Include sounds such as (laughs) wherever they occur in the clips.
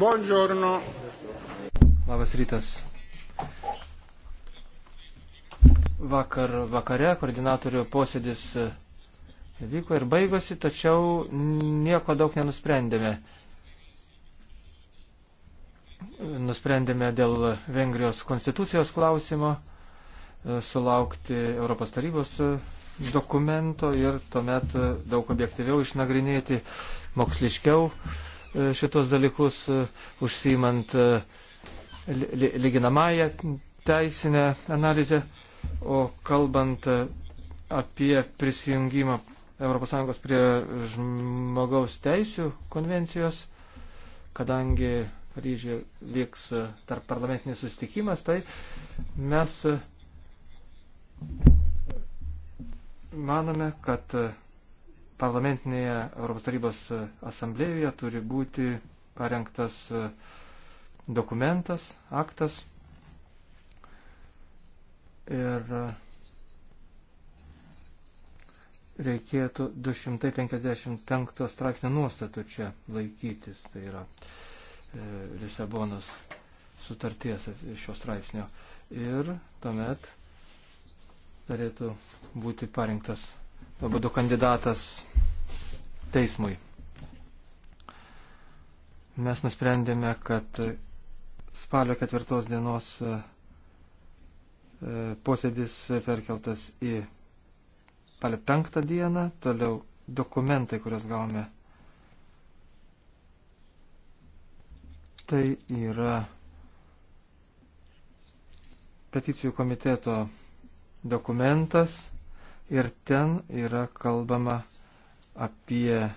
Buongiorno. Labas rytas. Vakar vakare koordinatorių posėdis vyko ir baigosi, tačiau nieko daug nenusprendėme. Nusprendėme dėl Vengrijos konstitucijos klausimo e, sulaukti Europos tarybos e, dokumento ir tuomet daug objektyviau išnagrinėti moksliškiau E, šitos dalykus, e, užsiimant e, lyginamąją teisinę analizę, o kalbant apie prisijungimą ES prie žmogaus teisų konvencijos, kadangi Paryžiuje vyks tarp parlamentinis susitikimas, tai mes manome, kad parlamentinėje Europos tarybos e, asamblėjoje turi būti parengtas e, dokumentas, aktas. Ir e, reikėtų 255 straipsnio nuostatų čia laikytis, tai yra e, Lisabonos sutarties šio straipsnio. Ir tuomet turėtų būti parinktas arba du kandidatas teismui. Mes nusprendėme, kad spalio ketvirtos dienos e, posėdis perkeltas į spalio penktą dieną, toliau dokumentai, kurias gavome. Tai yra peticijų komiteto dokumentas ir ten yra kalbama apie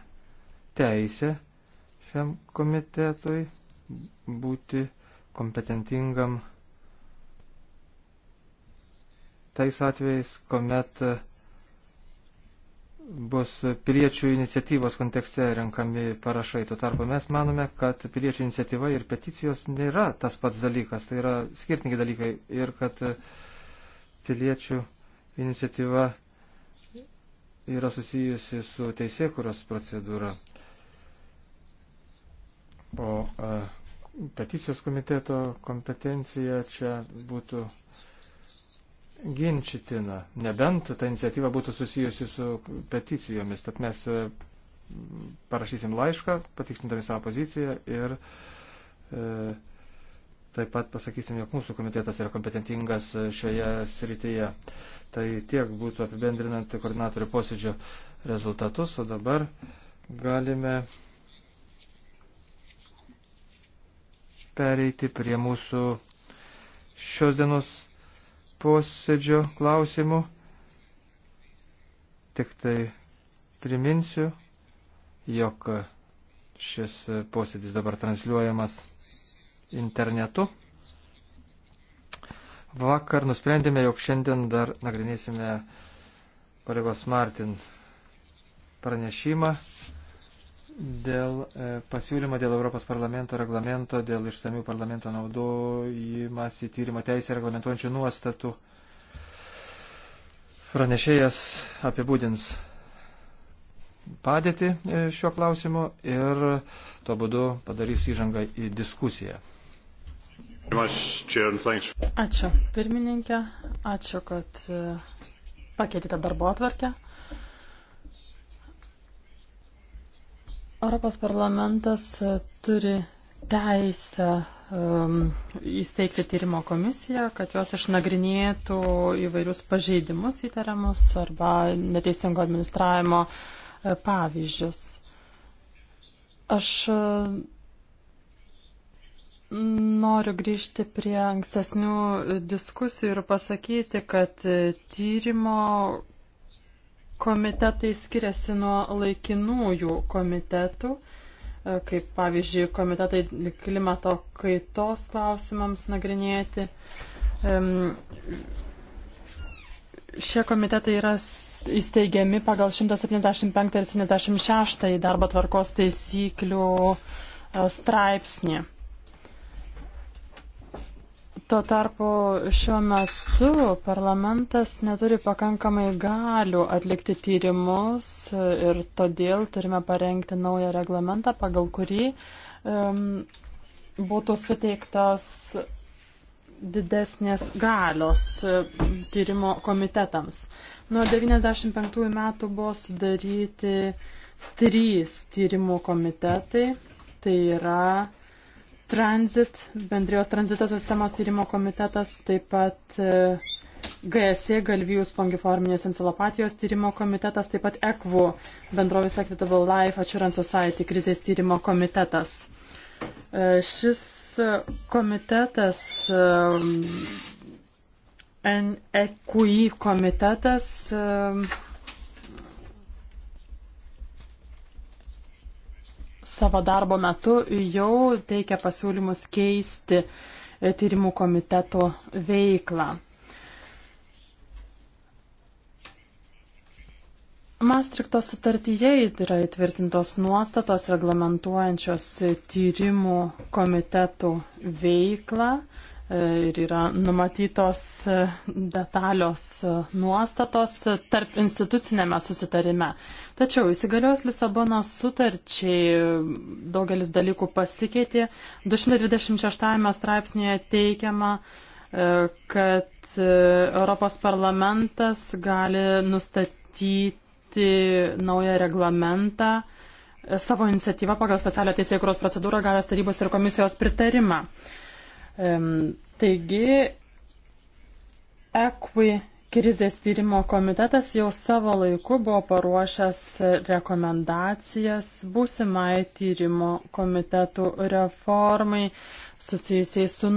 teisę šiam komitetui būti kompetentingam tais atvejais, kuomet bus piliečių iniciatyvos kontekste renkami parašai. Tuo tarpu mes manome, kad piliečių iniciatyva ir peticijos nėra tas pats dalykas, tai yra skirtingi dalykai ir kad piliečių iniciatyva yra susijusi su teisėkuros procedūra. O a, peticijos komiteto kompetencija čia būtų ginčitina, nebent ta iniciatyva būtų susijusi su peticijomis. Tad mes parašysim laišką, patiksintami savo poziciją ir e, Taip pat pasakysim, jog mūsų komitetas yra kompetentingas šioje srityje. Tai tiek būtų apibendrinant koordinatorių posėdžio rezultatus, o dabar galime pereiti prie mūsų šios dienos posėdžio klausimų. Tik tai priminsiu, jog šis posėdis dabar transliuojamas internetu. Vakar nusprendėme, jog šiandien dar nagrinėsime kolegos Martin pranešimą dėl e, pasiūlymo dėl Europos parlamento reglamento, dėl išsamių parlamento naudojimas į tyrimo teisę reglamentuojančių nuostatų. Pranešėjas apibūdins padėtį e, šiuo klausimu ir tuo būdu padarys įžangą į diskusiją. Ačiū pirmininkė, ačiū, kad e, pakeitėte darbo atvarkę. Europos parlamentas e, turi teisę um, įsteigti tyrimo komisiją, kad jos išnagrinėtų įvairius pažeidimus įtariamus arba neteisingo administravimo e, pavyzdžius. Aš Noriu grįžti prie ankstesnių diskusijų ir pasakyti, kad e, tyrimo komitetai skiriasi nuo laikinųjų komitetų, e, kaip pavyzdžiui komitetai klimato kaitos klausimams nagrinėti. Šie komitetai yra įsteigiami pagal 175 ir 76 darbo tvarkos taisyklių e, straipsnį. Tuo tarpu šiuo metu parlamentas neturi pakankamai galių atlikti tyrimus ir todėl turime parengti naują reglamentą, pagal kurį um, būtų suteiktas didesnės galios tyrimo komitetams. Nuo 1995 metų buvo sudaryti trys tyrimų komitetai. Tai yra Transit, bendrijos tranzito sistemos tyrimo komitetas, taip pat GSE, e, galvijų spongiforminės encelopatijos tyrimo komitetas, taip pat ECVU, bendrovės Equitable Life Assurance Society krizės tyrimo komitetas. E, šis e, komitetas, NEQI komitetas, savo darbo metu jau teikia pasiūlymus keisti e, tyrimų komiteto veiklą. Mastrikto sutartyje yra įtvirtintos nuostatos reglamentuojančios tyrimų komitetų veiklą ir yra numatytos e, detalios e, nuostatos e, tarp institucinėme susitarime. Tačiau įsigaliojus Lisabonos sutarčiai daugelis dalykų pasikeitė. 226 straipsnėje teikiama, kad Europos parlamentas gali nustatyti naują reglamentą savo iniciatyvą pagal specialią teisėjų kuros procedūrą gavęs tarybos ir komisijos pritarimą. Taigi, EQUI krizės tyrimo komitetas jau savo laiku buvo paruošęs rekomendacijas būsimai tyrimo komitetų reformai susijusiai su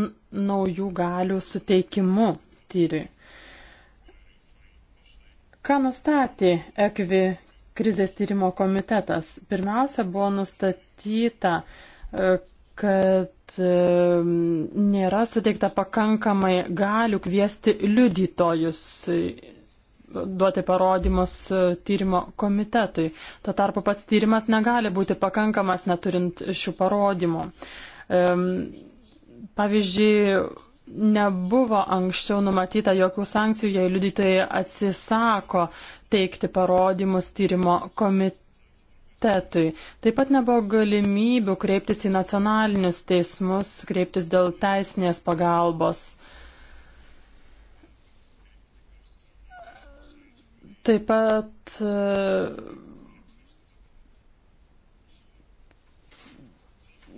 naujų galių suteikimu tyriui. Ką nustatė EQUI krizės tyrimo komitetas? Pirmiausia, buvo nustatyta, e, kad nėra suteikta pakankamai galių kviesti liudytojus duoti parodymus tyrimo komitetui. Tuo tarpu pats tyrimas negali būti pakankamas neturint šių parodymų. Pavyzdžiui, nebuvo anksčiau numatyta jokių sankcijų, jei liudytojai atsisako teikti parodymus tyrimo komitetui komitetui. Taip pat nebuvo galimybių kreiptis į nacionalinius teismus, kreiptis dėl teisinės pagalbos. Taip pat e,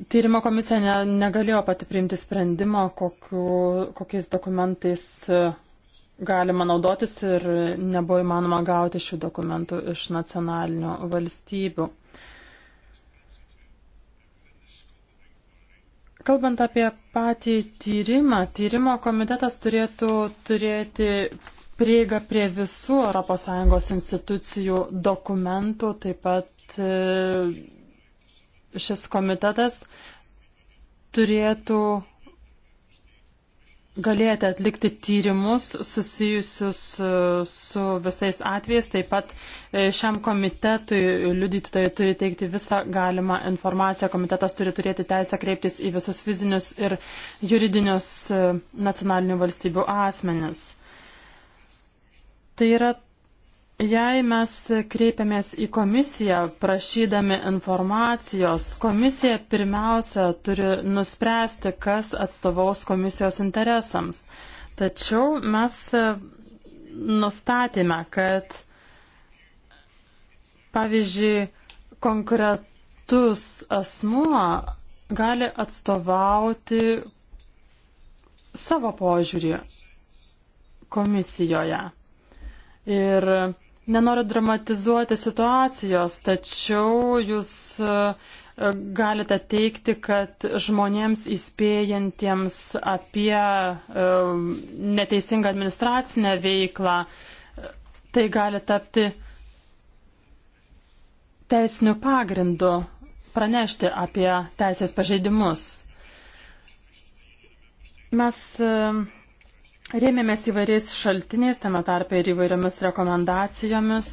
Tyrimo komisija ne, negalėjo pati priimti sprendimo, kokiu, kokiais dokumentais e, galima naudotis ir nebuvo įmanoma gauti šių dokumentų iš nacionalinių valstybių. Kalbant apie patį tyrimą, tyrimo komitetas turėtų turėti prieigą prie visų ES institucijų dokumentų, taip pat e, šis komitetas turėtų galėjote atlikti tyrimus susijusius su, e, su visais atvejais. Taip pat e, šiam komitetui liudytojai turi teikti visą galimą informaciją. Komitetas turi turėti teisę kreiptis į visus fizinius ir juridinius e, nacionalinių valstybių asmenis. Tai yra Jei mes kreipiamės į komisiją prašydami informacijos, komisija pirmiausia turi nuspręsti, kas atstovaus komisijos interesams. Tačiau mes e, nustatėme, kad pavyzdžiui konkretus asmuo gali atstovauti savo požiūrį komisijoje. Ir Nenoriu dramatizuoti situacijos, tačiau jūs e, galite teikti, kad žmonėms įspėjantiems apie e, neteisingą administracinę veiklą tai gali tapti teisiniu pagrindu pranešti apie teisės pažeidimus. Mes e, Rėmėmės įvairiais šaltiniais, tame tarpe ir įvairiomis rekomendacijomis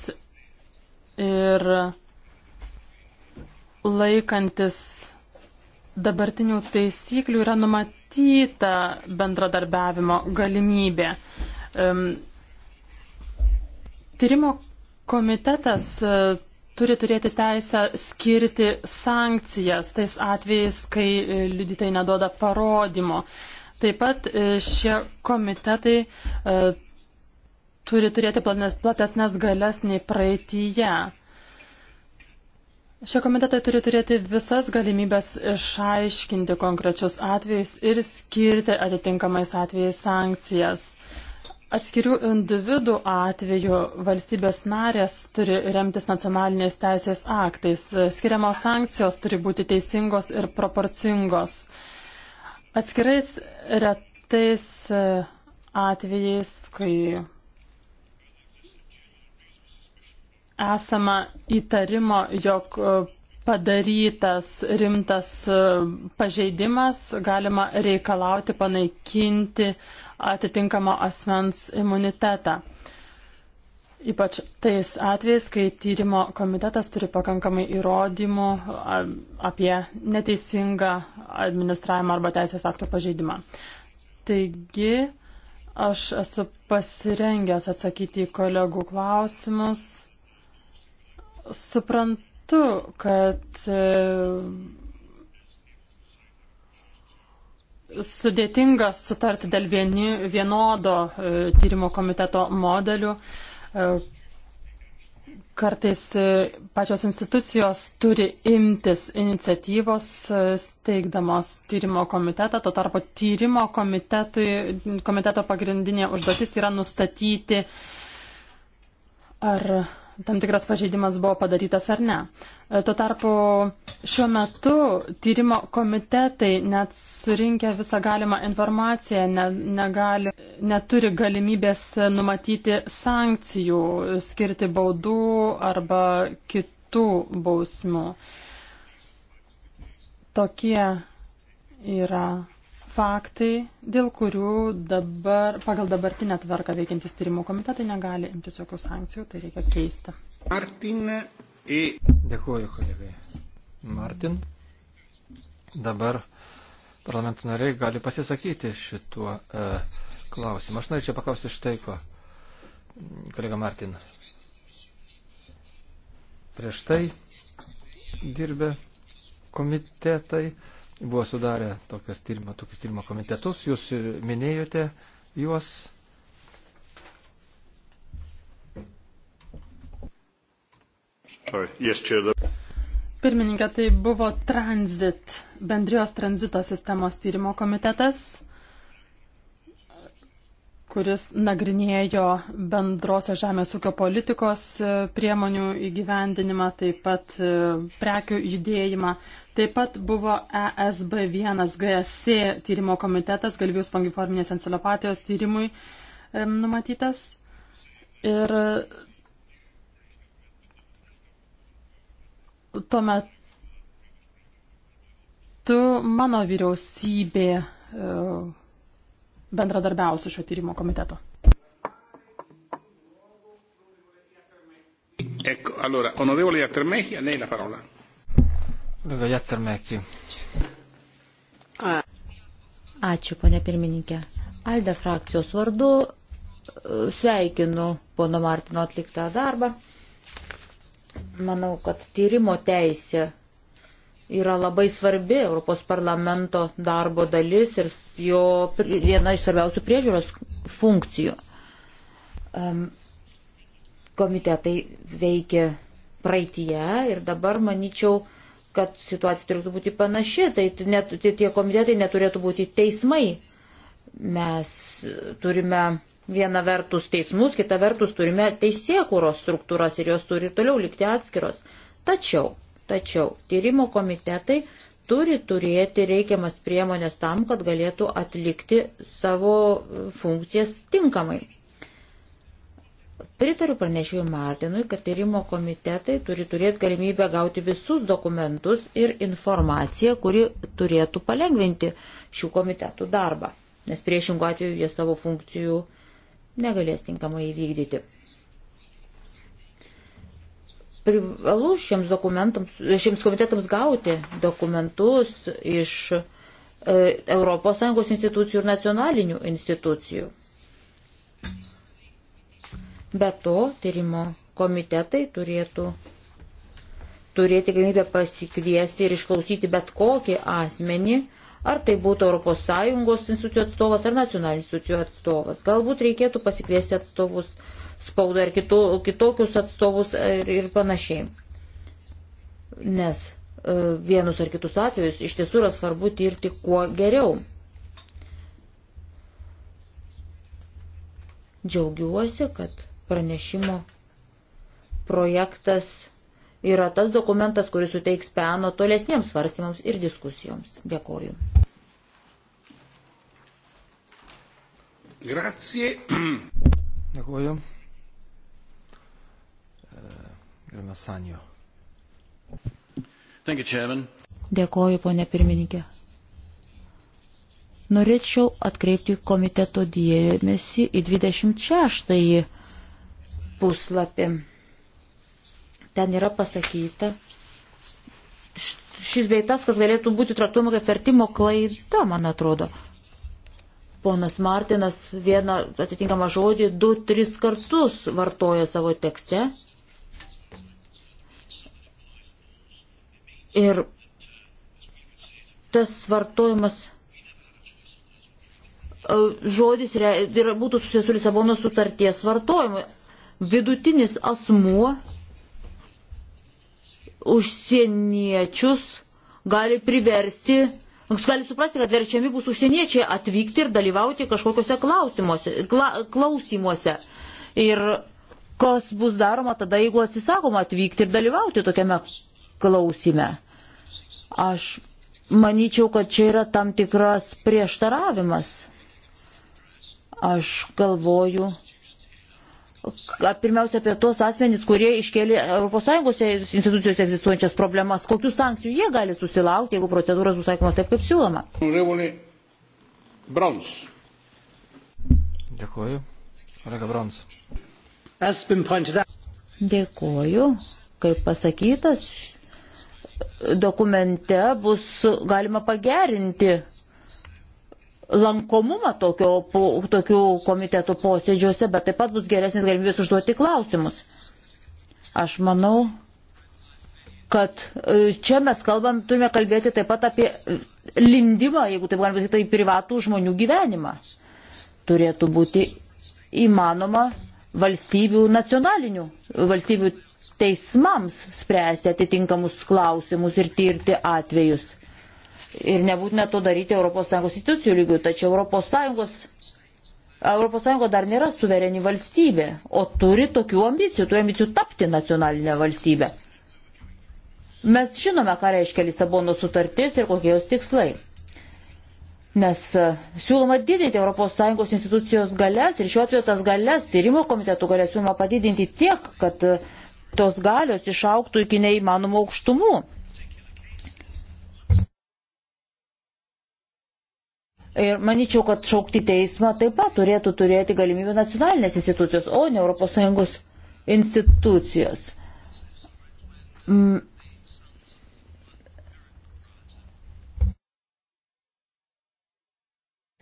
ir laikantis dabartinių taisyklių yra numatyta bendradarbiavimo galimybė. Tyrimo komitetas e, turi turėti teisę skirti sankcijas tais atvejais, kai e, liudytai nedoda parodymo. Taip pat e, šie komitetai e, turi turėti platesnės galės nei praeitįje. Šie komitetai turi turėti visas galimybės išaiškinti konkrečius atvejus ir skirti atitinkamais atvejais sankcijas. Atskirių individų atveju valstybės narės turi remtis nacionalinės teisės aktais. Skiriamos sankcijos turi būti teisingos ir proporcingos. Atskirais retais e, atvejais, kai esama įtarimo, jog e, padarytas rimtas e, pažeidimas, galima reikalauti panaikinti atitinkamo asmens imunitetą. Ypač tais atvejais, kai tyrimo komitetas turi pakankamai įrodymų apie neteisingą administravimą arba teisės akto pažeidimą. Taigi, aš esu pasirengęs atsakyti į kolegų klausimus. Suprantu, kad e, sudėtinga sutarti dėl vieni, vienodo e, tyrimo komiteto modelių. E, kartais e, pačios institucijos turi imtis iniciatyvos e, steigdamos tyrimo komitetą, to tarpo tyrimo komiteto pagrindinė užduotis yra nustatyti, ar tam tikras pažeidimas buvo padarytas ar ne. E, tuo tarpu šiuo metu tyrimo komitetai net surinkę visą galimą informaciją ne, negali, neturi galimybės numatyti sankcijų, skirti baudų arba kitų bausmų. Tokie yra faktai, dėl kurių dabar, pagal dabartinę tvarką veikiantis tyrimo komitetai negali imtis jokių sankcijų, tai reikia keisti. Martinė į. Dėkuoju, kolegai. Martin. Dabar parlamento nariai gali pasisakyti šituo e, klausimu. Aš norėčiau paklausti štai ko, kolega Martin. Prieš tai dirbę komitetai buvo sudarę tokius tyrimo, tokius tyrimo komitetus, jūs minėjote juos. Pirmininkė, tai buvo transit, bendrijos tranzito sistemos tyrimo komitetas kuris nagrinėjo bendrosios žemės ūkio politikos e, priemonių įgyvendinimą, taip pat e, prekių judėjimą. Taip pat buvo ESB1 GSC tyrimo komitetas galvijų spangiforminės encelopatijos tyrimui numatytas. Ir tuo metu mano vyriausybė e, bendradarbiausių šio tyrimo komiteto. Ecco, allora, onorevole Iattermecchi, a lei la parola. Iattermecchi. Ačiū, ponė pirmininkė. Alde frakcijos vardu e, sveikinu pono Martino atliktą darbą. Manau, kad tyrimo teisė yra labai svarbi Europos parlamento darbo dalis ir jo viena iš svarbiausių priežiūros funkcijų. Komitetai veikia praeitie ir dabar manyčiau, kad situacija turėtų būti panaši, tai net, tai tie komitetai neturėtų būti teismai. Mes turime viena vertus teismus, kita vertus turime teisėkūros struktūras ir jos turi toliau likti atskiros. Tačiau Tačiau tyrimo komitetai turi turėti reikiamas priemonės tam, kad galėtų atlikti savo funkcijas tinkamai. Pritariu pranešėjui Martinui, kad tyrimo komitetai turi turėti galimybę gauti visus dokumentus ir informaciją, kuri turėtų palengvinti šių komitetų darbą, nes priešingų atveju jie savo funkcijų negalės tinkamai įvykdyti privalu šiems dokumentams, šiems komitetams gauti dokumentus iš e, ES institucijų ir nacionalinių institucijų. Be to, tyrimo komitetai turėtų turėti galimybę pasikviesti ir išklausyti bet kokį asmenį, ar tai būtų ES institucijų atstovas ar nacionalinių institucijų atstovas. Galbūt reikėtų pasikviesti atstovus spaudą ir kito, kitokius atstovus ir, ir panašiai. Nes e, vienus ar kitus atvejus iš tiesų yra svarbu tirti kuo geriau. Džiaugiuosi, kad pranešimo projektas yra tas dokumentas, kuris suteiks peno tolesniems svarstymams ir diskusijoms. Dėkoju. Grazie. Dėkoju gerbiamas Sanijo. Dėkoju, ponė pirmininkė. Norėčiau atkreipti komiteto dėmesį į 26 puslapį. Ten yra pasakyta šis beitas, kas galėtų būti traktuojama kaip vertimo klaida, man atrodo. Ponas Martinas vieną atitinkamą žodį du, tris kartus vartoja savo tekste Ir tas vartojimas e, žodis yra, būtų susijęs su Lisabonos sutarties vartojimu. Vidutinis asmuo užsieniečius gali priversti, gali suprasti, kad verčiami bus užsieniečiai atvykti ir dalyvauti kažkokiuose klausimuose. Kla, klausimuose. Ir kas bus daroma tada, jeigu atsisakoma atvykti ir dalyvauti tokiame klausime. Aš manyčiau, kad čia yra tam tikras prieštaravimas. Aš galvoju pirmiausia apie tos asmenys, kurie iškėlė ES institucijose egzistuojančias problemas, kokių sankcijų jie gali susilaukti, jeigu procedūros bus taikomos taip, kaip siūloma. Brons. Dėkuoju. Kolega Brons. Dėkuoju. Kaip pasakytas, dokumente bus galima pagerinti lankomumą tokio, tokių komitetų posėdžiuose, bet taip pat bus geresnis galimybės užduoti klausimus. Aš manau, kad e, čia mes kalbam, turime kalbėti taip pat apie lindimą, jeigu taip galima sakyti, į privatų žmonių gyvenimą. Turėtų būti įmanoma valstybių nacionalinių, valstybių teismams spręsti atitinkamus klausimus ir tirti atvejus. Ir nebūtina to daryti ES institucijų lygių, tačiau ES ES dar nėra suvereni valstybė, o turi tokių ambicijų, turi ambicijų tapti nacionalinę valstybę. Mes žinome, ką reiškia Lisabono sutartis ir kokie jos tikslai. Nes e, siūloma didinti ES institucijos galės ir šiuo atveju tas galės, tyrimo komitetų galės siūloma padidinti tiek, kad uh, tos galios išauktų iki neįmanomų aukštumų. Ir manyčiau, kad šaukti teismą taip pat turėtų turėti galimybę nacionalinės institucijos, o ne ES institucijos. Mm.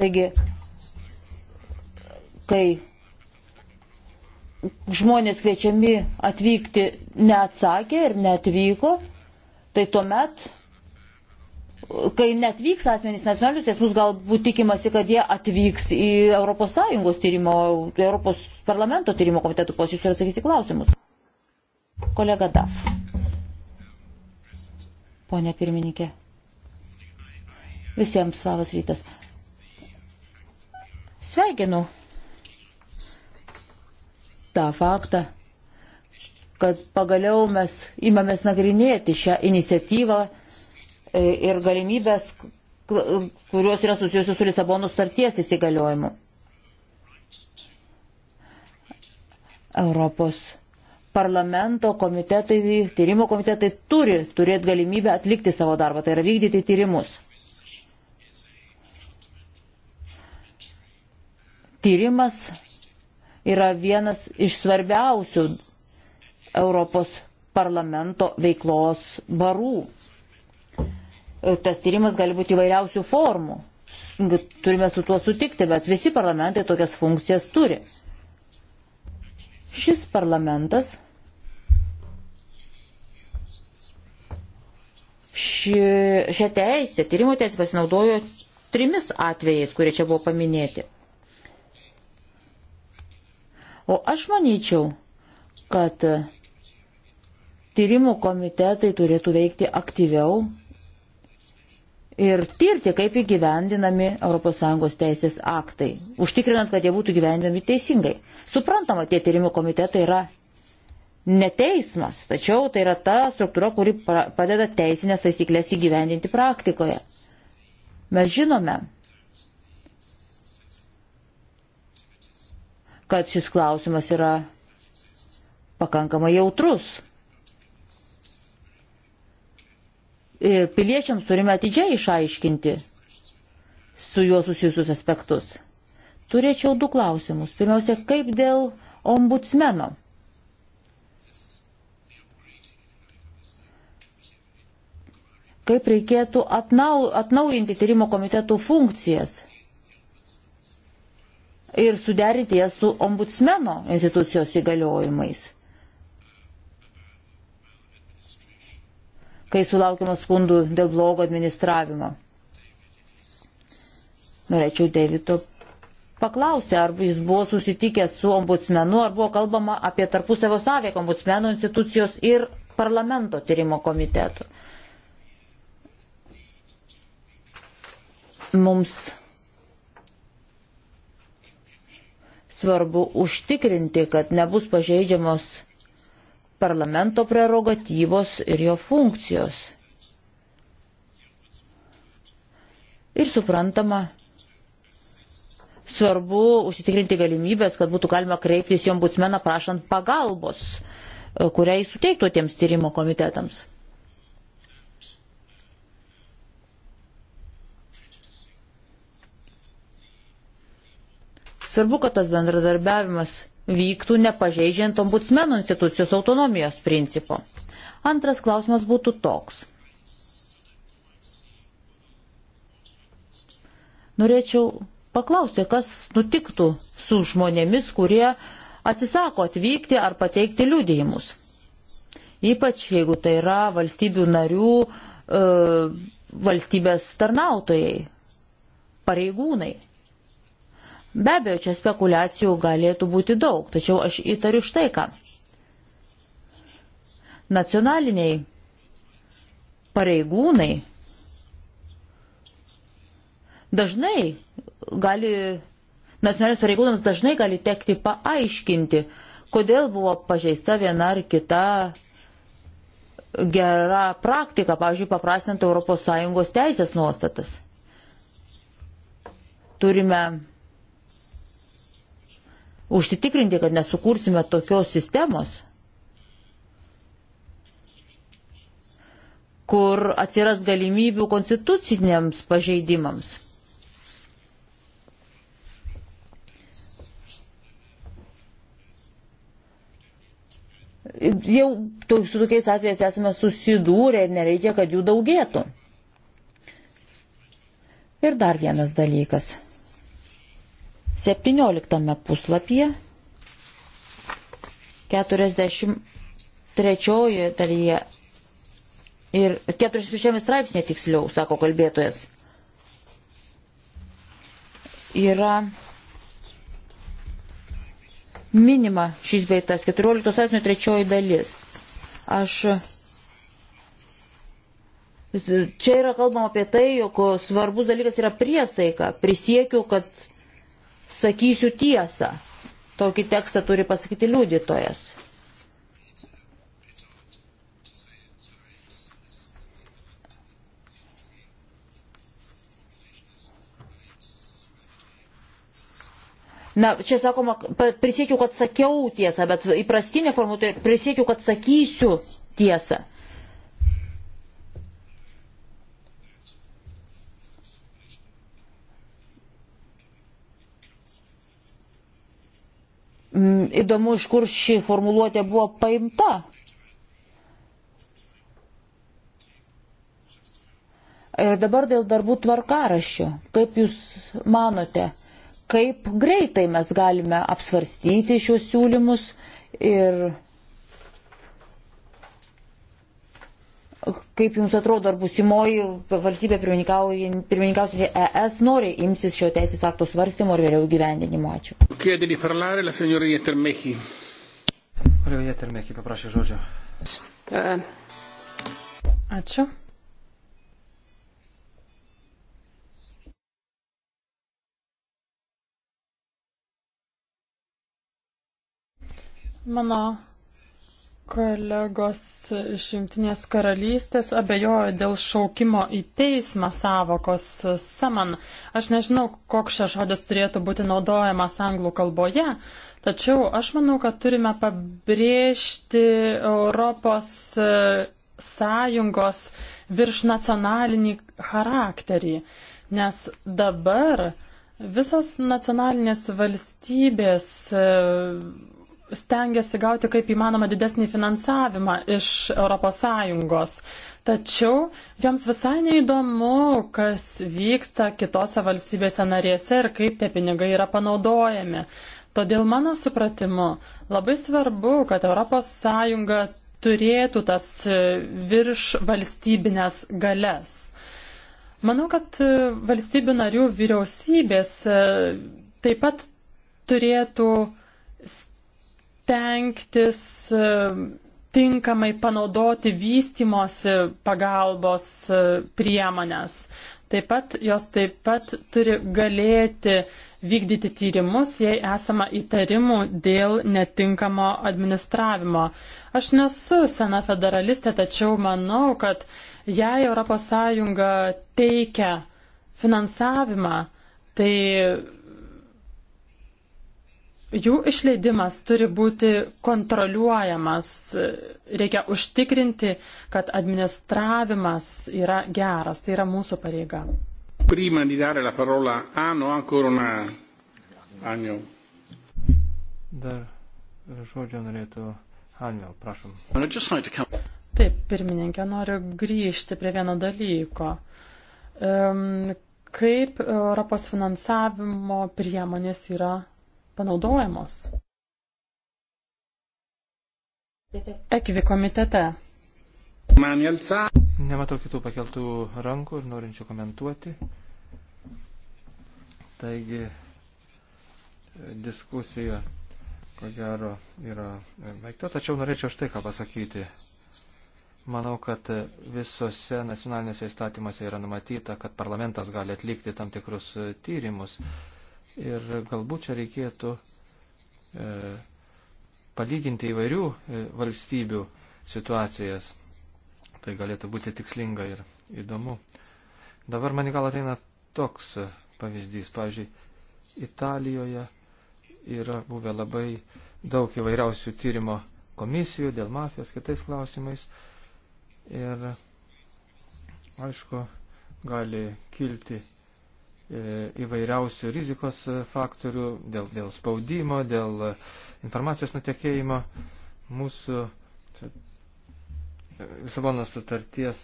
Taigi, kai žmonės kviečiami atvykti neatsakė ir netvyko, tai tuomet, kai netvyks asmenys nacionalinių teismus, galbūt tikimasi, kad jie atvyks į ES tyrimo, Europos parlamento tyrimo komitetų posėdžius ir atsakys į klausimus. Kolega Daf. Pone pirmininkė. Visiems savas rytas. Sveikinu tą faktą, kad pagaliau mes imamės nagrinėti šią iniciatyvą e, ir galimybės, kurios yra susijusios su Lisabono starties įsigaliojimu. Europos parlamento komitetai, tyrimo komitetai turi turėti galimybę atlikti savo darbą, tai yra vykdyti tyrimus. Tyrimas yra vienas iš svarbiausių Europos parlamento veiklos barų. Tas tyrimas gali būti įvairiausių formų. Turime su tuo sutikti, bet visi parlamentai tokias funkcijas turi. Šis parlamentas ši, šią teisę, tyrimo teisę pasinaudojo trimis atvejais, kurie čia buvo paminėti. O aš manyčiau, kad tyrimų komitetai turėtų veikti aktyviau ir tirti, kaip įgyvendinami ES teisės aktai, užtikrinant, kad jie būtų gyvendinami teisingai. Suprantama, tie tyrimų komitetai yra ne teismas, tačiau tai yra ta struktūra, kuri padeda teisinės taisyklės įgyvendinti praktikoje. Mes žinome, kad šis klausimas yra pakankamai jautrus. Ir piliečiams turime atidžiai išaiškinti su juo susijusius aspektus. Turėčiau du klausimus. Pirmiausia, kaip dėl ombudsmeno? Kaip reikėtų atnau, atnaujinti tyrimo komitetų funkcijas? ir suderinti jas su ombudsmeno institucijos įgaliojimais. kai sulaukiama skundų dėl blogo administravimo. Norėčiau Davido paklausti, ar jis buvo susitikęs su ombudsmenu, ar buvo kalbama apie tarpusavio sąveiką ombudsmeno institucijos ir parlamento tyrimo komitetų. Mums Svarbu užtikrinti, kad nebus pažeidžiamos parlamento prerogatyvos ir jo funkcijos. Ir suprantama, svarbu užsitikrinti galimybės, kad būtų galima kreiptis į ombudsmeną prašant pagalbos, kuriai suteiktų tiems tyrimo komitetams. Svarbu, kad tas bendradarbiavimas vyktų nepažeidžiant ombudsmenų institucijos autonomijos principo. Antras klausimas būtų toks. Norėčiau paklausti, kas nutiktų su žmonėmis, kurie atsisako atvykti ar pateikti liudijimus. Ypač jeigu tai yra valstybių narių e, valstybės tarnautojai, pareigūnai. Be abejo, čia spekulacijų galėtų būti daug, tačiau aš įtariu štai ką. Nacionaliniai pareigūnai dažnai gali, nacionalinės pareigūnams dažnai gali tekti paaiškinti, kodėl buvo pažeista viena ar kita gera praktika, pavyzdžiui, paprastinant ES teisės nuostatas. Turime užsitikrinti, kad nesukursime tokios sistemos, kur atsiras galimybių konstituciniams pažeidimams. Jau su tokiais atvejais esame susidūrę ir nereikia, kad jų daugėtų. Ir dar vienas dalykas. 17 puslapyje 43 dalyje ir 43 straipsnė tiksliau, sako kalbėtojas, yra minima šis beitas 14 straipsnio trečioji dalis. Aš Čia yra kalbama apie tai, jog svarbus dalykas yra priesaika. Prisiekiu, kad sakysiu tiesą. Tokį tekstą turi pasakyti liudytojas. Na, čia sakoma, prisiekiu, kad sakiau tiesą, bet įprastinė formuotė prisiekiu, kad sakysiu tiesą. Mm, įdomu, iš kur ši formuluotė buvo paimta. Ir dabar dėl darbų tvarkaraščio. Kaip Jūs manote, kaip greitai mes galime apsvarstyti šios siūlymus ir Kaip Jums atrodo, ar busimoji valstybė pirmininkausianti ES nori imsis šio teisės akto svarstymo ir vėliau gyvendinimo? Ačiū. Kolegė Jetermeki paprašė žodžio. Uh, ačiū. Mano Kolegos iš Junktinės karalystės abejojo dėl šaukimo į teismą savokos saman. Aš nežinau, koks šia žodis turėtų būti naudojamas anglų kalboje, tačiau aš manau, kad turime pabrėžti Europos e, sąjungos virš nacionalinį charakterį, nes dabar visas nacionalinės valstybės e, stengiasi gauti kaip įmanoma didesnį finansavimą iš ES. Tačiau joms visai neįdomu, kas vyksta kitose valstybėse narėse ir kaip tie pinigai yra panaudojami. Todėl mano supratimu labai svarbu, kad ES turėtų tas virš valstybinės galės. Manau, kad valstybių narių vyriausybės taip pat turėtų tenktis e, tinkamai panaudoti vystimosi pagalbos e, priemonės. Taip pat jos taip pat turi galėti vykdyti tyrimus, jei esama įtarimų dėl netinkamo administravimo. Aš nesu sena federalistė, tačiau manau, kad jei ES teikia finansavimą, tai jų išleidimas turi būti kontroliuojamas. Reikia užtikrinti, kad administravimas yra geras. Tai yra mūsų pareiga. Prima di dare la parola a Ano, ancora una Anio. Dar žodžio norėtų Anio, prašom. Taip, pirmininkė, noriu grįžti prie vieno dalyko. Um, kaip Europos finansavimo priemonės yra panaudojamos. Ekvi komitete. Nematau kitų pakeltų rankų ir norinčių komentuoti. Taigi diskusija, ko gero, yra baigta, tačiau norėčiau štai ką pasakyti. Manau, kad visose nacionalinėse įstatymuose yra numatyta, kad parlamentas gali atlikti tam tikrus tyrimus Ir galbūt čia reikėtų e, palyginti įvairių e, valstybių situacijas. Tai galėtų būti tikslinga ir įdomu. Dabar man į galą ateina toks e, pavyzdys. Pavyzdžiui, Italijoje yra buvę labai daug įvairiausių tyrimo komisijų dėl mafijos kitais klausimais. Ir aišku, gali kilti E, įvairiausių rizikos faktorių, dėl, dėl spaudimo, dėl informacijos nutekėjimo. Mūsų e, Lisabonos sutarties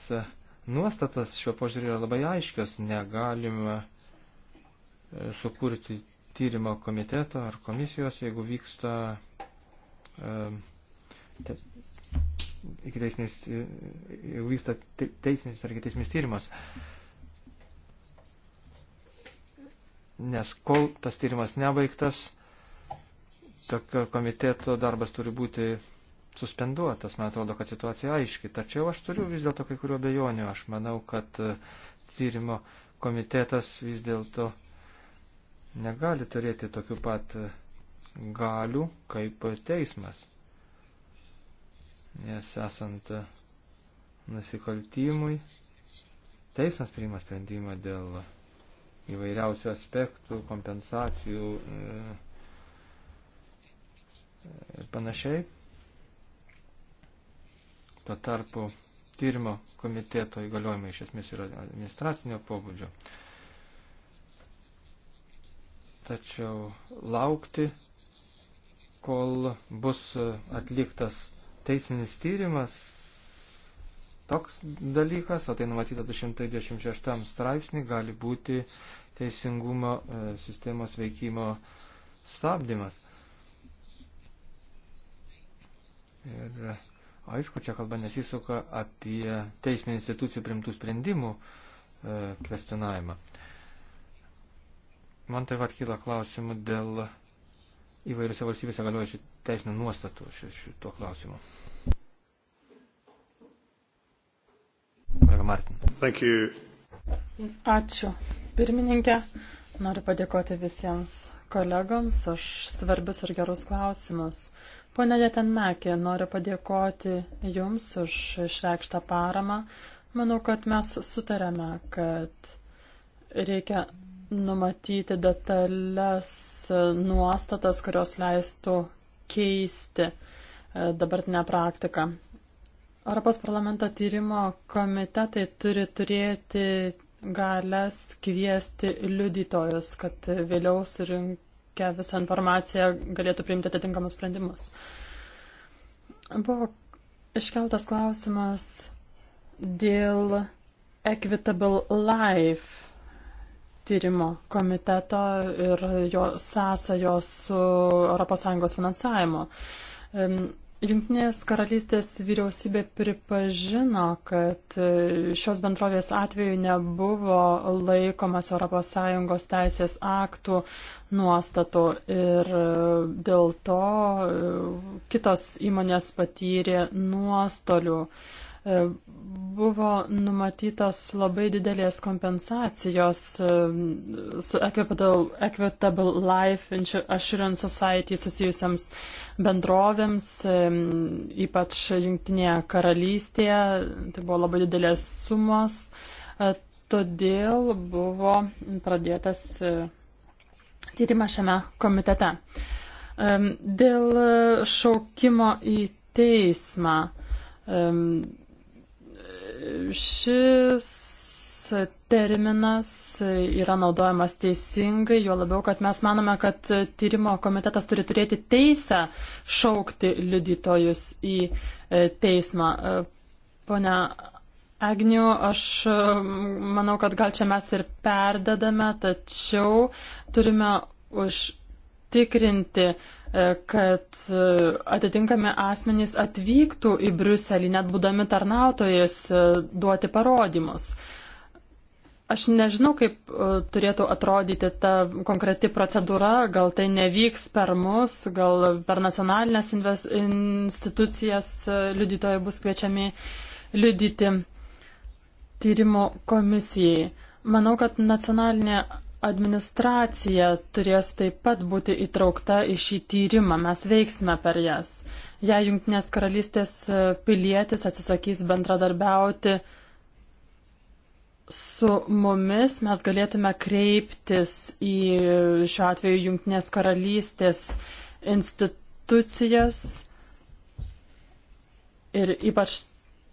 nuostatas šiuo požiūriu yra labai aiškios. Negalima e, sukurti tyrimo komiteto ar komisijos, jeigu vyksta te, iki teisminis, jeigu vyksta te, teisminis ar iki teisminis tyrimas. E, nes kol tas tyrimas nebaigtas, tokio komiteto darbas turi būti suspenduotas. Man atrodo, kad situacija aiški. Tačiau aš turiu vis dėlto kai kuriuo bejonių. Aš manau, kad e, tyrimo komitetas vis dėlto negali turėti tokių pat e, galių kaip teismas. Nes esant e, nusikaltimui, teismas priima sprendimą dėl įvairiausių aspektų, kompensacijų ir e, e, panašiai. Tuo tarpu tyrimo komiteto įgaliojimai iš esmės yra administracinio pobūdžio. Tačiau laukti, kol bus atliktas teisminis tyrimas, toks dalykas, o tai numatyta 226 straipsnį, gali būti teisingumo e, sistemos veikimo stabdymas. Ir e, aišku, čia kalba nesisuka apie teisminį institucijų primtų sprendimų e, kvestionavimą. Man taip pat kyla klausimų dėl įvairiose valstybėse galiojančių teisinių nuostatų šituo klausimu. Martin. Ačiū. Pirmininkė, noriu padėkoti visiems kolegoms už svarbius ir gerus klausimus. Pone Jetenmekė, noriu padėkoti Jums už išreikštą paramą. Manau, kad mes sutarėme, kad reikia numatyti detalės nuostatas, kurios leistų keisti dabartinę praktiką. Europos parlamento tyrimo komitetai turi turėti galės kviesti liudytojus, kad vėliau surinkę visą informaciją galėtų priimti atitinkamus sprendimus. Buvo iškeltas klausimas dėl Equitable Life tyrimo komiteto ir jo sąsajos su ES finansavimo. Junktinės karalystės vyriausybė pripažino, kad e, šios bendrovės atveju nebuvo laikomas ES teisės aktų nuostatų ir e, dėl to e, kitos įmonės patyrė nuostolių. E, buvo numatytos labai didelės kompensacijos e, su Equitable Life Assurance Society susijusiams bendrovėms, e, ypač Junktinėje karalystėje. Tai buvo labai didelės sumos. Todėl buvo pradėtas tyrimas šiame komitete. Dėl šaukimo į teismą Šis terminas yra naudojamas teisingai, jo labiau, kad mes manome, kad tyrimo komitetas turi turėti teisę šaukti liudytojus į e, teismą. E, pone Agniu, aš e, manau, kad gal čia mes ir perdedame, tačiau turime užtikrinti, E, kad e, atitinkami asmenys atvyktų į Briuselį, net būdami tarnautojais, e, duoti parodymus. Aš nežinau, kaip turėtų atrodyti ta konkreti procedūra, gal tai nevyks per mus, gal per nacionalinės institucijas liudytojai bus kviečiami liudyti tyrimo komisijai. Manau, kad nacionalinė Administracija turės taip pat būti įtraukta į šį tyrimą, mes veiksime per jas. Jei Junktinės karalystės e, pilietis atsisakys bendradarbiauti su mumis, mes galėtume kreiptis į šiuo atveju Junktinės karalystės institucijas ir ypač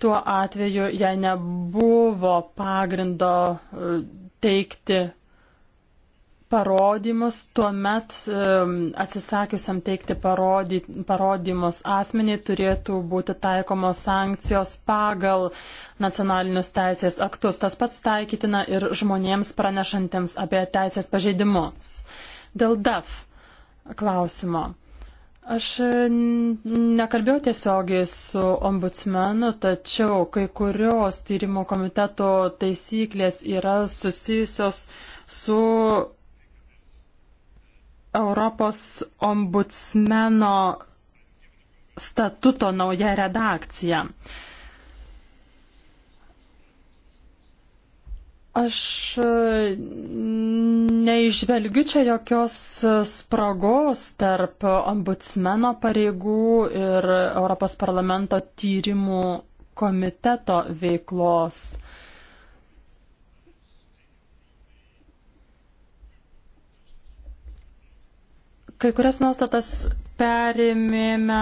tuo atveju, jei nebuvo pagrindo e, teikti parodymus, tuomet atsisakiusiam teikti parody, parodymus asmeniai turėtų būti taikomos sankcijos pagal nacionalinius teisės aktus. Tas pats taikytina ir žmonėms pranešantiems apie teisės pažeidimus. Dėl DAF klausimo. Aš nekalbėjau tiesiogiai su ombudsmenu, tačiau kai kurios tyrimo komiteto taisyklės yra susijusios su Europos ombudsmeno statuto nauja redakcija. Aš e, neižvelgiu čia jokios spragos tarp ombudsmeno pareigų ir Europos parlamento tyrimų komiteto veiklos. Kai kurias nuostatas perėmėme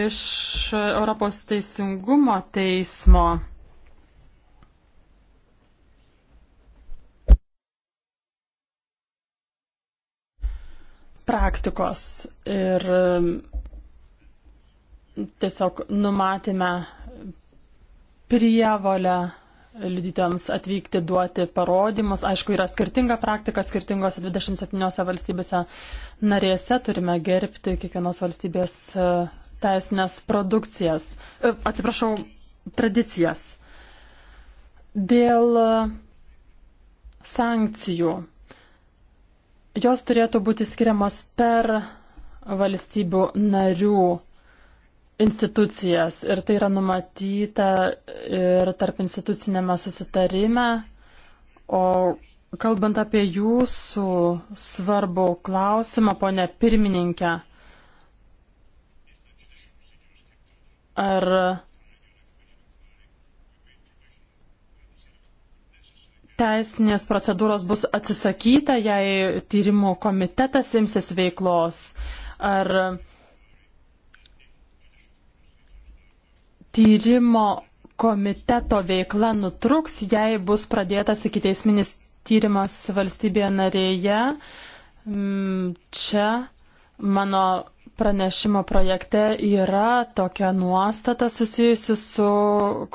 iš Europos teisingumo teismo. praktikos ir um, tiesiog numatėme prievolę liudytėms atvykti, duoti parodymus. Aišku, yra skirtinga praktika skirtingose 27 valstybėse narėse. Turime gerbti kiekvienos valstybės e, teisinės produkcijas, e, atsiprašau, tradicijas. Dėl e, sankcijų. Jos turėtų būti skiriamos per valstybių narių institucijas ir tai yra numatyta ir tarp institucinėme susitarime. O kalbant apie jūsų svarbų klausimą, ponė pirmininkė, ar teisinės procedūros bus atsisakyta, jei tyrimų komitetas imsis veiklos, ar tyrimo komiteto veikla nutruks, jei bus pradėtas ikiteisminis tyrimas valstybėje narėje. Mm, čia mano pranešimo projekte yra tokia nuostata susijusi su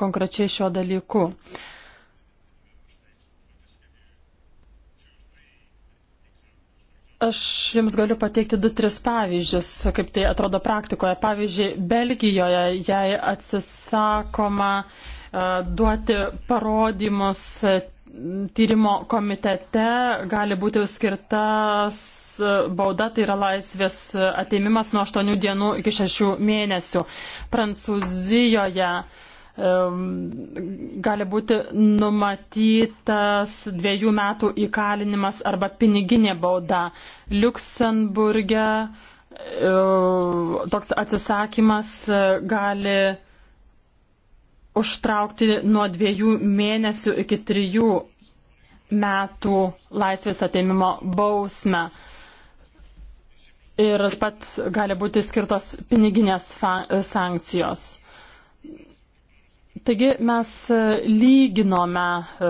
konkrečiai šio dalyku. Uh, Aš Jums galiu pateikti 2-3 pavyzdžius, kaip tai atrodo praktikoje. Pavyzdžiui, Belgijoje, jei atsisakoma e, duoti parodymus e, tyrimo komitete, gali būti skirtas e, bauda, tai yra laisvės ateimimas nuo 8 dienų iki 6 mėnesių. Prancūzijoje gali būti numatytas dviejų metų įkalinimas arba piniginė bauda. Luksemburge e, toks atsisakymas e, gali užtraukti nuo dviejų mėnesių iki trijų metų laisvės ateimimo bausmę. Ir pat gali būti skirtos piniginės sankcijos. Taigi mes e, lyginome e,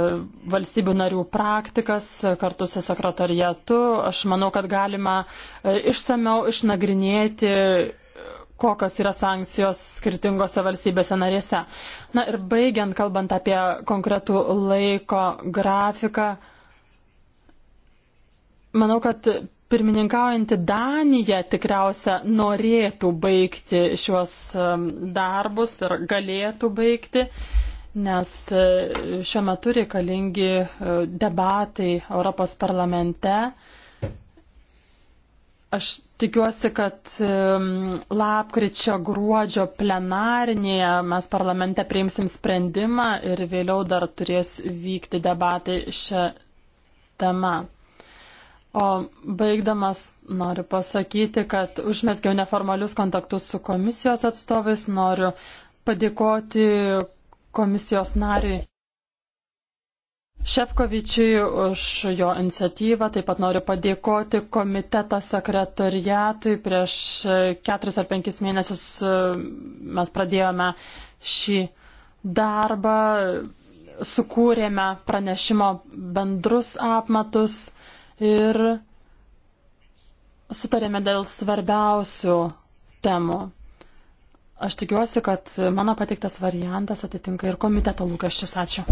valstybių narių praktikas e, kartu su sekretorijatu. Aš manau, kad galima išsameu išnagrinėti kokios yra sankcijos skirtingose valstybėse narėse. Na ir baigiant, kalbant apie konkretų laiko grafiką, manau, kad pirmininkaujanti Danija tikriausia norėtų baigti šiuos darbus ir galėtų baigti, nes e, šiuo metu reikalingi e, debatai Europos parlamente. Aš tikiuosi, kad lapkričio gruodžio plenarinėje mes parlamente priimsim sprendimą ir vėliau dar turės vykti debatai šią temą. O baigdamas noriu pasakyti, kad užmesgiau neformalius kontaktus su komisijos atstovais, noriu padėkoti komisijos nariui Šefkovičiui už jo iniciatyvą, taip pat noriu padėkoti komiteto sekretariatui. Prieš keturis ar penkis mėnesius e, mes pradėjome šį darbą, sukūrėme pranešimo bendrus apmatus ir sutarėme dėl svarbiausių temų. Aš tikiuosi, kad mano pateiktas variantas atitinka ir komiteto lūkesčius. Ačiū.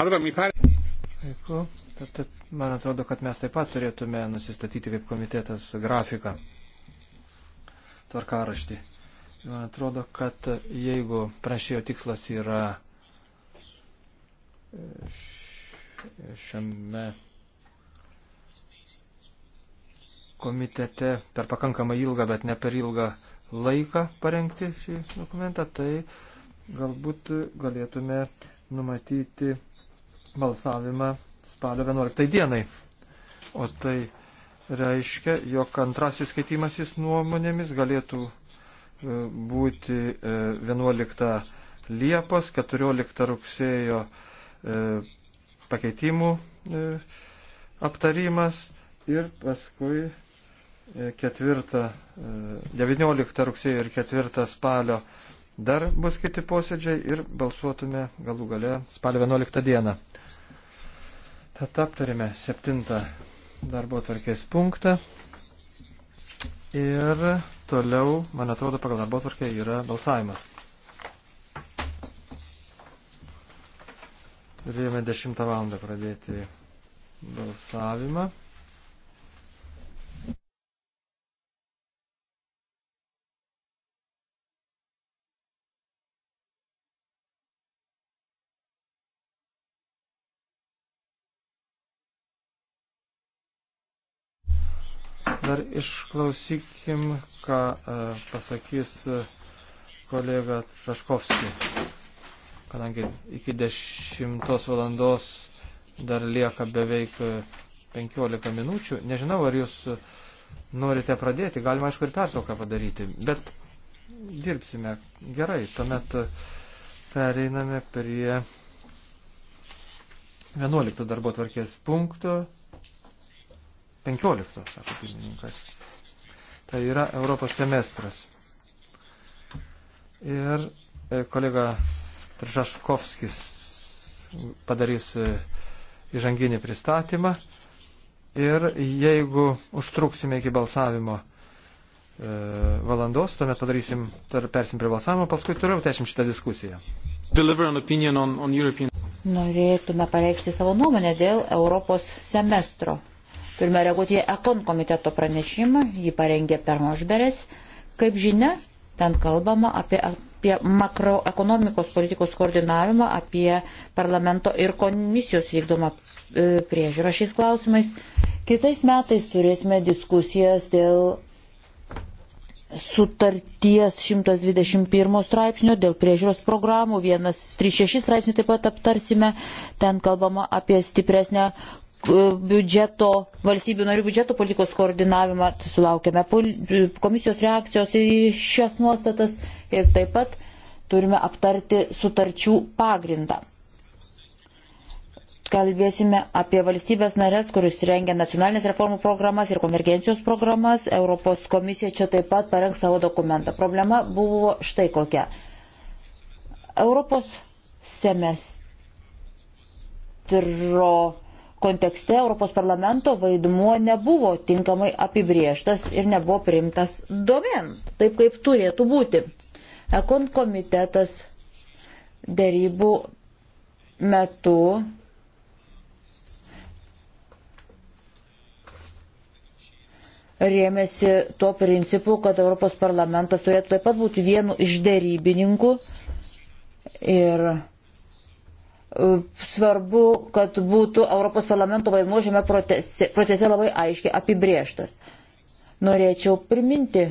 Aiku, tad, tad, man atrodo, kad mes taip pat turėtume nusistatyti kaip komitetas grafiką, tvarkaraštį. Man atrodo, kad jeigu prašėjo tikslas yra šiame komitete per pakankamai ilgą, bet ne per ilgą laiką parengti šį dokumentą, tai galbūt galėtume numatyti balsavimą spalio 11 dienai. O tai reiškia, jog antrasis skaitimasis nuomonėmis galėtų e, būti 11 e, Liepos, 14 rugsėjo e, pakeitimų aptarimas ir paskui 4, 19 e, rugsėjo ir 4 spalio dar bus kiti posėdžiai ir balsuotume galų gale spalio 11 dieną. Tad aptarėme 7 darbo tvarkės punktą. Ir toliau, man atrodo, pagal darbo tvarkę yra balsavimas. Turėjome 10 val. pradėti balsavimą. Dar išklausykim, ką e, pasakys e, kolega Šaškovski, kadangi iki 10 valandos dar lieka beveik 15 e, minučių. Nežinau, ar jūs norite pradėti, galima aišku ir pertrauką padaryti, bet dirbsime gerai. Tuomet pereiname prie 11 darbo tvarkės punkto. 15, sako pirmininkas. Tai yra Europos semestras. Ir e, kolega Tržaškovskis padarys e, įžanginį pristatymą. Ir jeigu užtruksime iki balsavimo e, valandos, tuomet padarysim, persim prie balsavimo, paskui toliau tęsim šitą diskusiją. On, on European... Norėtume pareikšti savo nuomonę dėl Europos semestro. Turime reaguoti į Ekon komiteto pranešimą, jį parengė Permožberės. Kaip žinia, ten kalbama apie, apie makroekonomikos politikos koordinavimą, apie parlamento ir komisijos vykdomą e, priežiūrą šiais klausimais. Kitais metais turėsime diskusijas dėl sutarties 121 straipsnio dėl priežiūros programų, 136 straipsnį taip pat aptarsime, ten kalbama apie stipresnę biudžeto, valstybių narių biudžeto politikos koordinavimą, tai sulaukėme komisijos reakcijos į šias nuostatas ir taip pat turime aptarti sutarčių pagrindą. Kalbėsime apie valstybės narės, kuris rengia nacionalinės reformų programas ir konvergencijos programas. Europos komisija čia taip pat parengs savo dokumentą. Problema buvo štai kokia. Europos semestro kontekste Europos parlamento vaidmuo nebuvo tinkamai apibrieštas ir nebuvo priimtas domen, taip kaip turėtų būti. Ekon komitetas dėrybų metu rėmėsi tuo principu, kad Europos parlamentas turėtų taip pat būti vienu iš dėrybininkų ir E, svarbu, kad būtų Europos parlamento vaidmuo šiame procese, procese labai aiškiai apibrieštas. Norėčiau priminti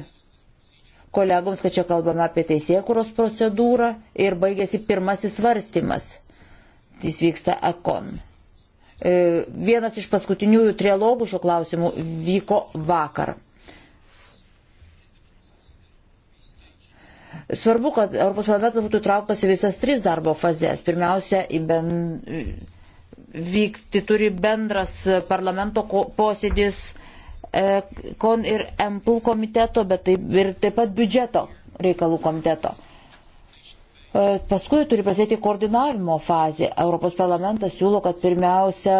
kolegoms, kad čia kalbame apie teisėkuros procedūrą ir baigėsi pirmasis svarstymas. Jis vyksta ekon. E, vienas iš paskutiniųjų trilogų šio klausimų vyko vakar. Svarbu, kad Europos parlamentas būtų trauktas į visas tris darbo fazės. Pirmiausia, ben... vykti turi bendras parlamento posėdis e, kon ir MPL komiteto, bet taip, ir taip pat biudžeto reikalų komiteto. E, paskui turi prasidėti koordinavimo fazė. Europos parlamentas siūlo, kad pirmiausia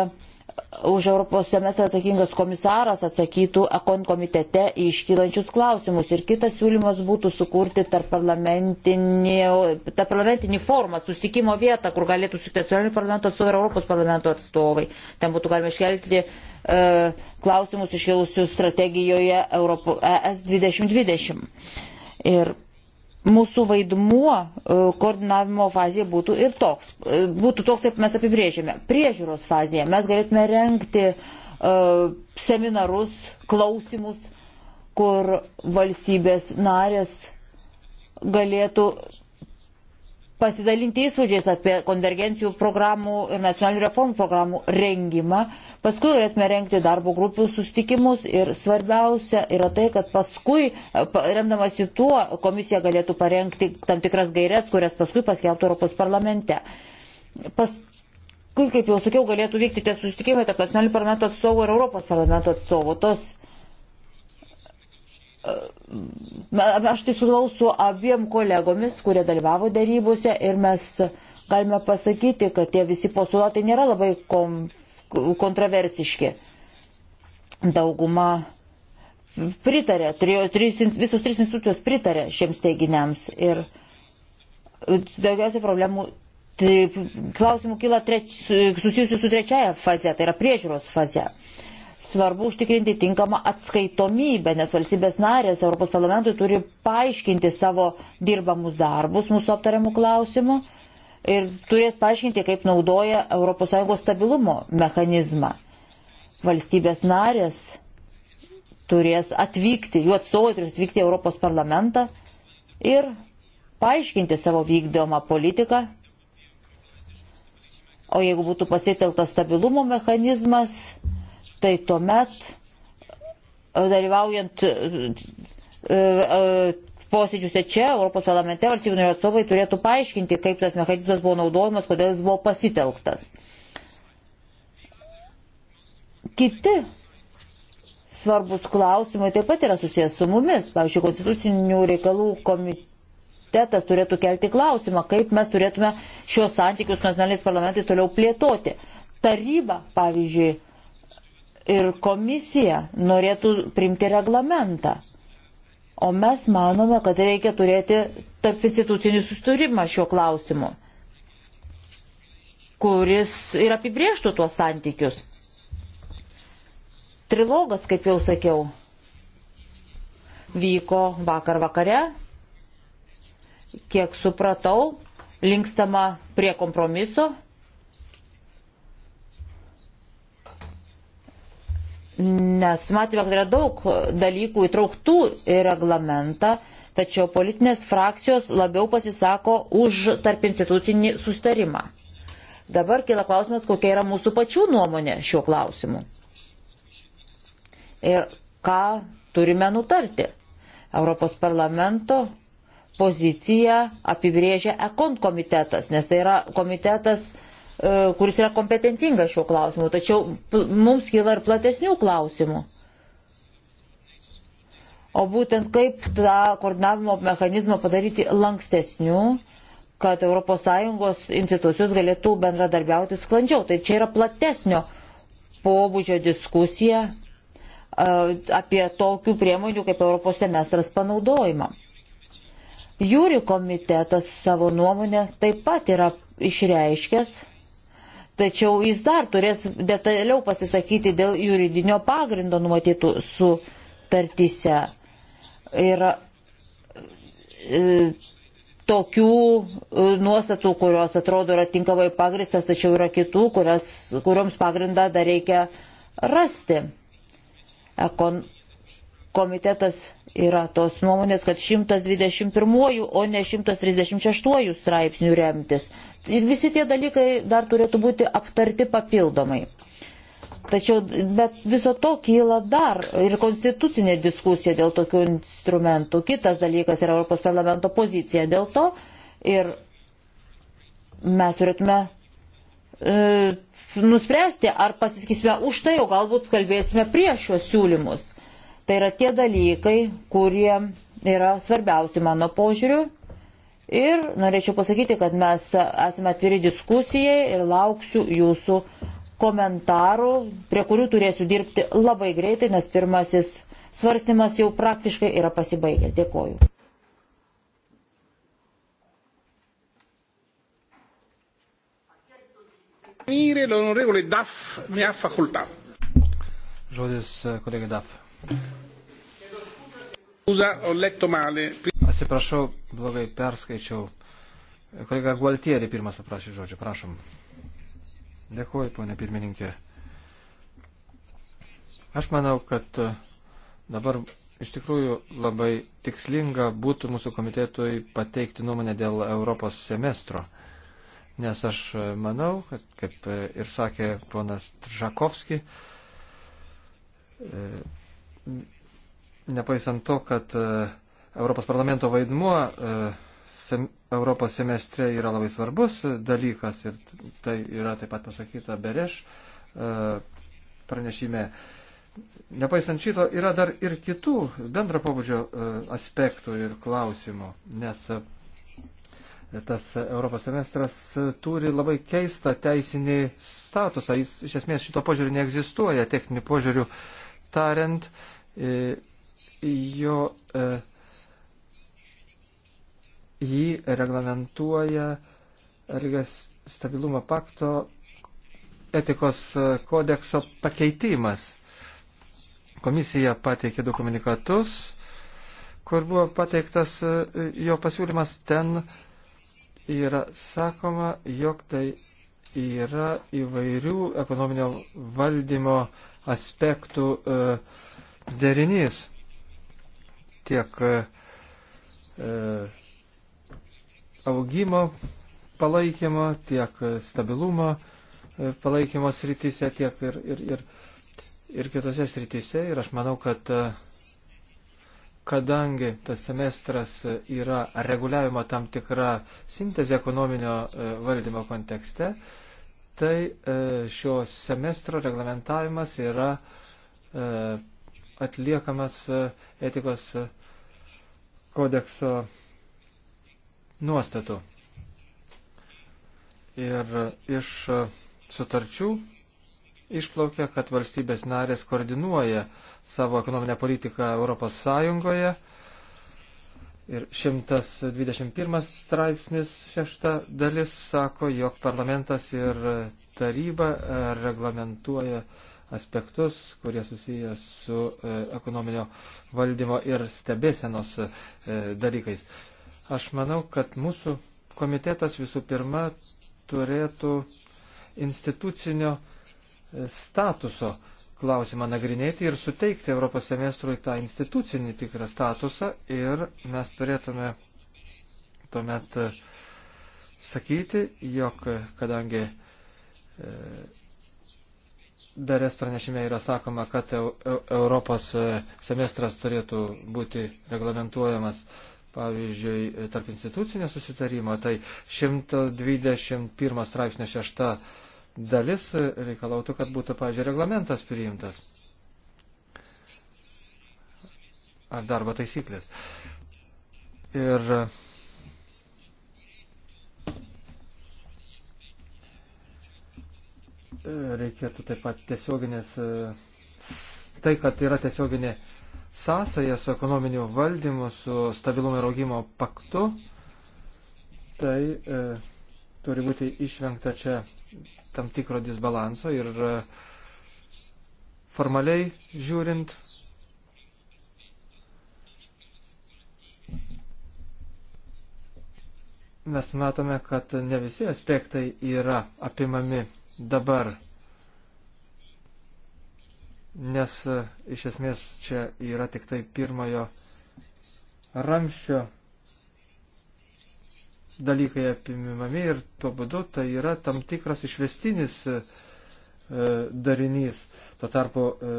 už Europos semestrą atsakingas komisaras atsakytų ekon komitete į iškylančius klausimus. Ir kitas siūlymas būtų sukurti tarp parlamentinį formą, susitikimo vietą, kur galėtų susitikti nacionalinio parlamento atstovai ir Europos parlamento atstovai. Ten būtų galima iškelti e, klausimus iškilusius strategijoje Europo, ES 2020. Ir mūsų vaidmuo e, koordinavimo fazėje būtų ir toks. E, būtų toks, kaip mes apibrėžėme. Priežiūros fazėje mes galėtume renkti uh, seminarus, klausimus, kur valstybės narės galėtų pasidalinti įspūdžiais apie konvergencijų programų ir nacionalinių reformų programų rengimą. Paskui galėtume rengti darbo grupių sustikimus ir svarbiausia yra tai, kad paskui, e, remdamasi tuo, komisija galėtų parengti tam tikras gairias, kurias paskui paskelbtų Europos parlamente. Paskui, kaip jau sakiau, galėtų vykti tie sustikimai tarp nacionalinių parlamento atstovų ir Europos parlamento atstovų. Tos e, Aš diskutavau su abiem kolegomis, kurie dalyvavo darybose ir mes galime pasakyti, kad tie visi postulatai nėra labai kom, kontroversiški. Dauguma pritarė, trijo, trys, visos trys institucijos pritarė šiems teiginiams ir daugiausiai problemų, tai klausimų kyla treč, susijusių su trečiaja faze, tai yra priežiūros faze svarbu užtikrinti tinkamą atskaitomybę, nes valstybės narės Europos parlamentui turi paaiškinti savo dirbamus darbus mūsų aptariamų klausimų ir turės paaiškinti, kaip naudoja ES stabilumo mechanizmą. Valstybės narės turės atvykti, jų atstovai turės atvykti į Europos parlamentą ir paaiškinti savo vykdomą politiką. O jeigu būtų pasiteltas stabilumo mechanizmas, tai tuomet e, dalyvaujant e, e, posėdžiuose čia, Europos parlamente, valstybių narių atstovai turėtų paaiškinti, kaip tas mechanizmas buvo naudojamas, kodėl jis buvo pasitelktas. Kiti svarbus klausimai taip pat yra susijęs su mumis. Pavyzdžiui, konstitucinių reikalų komitetas turėtų kelti klausimą, kaip mes turėtume šios santykius nacionaliniais parlamentais toliau plėtoti. Taryba, pavyzdžiui, ir komisija norėtų primti reglamentą. O mes manome, kad reikia turėti tarp institucinį susturimą šiuo klausimu, kuris ir apibrieštų tuos santykius. Trilogas, kaip jau sakiau, vyko vakar vakare. Kiek supratau, linkstama prie kompromiso nes matėme, kad yra daug dalykų įtrauktų į reglamentą, tačiau politinės frakcijos labiau pasisako už tarp institucinį sustarimą. Dabar kila klausimas, kokia yra mūsų pačių nuomonė šiuo klausimu. Ir ką turime nutarti. Europos parlamento poziciją apibrėžia ekon komitetas, nes tai yra komitetas, E, kuris yra kompetentingas šiuo klausimu. Tačiau mums kyla ir platesnių klausimų. O būtent kaip tą koordinavimo mechanizmą padaryti lankstesnių, kad ES institucijos galėtų bendradarbiauti sklandžiau. Tai čia yra platesnio pobūdžio diskusija e, apie tokių priemonių kaip Europos semestras panaudojimą. Jūri komitetas savo nuomonę taip pat yra išreiškęs, Tačiau jis dar turės detaliau pasisakyti dėl juridinio pagrindo numatytų sutartyse. Ir e, tokių e, nuostatų, kurios atrodo yra tinkamai pagristas, tačiau yra kitų, kurias, kurioms pagrindą dar reikia rasti. Ekon komitetas yra tos nuomonės, kad 121, o ne 136 straipsnių remtis. Ir visi tie dalykai dar turėtų būti aptarti papildomai. Tačiau, bet viso to kyla dar ir konstitucinė diskusija dėl tokių instrumentų. Kitas dalykas yra Europos parlamento pozicija dėl to ir mes turėtume e, nuspręsti, ar pasiskysime už tai, o galbūt kalbėsime prieš šios siūlymus. Tai yra tie dalykai, kurie yra svarbiausi mano požiūriu. Ir norėčiau pasakyti, kad mes esame atviri diskusijai ir lauksiu jūsų komentarų, prie kurių turėsiu dirbti labai greitai, nes pirmasis svarstymas jau praktiškai yra pasibaigęs. Dėkoju. Žodis eh, kolegai Daf. Atsiprašau, blogai perskaičiau. Kolega Gualtieri pirmas paprašė žodžio, prašom. Dėkuoju, ponė pirmininkė. Aš manau, kad e, dabar iš tikrųjų labai tikslinga būtų mūsų komitetui pateikti nuomonę dėl Europos semestro. Nes aš e, manau, kad, kaip e, ir sakė ponas Tržakovski, nepaisant to, kad e, Europos parlamento vaidmuo e, sem, Europos semestre yra labai svarbus dalykas ir tai yra taip pat pasakyta Bereš e, pranešime. Nepaisant šito, yra dar ir kitų bendro pobūdžio aspektų ir klausimų, nes tas Europos semestras turi labai keistą teisinį statusą. Jis iš esmės šito požiūriu neegzistuoja techniniu požiūriu. Uh, tariant, e, jo, e, jį reglamentuoja Elgės stabilumo pakto etikos e, kodekso pakeitimas. Komisija pateikė du komunikatus, kur buvo pateiktas jo pasiūlymas ten yra sakoma, jog tai yra įvairių ekonominio valdymo uh, aspektų e, derinys tiek e, e, augimo palaikymo, tiek stabilumo palaikymo srityse, tiek ir, ir, ir, ir kitose srityse. Ir aš manau, kad kadangi tas semestras yra reguliavimo tam tikra sintezė ekonominio valdymo kontekste, tai e, šio semestro reglamentavimas yra e, atliekamas e, etikos kodekso nuostatų. Ir iš sutarčių išplaukia, kad valstybės narės koordinuoja savo ekonominę politiką Europos Sąjungoje Ir 121 straipsnis šešta dalis sako, jog parlamentas ir taryba e, reglamentuoja aspektus, kurie susiję su e, ekonominio valdymo ir stebėsenos e, dalykais. Aš manau, kad mūsų komitetas visų pirma turėtų institucinio statuso klausimą nagrinėti ir suteikti Europos semestrui tą institucinį tikrą statusą ir mes turėtume tuomet e, sakyti, jog kadangi e, Berės pranešime yra sakoma, kad Europos e, semestras turėtų būti reglamentuojamas, pavyzdžiui, tarp institucinio susitarimo, tai 121 straipsnio 6 dalis reikalautų, kad būtų, pažiūrėjau, reglamentas priimtas. Ar darbo taisyklės. Ir reikėtų taip pat tiesioginės, tai, kad yra tiesioginė sąsaja su ekonominiu valdymu, su stabilumo ir augimo paktu, tai e, turi būti išvengta čia tam tikro disbalanso ir e, formaliai žiūrint. Mes matome, kad ne visi aspektai yra apimami dabar, nes e, iš esmės čia yra tik tai pirmojo ramščio dalykai apimami ir tuo būdu tai yra tam tikras išvestinis e, darinys. Tuo tarpu e,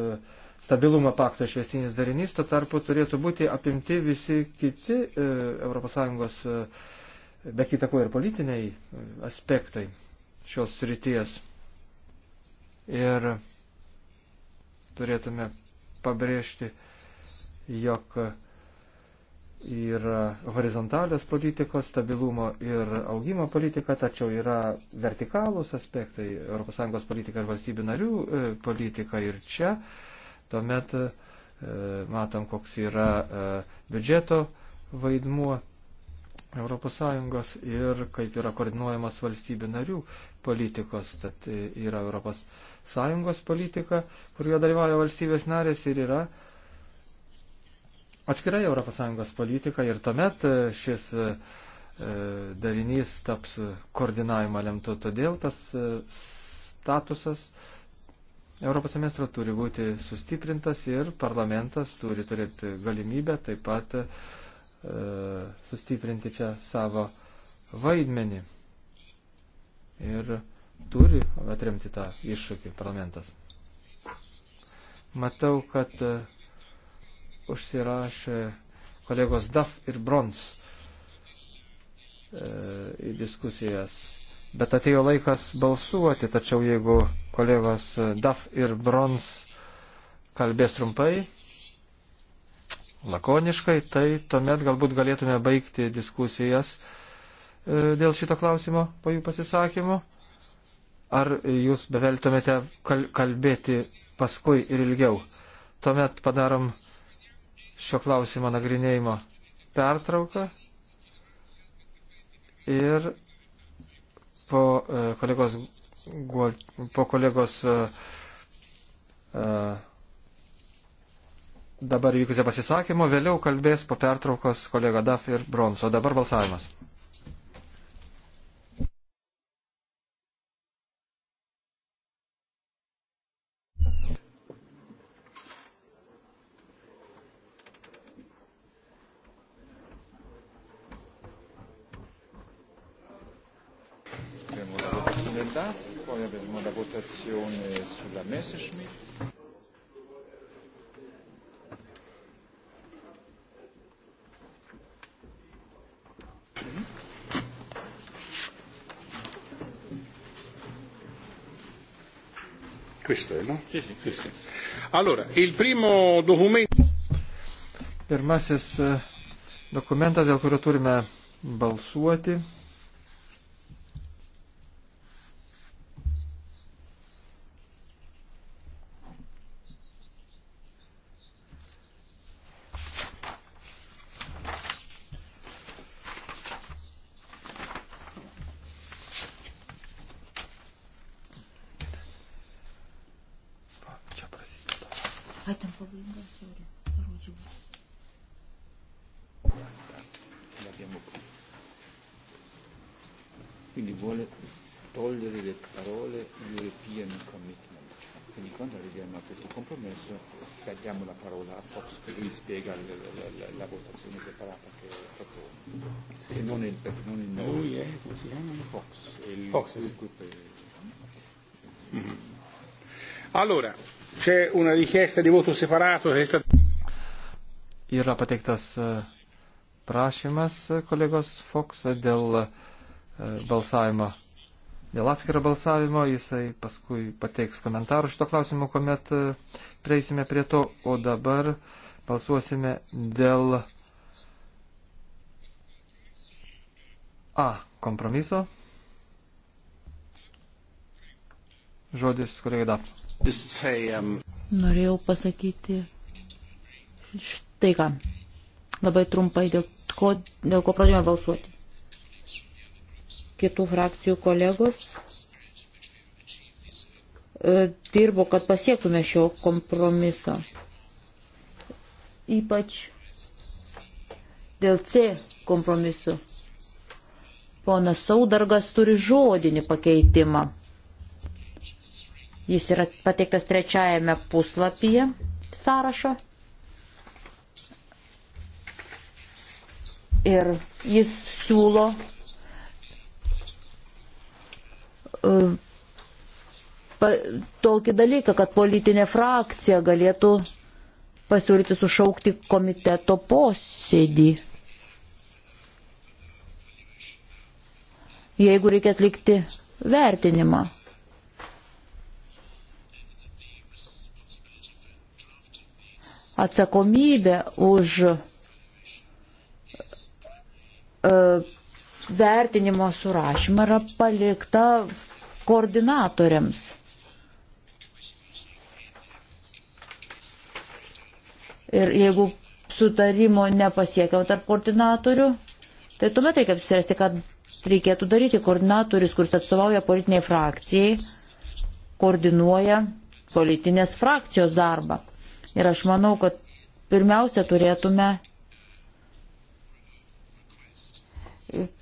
stabilumo pakto išvestinis darinys, tuo tarpu turėtų būti apimti visi kiti e, ES, be kitako ir politiniai aspektai šios srities. Ir turėtume pabrėžti, jog uh, yra horizontalios politikos, stabilumo ir augimo politika, tačiau yra vertikalūs aspektai ES politika ir valstybių narių e, politika ir čia. Tuomet e, matom, koks yra e, biudžeto vaidmuo ES ir kaip yra koordinuojamas valstybių narių politikos. Tad yra ES politika, kurioje dalyvauja valstybės narės ir yra atskirai ES politiką ir tuomet e, šis e, e, darinys taps koordinavimą lemtų. Todėl tas statusas Europos semestro turi būti sustiprintas ir parlamentas turi turėti galimybę taip pat sustiprinti čia savo vaidmenį ir turi atremti tą iššūkį parlamentas. Matau, kad užsirašė kolegos Daf ir Brons e, į diskusijas. Bet atėjo laikas balsuoti, tačiau jeigu kolegos Daf ir Brons kalbės trumpai, lakoniškai, tai tuomet galbūt galėtume baigti diskusijas e, dėl šito klausimo po jų pasisakymų. Ar jūs beveltumėte kalbėti paskui ir ilgiau? Tuomet padarom šio klausimo nagrinėjimo pertrauką ir po e, kolegos, po kolegos e, e, dabar vykusio pasisakymo, vėliau kalbės po pertraukos kolega Daf ir Brons, o dabar balsavimas. ça. Quand il y avait le demande à votation est sous la main, c'est Schmitt. Questo è, no? Sì, sì. sì, sì. Allora, il primo documento. Pirmasis eh, dokumentas, dėl kurio turime balsuoti. Ai, ten pabaiga, sorry, parodžiau. L'abbiamo qui. Quindi vuole togliere le parole European Commitment. Quindi quando arriviamo a questo compromesso diamo la parola a Fox che lui spiega la, la, la, la votazione separata che propone. Sì. E non il, non il nome. Lui è come si chiama? Fox. Il, Fox. Il, sì. È... Mm-hmm. Allora, C'è una richiesta di voto separato che è stata. Yra pateiktas e, prašymas e, kolegos Fox e, dėl balsavimo. Dėl atskiro balsavimo jisai paskui pateiks komentarų šito klausimu, kuomet prieisime prie to, o dabar balsuosime dėl A kompromiso. Žodis, kolegai Daf. Um, Norėjau pasakyti štai ką. Labai trumpai, dėl ko, dėl ko pradėjome balsuoti. Kitų frakcijų kolegos e, dirbo, kad pasiektume šio kompromiso. Ypač dėl C kompromisu. Ponas Saudargas turi žodinį pakeitimą Jis yra pateiktas trečiajame puslapyje sąrašo. Ir jis siūlo uh, pa, tokį dalyką, kad politinė frakcija galėtų pasiūlyti sušaukti komiteto posėdį. Jeigu reikia atlikti vertinimą. atsakomybę už e, vertinimo surašymą yra palikta koordinatoriams. Ir jeigu sutarimo nepasiekiau tarp koordinatorių, tai tuomet reikia apsispręsti, kad reikėtų daryti koordinatorius, kuris atstovauja politiniai frakcijai, koordinuoja politinės frakcijos darbą. Ir aš manau, kad pirmiausia turėtume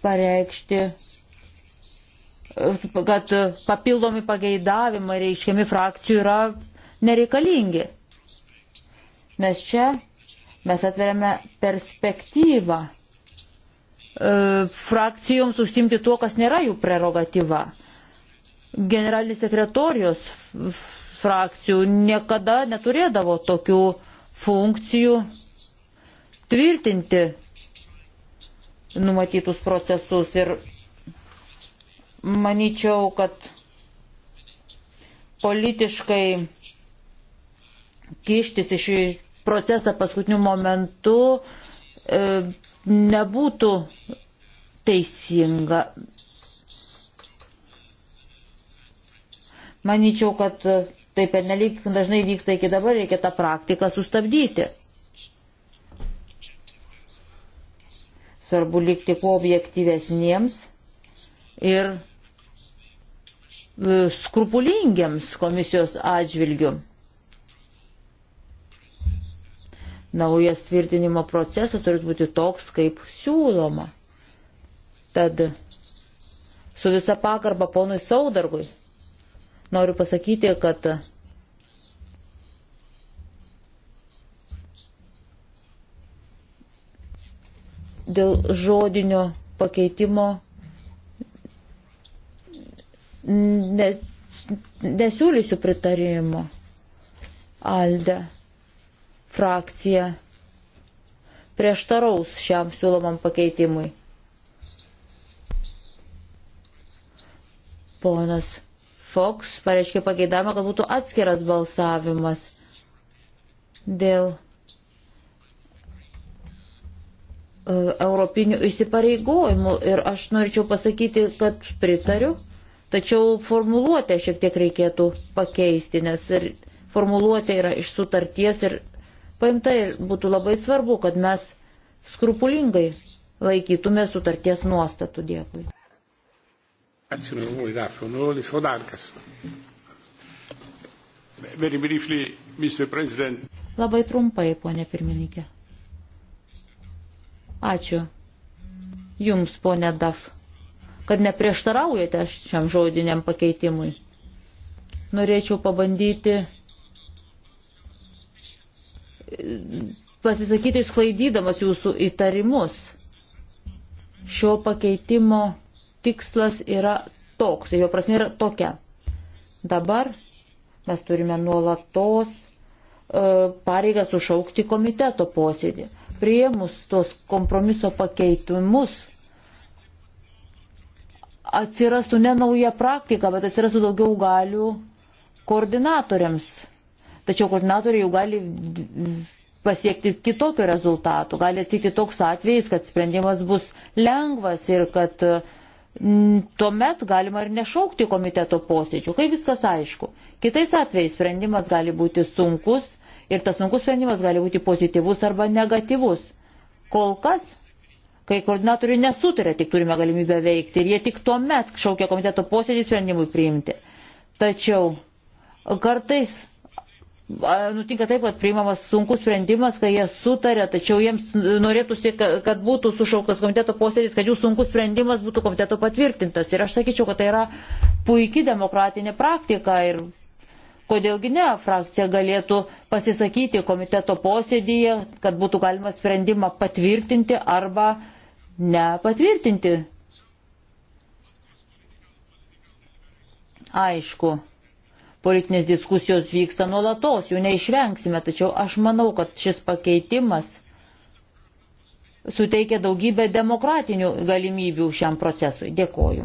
pareikšti, kad papildomi pageidavimai reiškiami frakcijų yra nereikalingi. Nes čia mes atveriame perspektyvą e, frakcijoms užsimti tuo, kas nėra jų prerogatyva. Generalinis sekretorijos frakcijų niekada neturėdavo tokių funkcijų tvirtinti numatytus procesus ir manyčiau, kad politiškai kištis į šį procesą paskutiniu momentu e, nebūtų teisinga. Manyčiau, kad tai pernelyg dažnai vyksta iki dabar, reikia tą praktiką sustabdyti. Svarbu likti kuo objektyvesniems ir e, skrupulingiams komisijos atžvilgių. Naujas tvirtinimo procesas turi būti toks, kaip siūloma. Tad su visa pagarba ponui Saudargui Noriu pasakyti, kad dėl žodinio pakeitimo ne, nesiūlysiu pritarimo. Alde frakcija prieštaraus šiam siūlomam pakeitimui. Ponas Fox pareiškė pageidavimą, kad būtų atskiras balsavimas dėl e, europinių įsipareigojimų. Ir aš norėčiau pasakyti, kad pritariu, tačiau formuluotę šiek tiek reikėtų pakeisti, nes ir formuluotė yra iš sutarties ir paimta ir būtų labai svarbu, kad mes skrupulingai laikytume sutarties nuostatų. Dėkui. Labai trumpai, ponė pirmininkė. Ačiū Jums, ponė Daf, kad neprieštaraujate šiam žodiniam pakeitimui. Norėčiau pabandyti pasisakyti išklaidydamas jūsų įtarimus. Šio pakeitimo tikslas yra toks, jo prasme yra tokia. Dabar mes turime nuolatos e, pareigą sušaukti komiteto posėdį. Priemus tos kompromiso pakeitimus atsirastų ne nauja praktika, bet atsirastų daugiau galių koordinatoriams. Tačiau koordinatoriai jau gali pasiekti kitokio rezultato. Gali atsitikti toks atvejis, kad sprendimas bus lengvas ir kad uh, tuomet galima ir nešaukti komiteto posėdžių, kai viskas aišku. Kitais atvejais sprendimas gali būti sunkus ir tas sunkus sprendimas gali būti pozityvus arba negatyvus. Kol kas, kai koordinatoriai nesutarė, tik turime galimybę veikti ir jie tik tuomet šaukia komiteto posėdį sprendimui priimti. Tačiau kartais nutinka taip, kad priimamas sunkus sprendimas, kai jie sutarė, tačiau jiems norėtųsi, kad būtų sušauktas komiteto posėdis, kad jų sunkus sprendimas būtų komiteto patvirtintas. Ir aš sakyčiau, kad tai yra puikiai demokratinė praktika ir kodėlgi ne, frakcija galėtų pasisakyti komiteto posėdyje, kad būtų galima sprendimą patvirtinti arba nepatvirtinti. Aišku, Politinės diskusijos vyksta nuolatos, jų neišvengsime, tačiau aš manau, kad šis pakeitimas suteikia daugybę demokratinių galimybių šiam procesui. Dėkoju.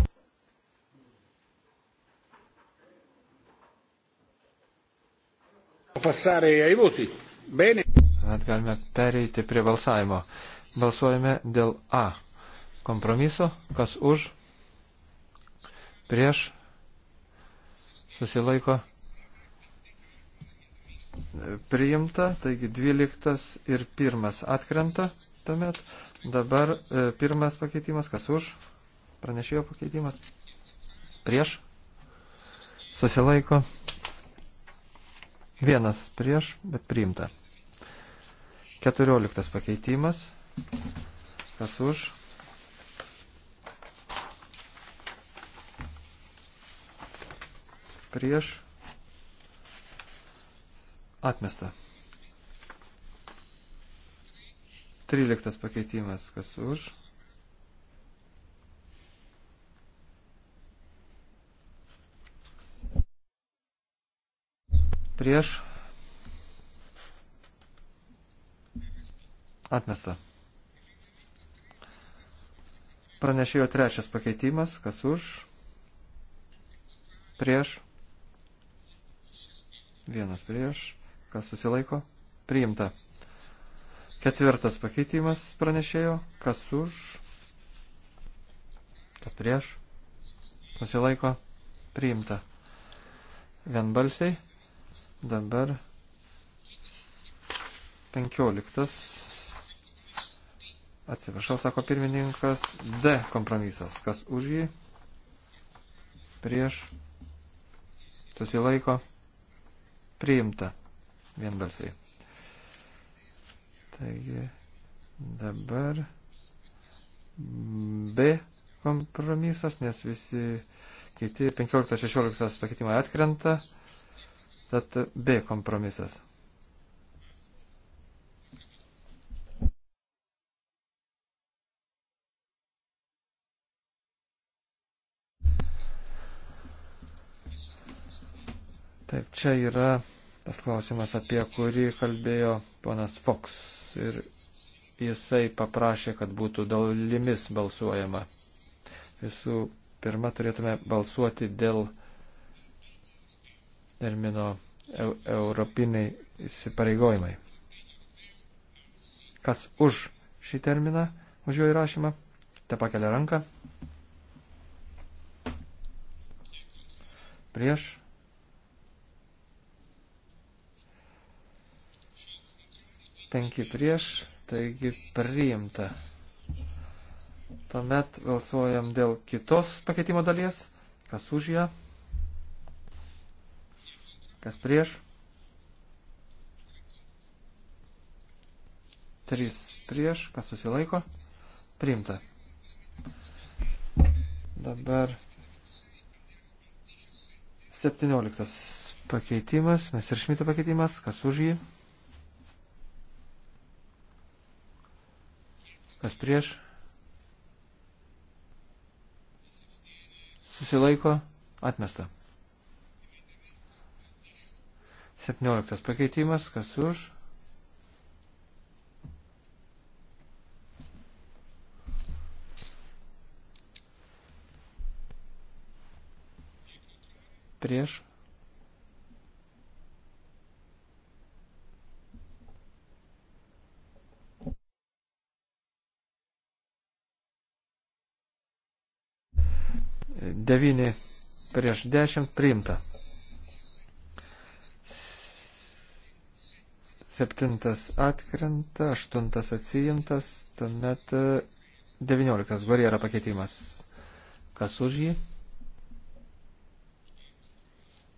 Tuomet galime pereiti prie balsavimo. Balsuojame dėl A. Kompromiso, kas už, prieš, susilaiko priimta, taigi 12 ir 1 atkrenta tuomet. Dabar e, pirmas pakeitimas, kas už, pranešėjo pakeitimas, prieš, susilaiko, vienas prieš, bet priimta. 14 pakeitimas, kas už, prieš atmesta. Tryliktas pakeitimas, kas už. Prieš atmesta. Pranešėjo trečias pakeitimas, kas už, prieš, Vienas prieš. Kas susilaiko? Priimta. Ketvirtas pakeitimas pranešėjo. Kas už? Kas prieš? Susilaiko? Priimta. Vienbalsiai. Dabar penkioliktas. Atsiprašau, sako pirmininkas. D kompromisas. Kas už jį? Prieš? Susilaiko? Priimta. Vienbalsiai. Taigi dabar B kompromisas, nes visi kiti 15-16 pakeitimai atkrenta. Tad B kompromisas. Taip, čia yra tas klausimas, apie kurį kalbėjo ponas Fox. Ir jisai paprašė, kad būtų dalimis balsuojama. Visų pirma, turėtume balsuoti dėl termino e europiniai įsipareigojimai. Kas už šį terminą, už jo įrašymą, te pakelia ranką. Prieš 5 prieš, taigi priimta. Tuomet balsuojam dėl kitos pakeitimo dalies. Kas už ją? Kas prieš? 3 prieš, kas susilaiko, priimta. Dabar 17 pakeitimas, Mesiršmito pakeitimas, kas už jį, kas prieš, susilaiko, atmesta. 17 pakeitimas, kas už. Prieš. 9 prieš 10 priimta. 7 atkrenta, 8 atsijimtas, tuomet 19 e, barjera pakeitimas. Kas už jį?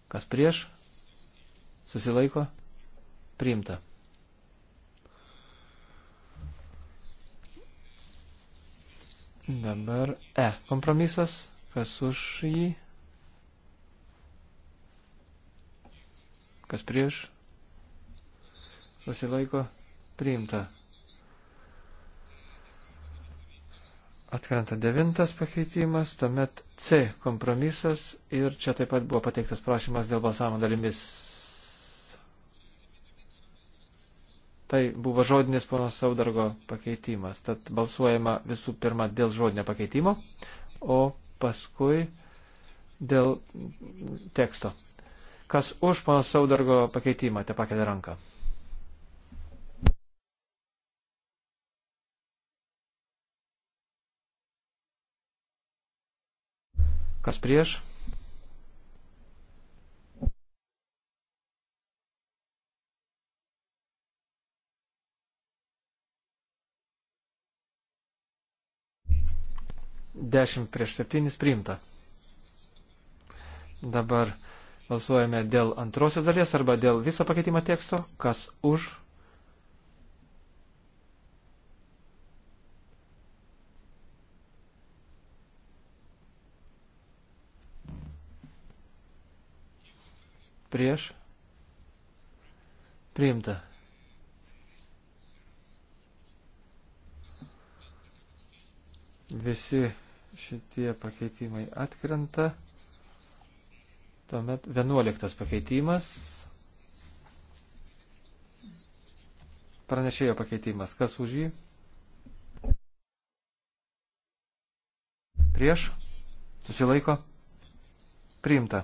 Kas prieš? Susilaiko? Priimta. Dabar E. Kompromisas Kas už jį? Kas prieš? Susilaiko priimta. Atkrenta devintas pakeitimas, tuomet C kompromisas ir čia taip pat buvo pateiktas prašymas dėl balsavimo dalimis. Tai buvo žodinis ponos Saudargo pakeitimas, tad balsuojama visų pirma dėl žodinio pakeitimo, o paskui dėl teksto. Kas už pono Saudargo pakeitimą, te pakelia ranką. Kas prieš? 10 prieš 7 priimta. Dabar balsuojame dėl antrosios dalies arba dėl viso pakeitimo teksto, kas už. Prieš. Priimta. Visi šitie pakeitimai atkrenta. Tuomet 11 pakeitimas. Pranešėjo pakeitimas. Kas už jį? Prieš? Susilaiko? Priimta.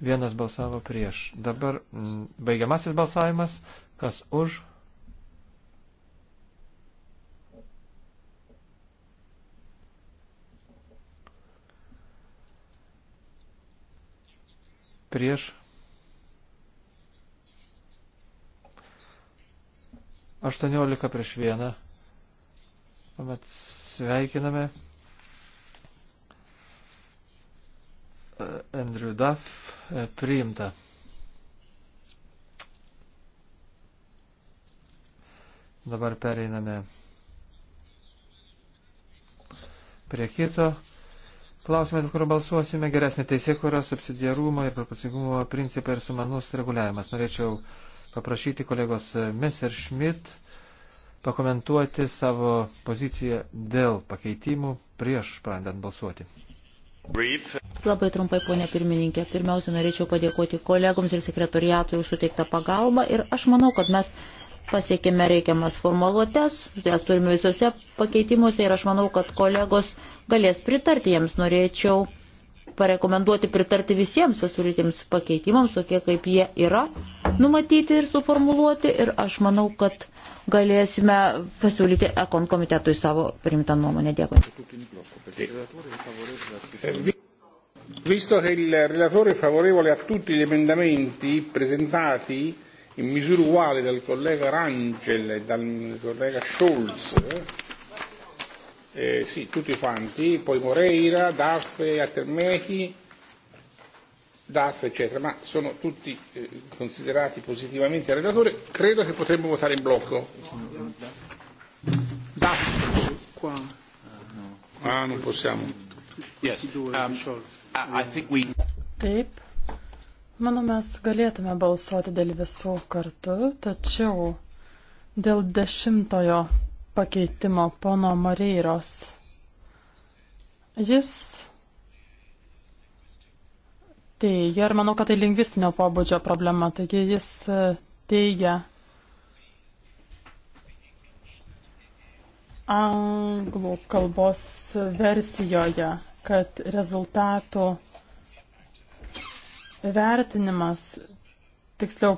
Vienas balsavo prieš. Dabar m, mm, baigiamasis balsavimas. Kas už? prieš. Aštuoniolika prieš vieną. Tuomet sveikiname. Andrew Duff e, priimta. Dabar pereiname prie kito Klausimai, dėl kurio balsuosime, geresnė teisėkura, subsidiarumo ir proporcingumo principai ir sumanus reguliavimas. Norėčiau paprašyti kolegos Messerschmidt pakomentuoti savo poziciją dėl pakeitimų prieš pradedant balsuoti. Brief. Labai trumpai, ponė pirmininkė, pirmiausia, norėčiau padėkoti kolegoms ir sekretoriatui už suteiktą pagalbą ir aš manau, kad mes pasiekėme reikiamas formaluotės, jas turime visose pakeitimuose ir aš manau, kad kolegos galės pritarti jiems. Norėčiau parekomenduoti pritarti visiems pasiūlytiems pakeitimams, tokie kaip jie yra numatyti ir suformuluoti. Ir aš manau, kad galėsime pasiūlyti ekon komitetui savo primtą nuomonę. Dėkui. Visto che il relatore è favorevole a tutti gli emendamenti presentati in misura uguale dal collega Rangel e dal collega Scholz, eh, sì, tutti quanti, poi Moreira, Daffe, Atermechi, Daffe eccetera, ma sono tutti eh, considerati positivamente al relatore, credo che potremmo votare in blocco. Daffe. Ah, non possiamo. Yes. Um, I think we... Taip. Manau, mes galėtume balsuoti dėl visų kartu, tačiau dėl dešimtojo pakeitimo pono Moreiros. Jis teigia, ir manau, kad tai lingvistinio pobūdžio problema, taigi jis e, teigia anglų kalbos versijoje, kad rezultatų vertinimas, tiksliau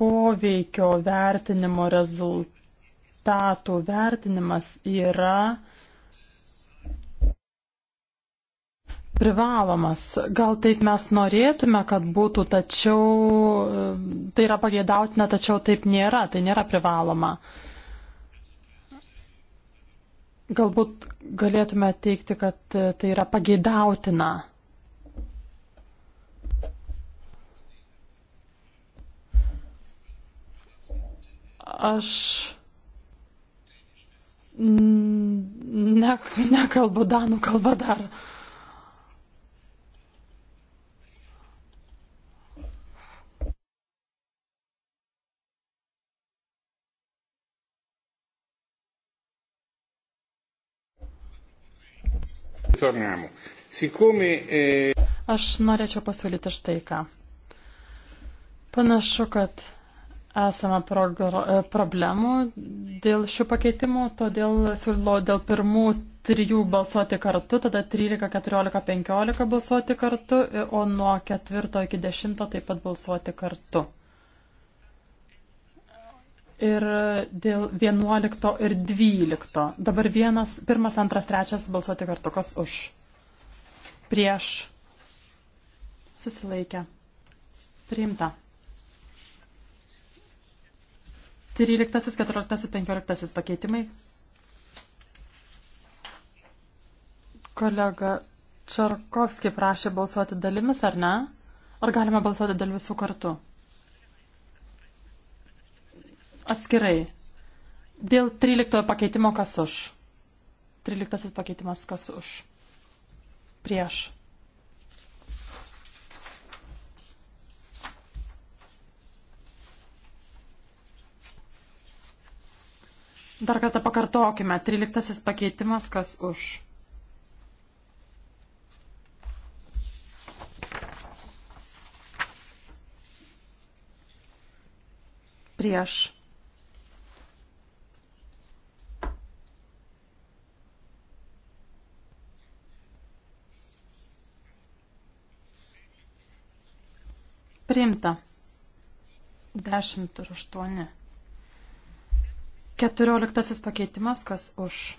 poveikio vertinimo rezultatų, rezultatų vertinimas yra privalomas. Gal taip mes norėtume, kad būtų, tačiau tai yra pageidautina, tačiau taip nėra, tai nėra privaloma. Galbūt galėtume teikti, kad tai yra pageidautina. Aš Mm, ne, nekalbu danų kalbą dar. Torniamo. Siccome, eh... Aš norėčiau pasiūlyti štai ką. Panašu, kad esama problemų dėl šių pakeitimų, todėl siūlau dėl pirmų trijų balsuoti kartu, tada 13, 14, 15 balsuoti kartu, o nuo 4 iki 10 taip pat balsuoti kartu. Ir dėl 11 ir 12. Dabar vienas, pirmas, antras, trečias balsuoti kartu, kas už. Prieš. Susilaikę. Priimta. 13, 14, 15 pakeitimai. Kolega Čarkovski prašė balsuoti dalimis, ar ne? Ar galime balsuoti dėl visų kartų? Atskirai. Dėl 13 pakeitimo kas už? 13 pakeitimas kas už? Prieš. Dar kartą pakartokime. 13 pakeitimas, kas už. Prieš. Priimta. 10 ir 8. Keturioliktasis pakeitimas, kas už.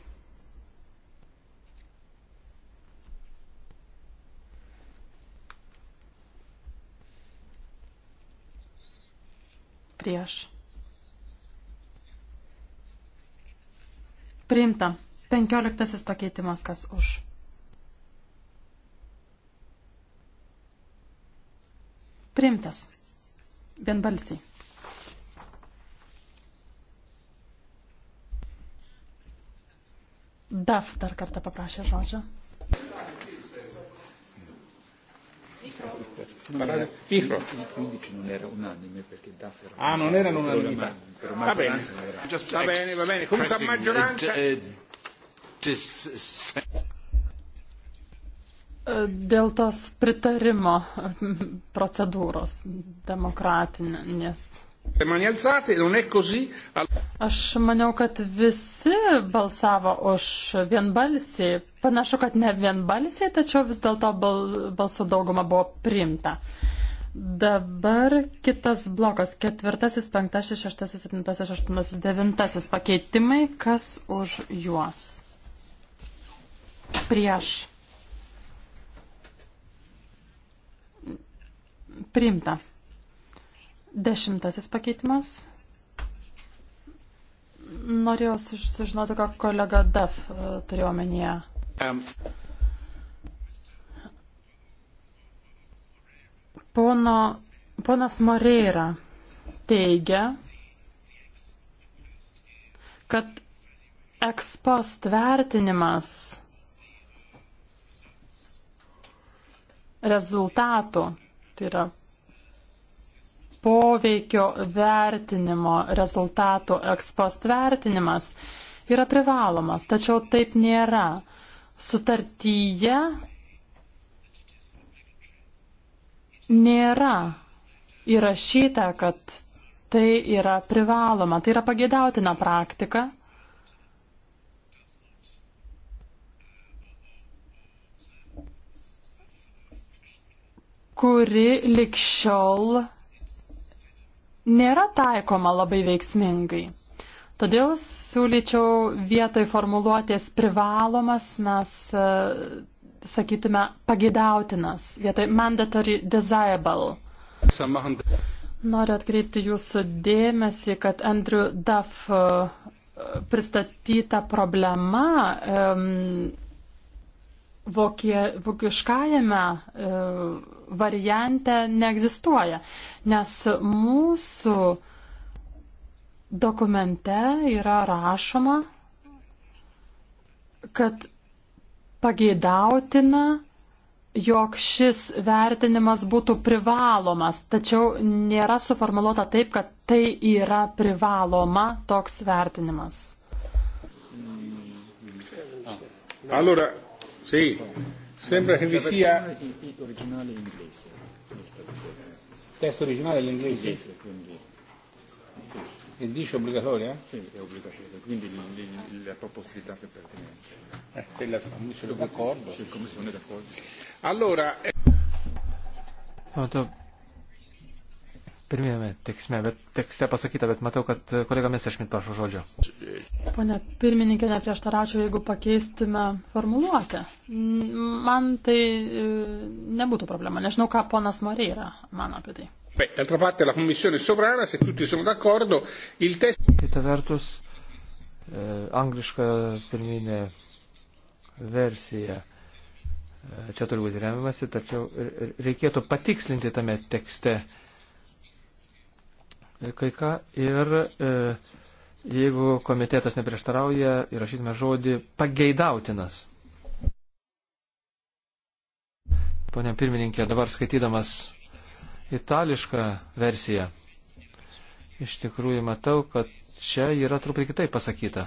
Prieš. Priimta. Penkioliktasis pakeitimas, kas už. Priimtas. Vienbalsiai. Daf dar kartą paprašė žodžio. Mikro. Ah, non erano unanimità. Va bene, va bene, va bene. Comunque a maggioranza... Eh, eh, dėl tos pritarimo (laughs) procedūros demokratinės Aš maniau, kad visi balsavo už vienbalsiai. Panašu, kad ne vienbalsiai, tačiau vis dėlto bal, balsų dauguma buvo priimta. Dabar kitas blokas. Ketvirtasis, penktasis, šeštasis, septintasis, aštuntasis, devintasis pakeitimai. Kas už juos? Prieš. Priimta. Dešimtasis pakeitimas. Norėjau sužinoti, ką kolega Daf e, turėjo omenyje. Um. Pono, ponas Moreira teigia, kad ekspost vertinimas rezultatų, tai yra poveikio vertinimo rezultatų ekspost vertinimas yra privalomas, tačiau taip nėra. Sutartyje nėra įrašyta, kad tai yra privaloma, tai yra pagėdautina praktika. kuri likščiol nėra taikoma labai veiksmingai. Todėl siūlyčiau vietoj formuluotės privalomas mes e, sakytume pagėdautinas, vietoj mandatory desirable. Noriu atkreipti jūsų dėmesį, kad Andrew Duff e, pristatyta problema um, vokie, vokiškajame e, variante neegzistuoja, nes mūsų dokumente yra rašoma, kad pageidautina jog šis vertinimas būtų privalomas, tačiau nėra suformuoluota taip, kad tai yra privaloma toks vertinimas. Allora, Sì, sembra che vi sia... originale in inglese. Testo originale in inglese? inglese quindi. Sì. E dice obbligatoria? Eh? Sì, è obbligatoria, quindi l- l- la proposta che è pertinente. Eh, se la Commissione d'accordo. Se la Commissione d'accordo. Allora... Eh... Vado pirmėjame tekste, bet tekste pasakyta, bet matau, kad kolega Mesešmit prašo žodžio. Pone pirmininkė, neprieštaraučiau, jeigu pakeistume formuluotę. Man tai e, nebūtų problema. Nežinau, ką ponas Moreira mano apie tai. D'altra parte la Commissione è sovrana, se tutti sono d'accordo, il testo... Kita vertus, eh, angliška pirminė versija. E, čia turi būti remiamasi, tačiau reikėtų patikslinti tame tekste eh, E, kai ką ir e, jeigu komitetas neprieštarauja, įrašytume žodį pageidautinas. Pone pirmininkė, dabar skaitydamas itališką versiją, iš tikrųjų matau, kad čia yra truputį kitaip pasakyta.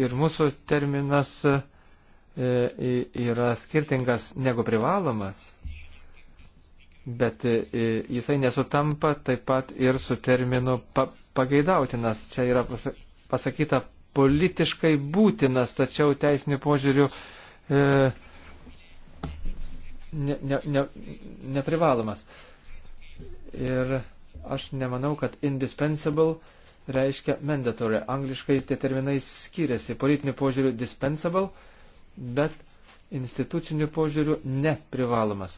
Ir mūsų terminas e, yra skirtingas negu privalomas bet e, e, jisai nesutampa taip pat ir su terminu pa pageidautinas. Čia yra pasakyta politiškai būtinas, tačiau teisinių požiūrių e, ne, ne, ne, neprivalomas. Ir aš nemanau, kad indispensable reiškia mandatory. Angliškai tie terminai skiriasi. Politiniu požiūriu dispensable, bet instituciniu požiūriu neprivalomas.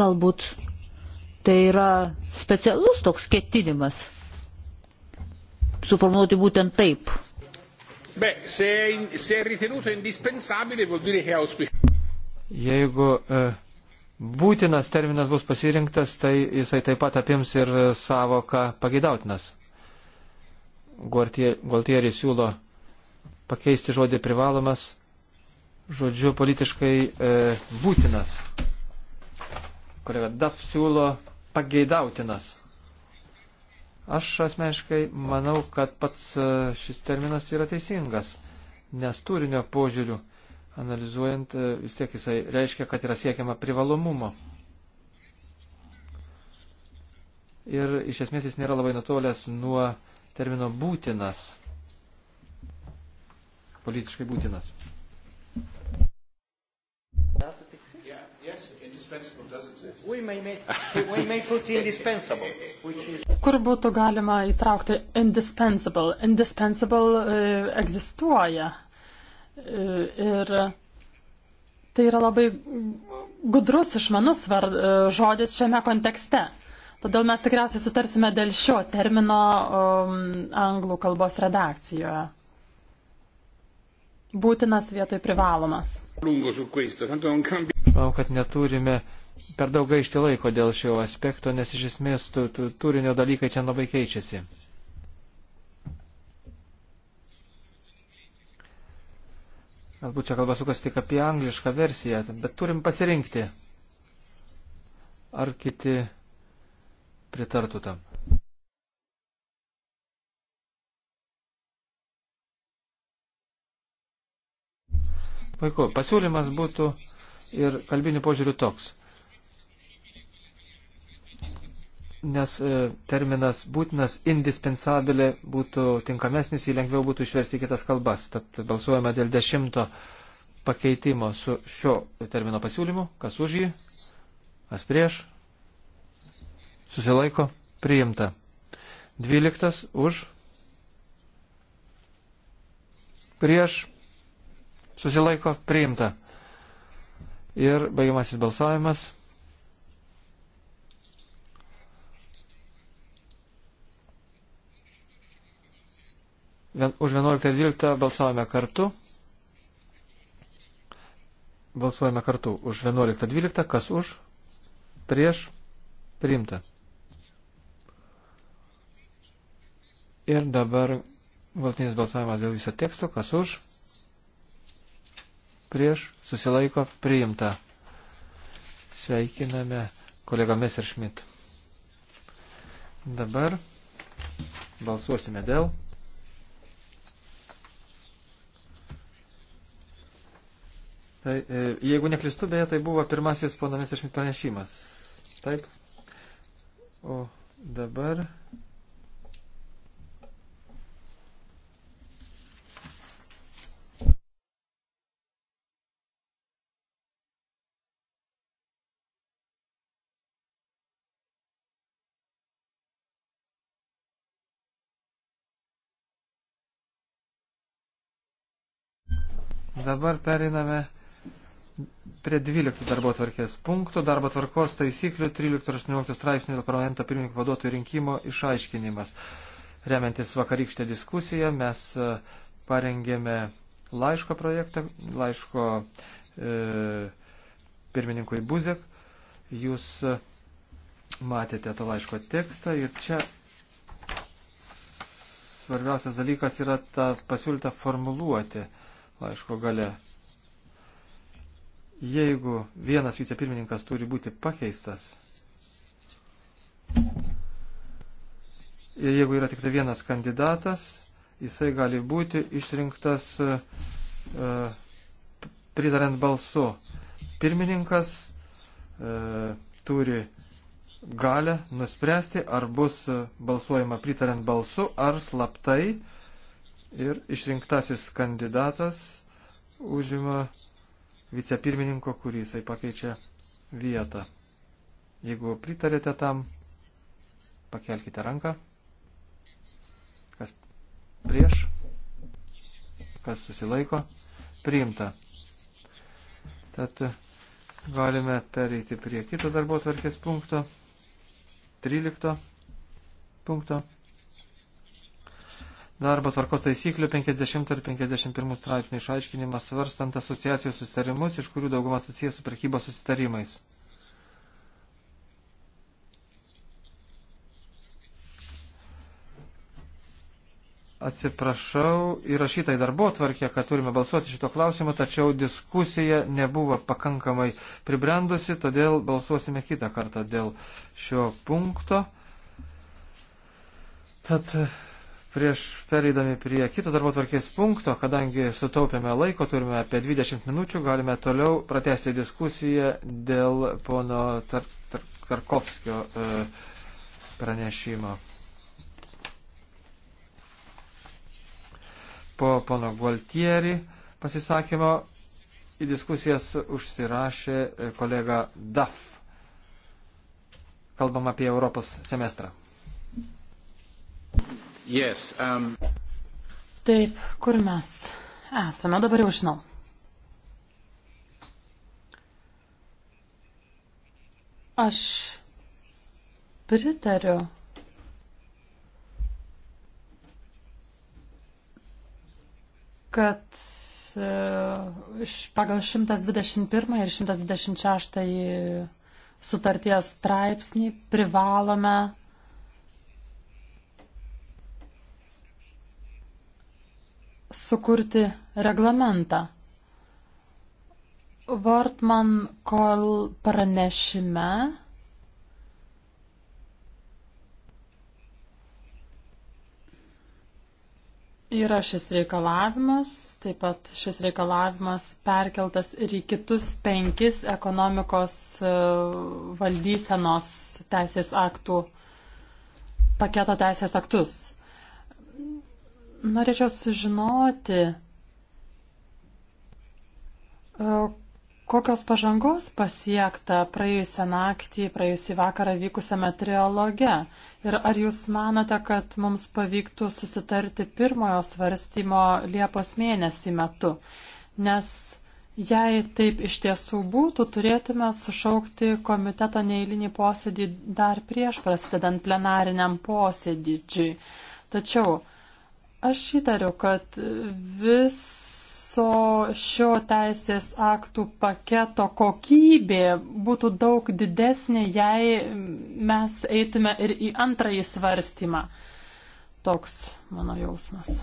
Galbūt tai yra specialus toks ketinimas suformuoti būtent taip. Beh, se, se è ritenuto indispensabile vuol dire che auspica. Jeigu uh, būtinas terminas bus pasirinktas, tai jisai taip pat apims ir savoką pageidautinas. Gualtieri siūlo pakeisti žodį privalomas žodžiu politiškai e, būtinas kolega Daf siūlo pageidautinas. Aš asmeniškai manau, kad pats e, šis terminas yra teisingas, nes turinio požiūrių analizuojant e, vis tiek jisai reiškia, kad yra siekiama privalomumo. Ir iš esmės jis nėra labai nutolęs nuo termino būtinas, politiškai būtinas. Kur būtų galima įtraukti indispensable? Indispensable e, egzistuoja. E, ir tai yra labai gudrus išmanus var, e, žodis šiame kontekste. Todėl mes tikriausiai sutarsime dėl šio termino um, anglų kalbos redakcijoje. Būtinas vietoj privalomas. Manau, kad neturime per daug gaišti laiko dėl šio aspekto, nes iš esmės tų, tų, turinio dalykai čia labai keičiasi. Galbūt čia kalba sukas tik apie anglišką versiją, bet turim pasirinkti. Ar kiti pritartų tam? Puiku, pasiūlymas būtų ir kalbinių požiūrių toks. Nes e, terminas būtinas, indispensabilė būtų tinkamesnis, jį lengviau būtų išversti į kitas kalbas. Tad balsuojame dėl dešimto pakeitimo su šio termino pasiūlymu. Kas už jį? Kas prieš? Susilaiko? Priimta. Dvyliktas už. Prieš. Susilaiko? Priimta. Ir baigiamasis balsavimas. Už 11.12 balsavome kartu. Balsuojame kartu už 11.12. Kas už? Prieš? Priimta. Ir dabar galtinis balsavimas dėl viso teksto. Kas už? prieš susilaiko priimta. Sveikiname kolegomis ir Šmit. Dabar balsuosime dėl. Tai, e, jeigu neklistu, beje, tai buvo pirmasis pono Messerschmidt pranešimas. Taip. O dabar Dabar periname prie 12 darbo tvarkės punktų, darbo tvarkos taisyklių 13-18 straipsnių dėl parlamento pirmininko vaduotojų rinkimo išaiškinimas. Remiantis vakarykštę diskusiją, mes e, parengėme laiško projektą, laiško e, pirmininkui Buzek. Jūs e, matėte to laiško tekstą ir čia svarbiausias dalykas yra ta pasiūlyta formuluoti. E, laiško gale. Jeigu vienas vicepirmininkas turi būti pakeistas ir jeigu yra tik tai vienas kandidatas, jisai gali būti išrinktas e, e pritarant balsu. Pirmininkas e, turi galę nuspręsti, ar bus balsuojama pritarant balsu, ar slaptai ir išrinktasis kandidatas užima vicepirmininko, kurį jisai pakeičia vietą. Jeigu pritarėte tam, pakelkite ranką. Kas prieš? Kas susilaiko? Priimta. Tad galime pereiti prie kito darbo tvarkės punkto. 13 punkto darbo tvarkos taisyklių 50 ir 51 straipsnių išaiškinimas svarstant asociacijų susitarimus, iš kurių dauguma susijęs su prekybos susitarimais. Atsiprašau, įrašytai darbo tvarkė, kad turime balsuoti šito klausimu, tačiau diskusija nebuvo pakankamai pribrendusi, todėl balsuosime kitą kartą dėl šio punkto. Tad Prieš pereidami prie kito darbo tvarkės punkto, kadangi sutaupėme laiko, turime apie 20 minučių, galime toliau pratesti diskusiją dėl pono Tar Tar Tarkovskio e, pranešimo. Po pono Gualtieri pasisakymo į diskusijas užsirašė e, kolega Daf. Kalbam apie Europos semestrą. Yes, um... Taip, kur mes esame, dabar jau žinau. Aš pritariu kad e, pagal 121 ir 126 sutarties straipsnį privalome sukurti reglamentą. Vortman kol pranešime Yra šis reikalavimas, taip pat šis reikalavimas perkeltas ir į kitus penkis ekonomikos e, valdysenos teisės aktų, paketo teisės aktus. Norėčiau sužinoti, e, kokios pažangos pasiekta praėjusią naktį, praėjusį vakarą vykusiame trialoge. Ir ar jūs manote, kad mums pavyktų susitarti pirmojo svarstymo Liepos mėnesį metu? Nes jei taip iš tiesų būtų, turėtume sušaukti komiteto neįlinį posėdį dar prieš prasidedant plenariniam posėdžiui. Tačiau Aš įtariu, kad viso šio teisės aktų paketo kokybė būtų daug didesnė, jei mes eitume ir į antrąjį svarstymą. Toks mano jausmas.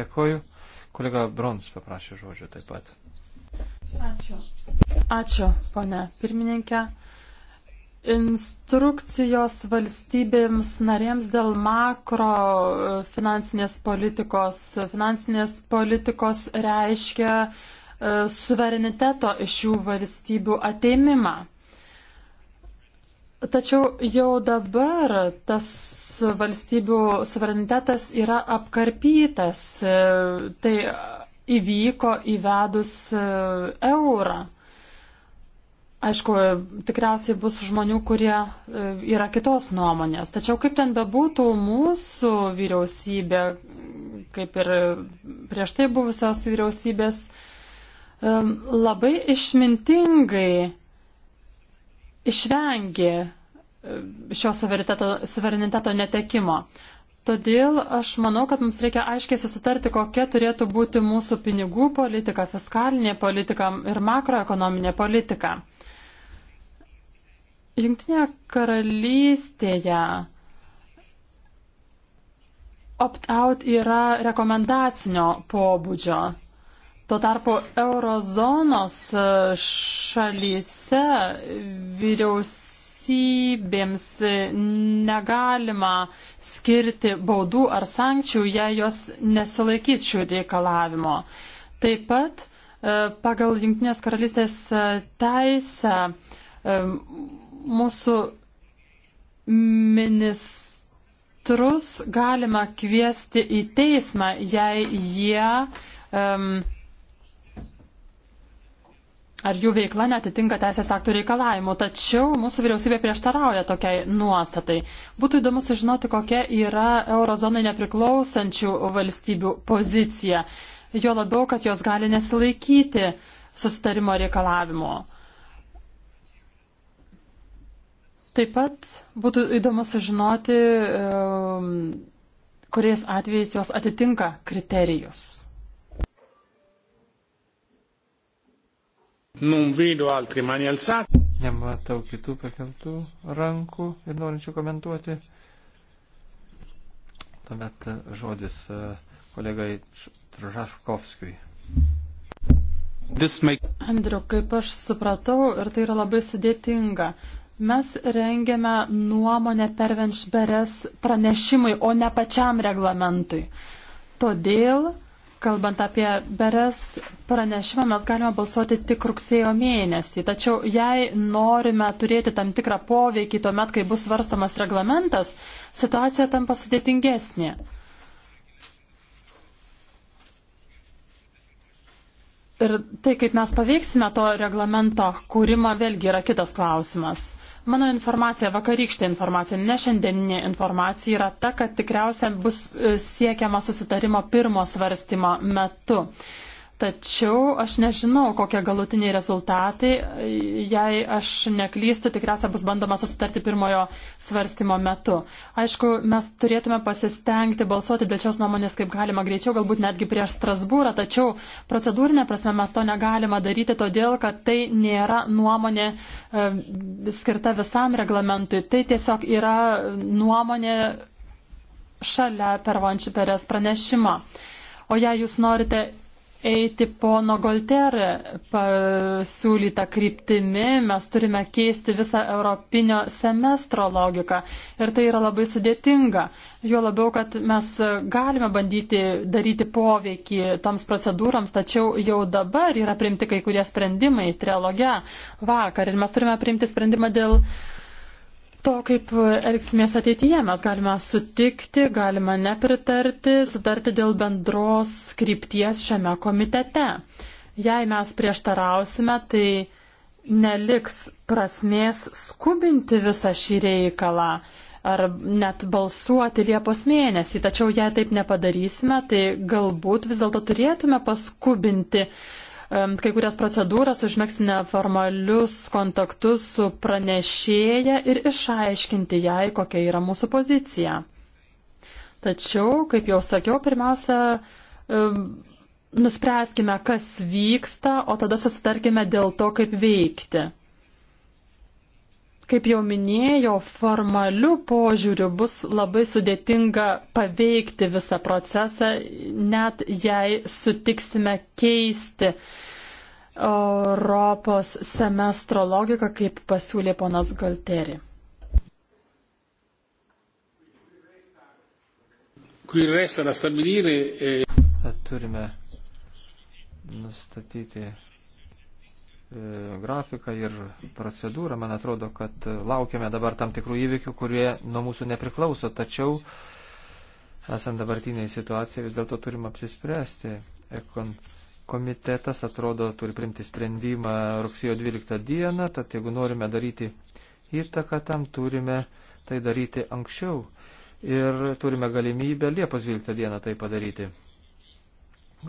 Dėkoju. Kolega Brons paprašė žodžio taip pat. Ačiū. Ačiū, ponė pirmininkė. Instrukcijos valstybėms narėms dėl makro e, finansinės politikos. Finansinės politikos reiškia e, suvereniteto iš jų valstybių ateimimą. Tačiau jau dabar tas valstybių suverenitetas yra apkarpytas. E, tai įvyko įvedus e, eurą. Aišku, tikriausiai bus žmonių, kurie e, yra kitos nuomonės. Tačiau kaip ten bebūtų, mūsų vyriausybė, kaip ir prieš tai buvusios vyriausybės, e, labai išmintingai išvengė šio suvereniteto netekimo. Todėl aš manau, kad mums reikia aiškiai susitarti, kokia turėtų būti mūsų pinigų politika, fiskalinė politika ir makroekonominė politika. Junktinėje karalystėje opt-out yra rekomendacinio pobūdžio. Tuo tarpu eurozonos šalyse vyriausybė valstybėms negalima skirti baudų ar sankcijų, jei jos nesilaikys šių reikalavimo. Taip pat e, pagal Junktinės karalystės e, teisę e, mūsų ministrus galima kviesti į teismą, jei jie um, ar jų veikla netitinka teisės aktų reikalavimų, tačiau mūsų vyriausybė prieštarauja tokiai nuostatai. Būtų įdomu sužinoti, kokia yra eurozonai nepriklausančių valstybių pozicija, jo labiau, kad jos gali nesilaikyti susitarimo reikalavimo. Taip pat būtų įdomu sužinoti, ehm, kuriais atvejais jos atitinka kriterijus. Non vedo altri mani alzati. Nematau kitų pakeltų rankų ir norinčių komentuoti. Tuomet e, žodis e, kolegai Tržaškovskijui. Make... Andriu, kaip aš supratau, ir tai yra labai sudėtinga. Mes rengiame nuomonę per Venšberes pranešimui, o ne pačiam reglamentui. Todėl Kalbant apie beres pranešimą, mes galime balsuoti tik rugsėjo mėnesį. Tačiau jei norime turėti tam tikrą poveikį tuomet, kai bus svarstamas reglamentas, situacija tampa sudėtingesnė. Ir tai, kaip mes paveiksime to reglamento kūrimą, vėlgi yra kitas klausimas. Mano informacija, vakarykštė informacija, ne šiandieninė informacija yra ta, kad tikriausiai bus e, siekiama susitarimo pirmo svarstymo metu. Uh, Tačiau aš nežinau, kokie galutiniai rezultatai. Jei aš neklystu, tikriausia bus bandoma susitarti pirmojo svarstymo metu. Aišku, mes turėtume pasistengti balsuoti dėl šios nuomonės kaip galima greičiau, galbūt netgi prieš Strasbūrą, tačiau procedūrinė prasme mes to negalime daryti, todėl kad tai nėra nuomonė e, skirta visam reglamentui. Tai tiesiog yra nuomonė šalia pervančiperės pranešimo. O jei jūs norite eiti pono Golterį pasiūlytą kryptimį, mes turime keisti visą europinio semestro logiką. Ir tai yra labai sudėtinga. Jo labiau, kad mes galime bandyti daryti poveikį toms procedūrams, tačiau jau dabar yra priimti kai kurie sprendimai trialoge vakar. Ir mes turime priimti sprendimą dėl uh, to, kaip elgsimės ateityje. Mes galime sutikti, galime nepritarti, sutarti dėl bendros krypties šiame komitete. Jei mes prieštarausime, tai neliks prasmės skubinti visą šį reikalą ar net balsuoti Liepos mėnesį. Tačiau jei taip nepadarysime, tai galbūt vis dėlto turėtume paskubinti uh, kai kurias procedūras, užmėgsti neformalius kontaktus su pranešėja ir išaiškinti jai, kokia yra mūsų pozicija. Tačiau, kaip jau sakiau, pirmiausia, nuspręskime, kas vyksta, o tada susitarkime dėl to, kaip veikti. Kaip jau minėjau, formaliu požiūriu bus labai sudėtinga paveikti visą procesą, net jei sutiksime keisti Europos semestro logiką, kaip pasiūlė ponas Galteri. E- Turime nustatyti E, grafiką ir procedūrą, man atrodo, kad laukiame dabar tam tikrų įvykių, kurie nuo mūsų nepriklauso, tačiau esant dabartiniai situacijai vis dėlto turim apsispręsti. Ekon komitetas atrodo turi primti sprendimą rugsėjo 12 dieną, tad jeigu norime daryti įtaką tam, turime tai daryti anksčiau ir turime galimybę Liepos 12 dieną tai padaryti.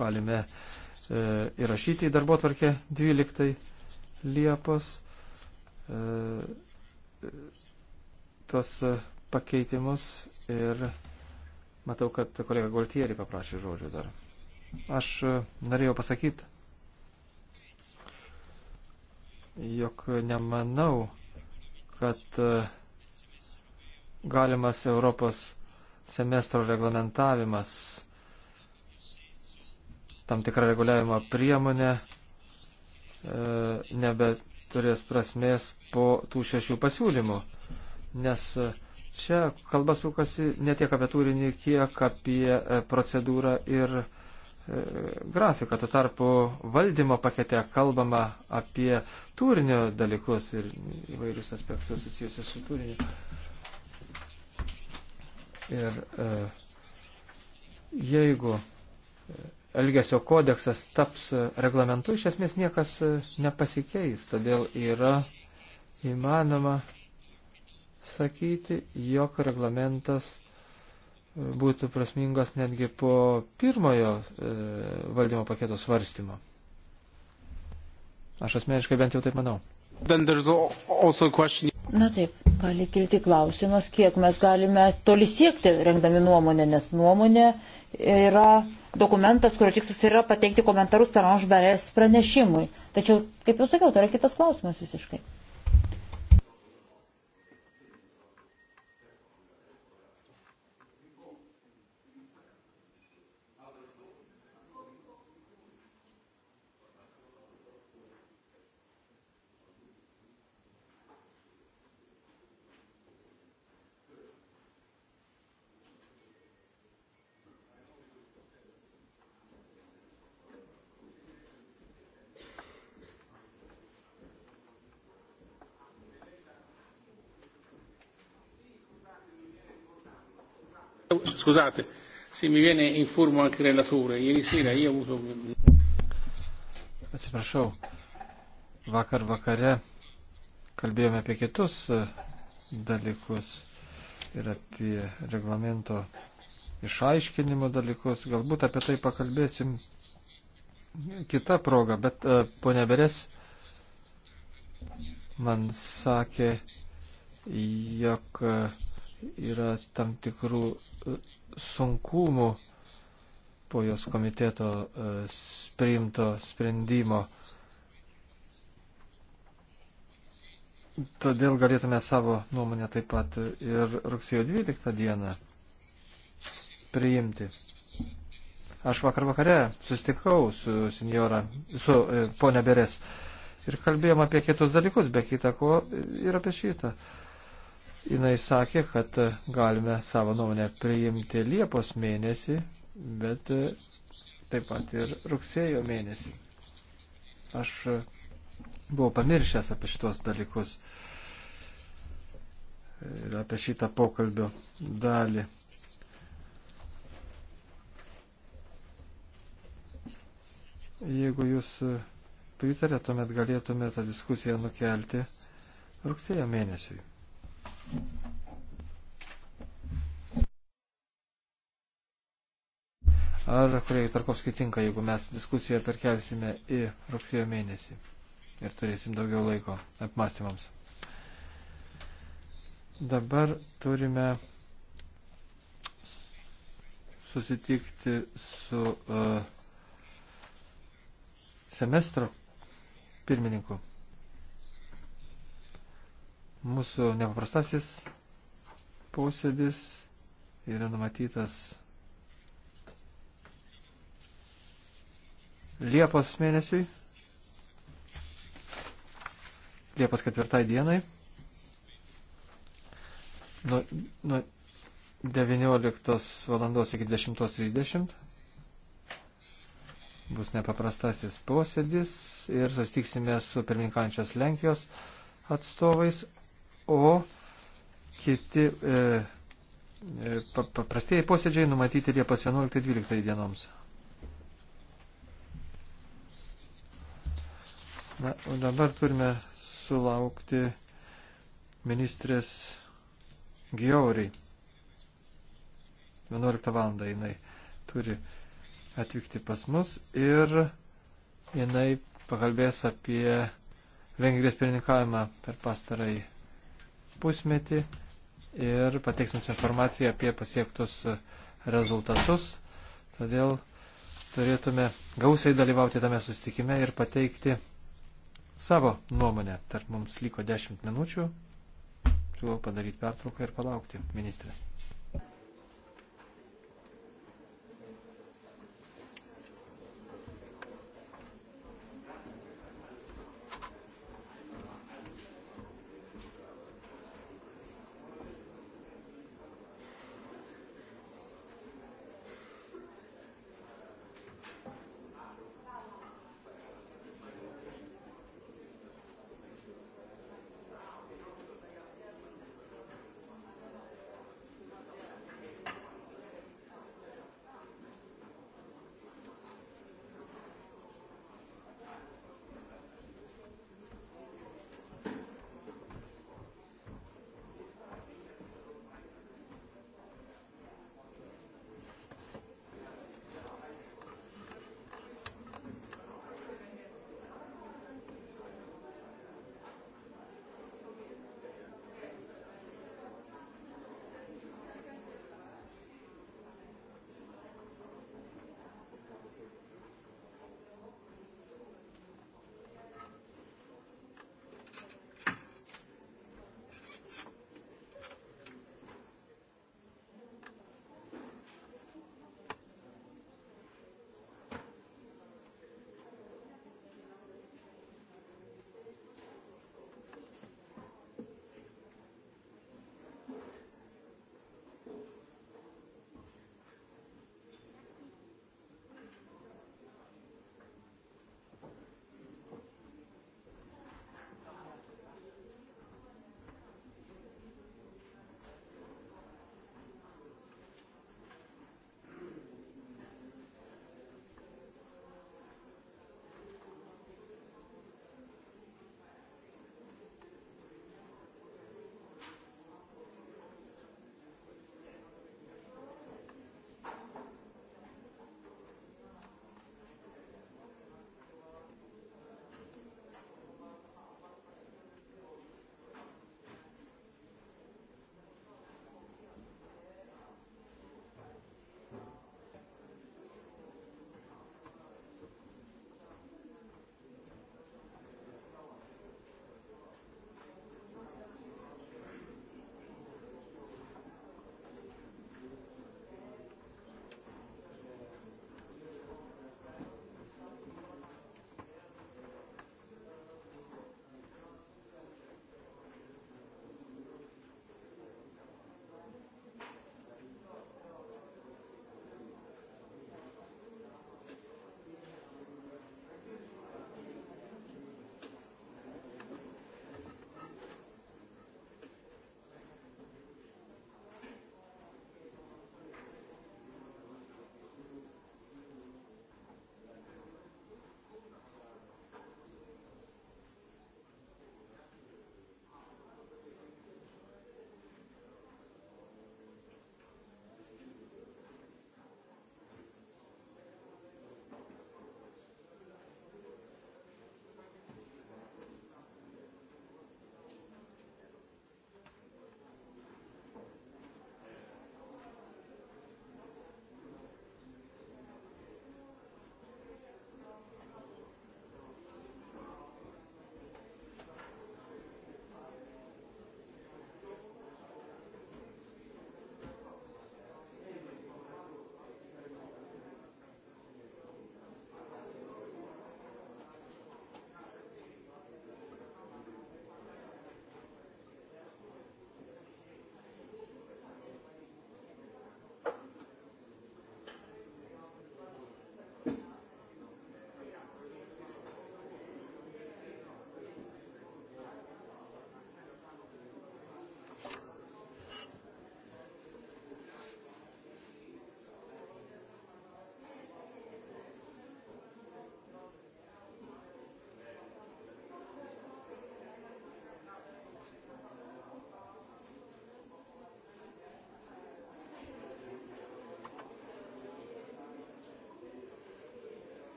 Galime uh, E, įrašyti į darbo tvarkę 12 Liepos. E, tuos e, pakeitimus ir matau, kad kolega Goltieri paprašė žodžių dar. Aš norėjau pasakyti, jog nemanau, kad galimas Europos semestro reglamentavimas tam tikra reguliavimo priemonė e, nebeturės prasmės po tų šešių pasiūlymų. Nes e, čia kalba sukasi ne tiek apie turinį, kiek apie e, procedūrą ir e, grafiką. Tuo tarpu valdymo pakete kalbama apie turinio dalykus ir įvairius aspektus susijusius su turiniu. Ir e, jeigu e, Elgesio kodeksas taps reglamentu, iš esmės niekas e, nepasikeis, todėl yra įmanoma sakyti, jog reglamentas e, būtų prasmingas netgi po pirmojo e, valdymo paketo svarstymo. Aš asmeniškai bent jau taip manau. Na taip, gali kilti klausimas, kiek mes galime toli siekti, rengdami nuomonę, nes nuomonė yra dokumentas, kurio tikslas yra pateikti komentarus per Anžberės pranešimui. Tačiau, kaip jau sakiau, tai yra kitas klausimas visiškai. Scusate, sì, mi viene in furmo anche il relatore. Ieri sera io ho avuto... Atsiprašau, vakar vakare kalbėjome apie kitus e, dalykus ir apie reglamento išaiškinimo dalykus. Galbūt apie tai pakalbėsim kitą progą, bet e, ponia Beres man sakė, jog e, yra tam tikrų sunkumų po jos komiteto e, priimto sprendimo. Todėl galėtume savo nuomonę taip pat ir rugsėjo 12 dieną priimti. Aš vakar vakare susitikau su senjora, su e, ponia Beres ir kalbėjom apie kitus dalykus, be kita ko ir apie šitą. E, Jis sakė, kad e, galime savo nuomonę priimti Liepos mėnesį, bet e, taip pat ir rugsėjo mėnesį. Aš e, buvau pamiršęs apie šitos dalykus ir apie šitą pokalbio dalį. Jeigu jūs pritarė, tuomet galėtume tą diskusiją nukelti rugsėjo mėnesiui. Ar kolegai Tarkovskiai tinka, jeigu mes diskusiją perkelsime į rugsėjo mėnesį ir turėsim daugiau laiko apmąstymams. Dabar turime susitikti su uh, semestro pirmininku. Mūsų nepaprastasis posėdis yra numatytas Liepos mėnesiui, Liepos ketvirtai dienai, nuo, nuo 19 valandos iki 10.30 bus nepaprastasis posėdis ir sustiksime su pirmininkančios Lenkijos atstovais, o kiti e, e paprastieji posėdžiai numatyti Liepos 11-12 dienoms. Na, o dabar turime sulaukti ministrės Giauriai. 11 val. jinai turi atvykti pas mus ir jinai pakalbės apie Vengrijos pirmininkavimą per pastarąjį pusmetį ir pateiks mums informaciją apie pasiektus rezultatus. Todėl turėtume gausiai dalyvauti tame sustikime ir pateikti savo nuomonę. Tarp mums liko 10 minučių. Siūlau padaryti pertrauką ir palaukti ministrės.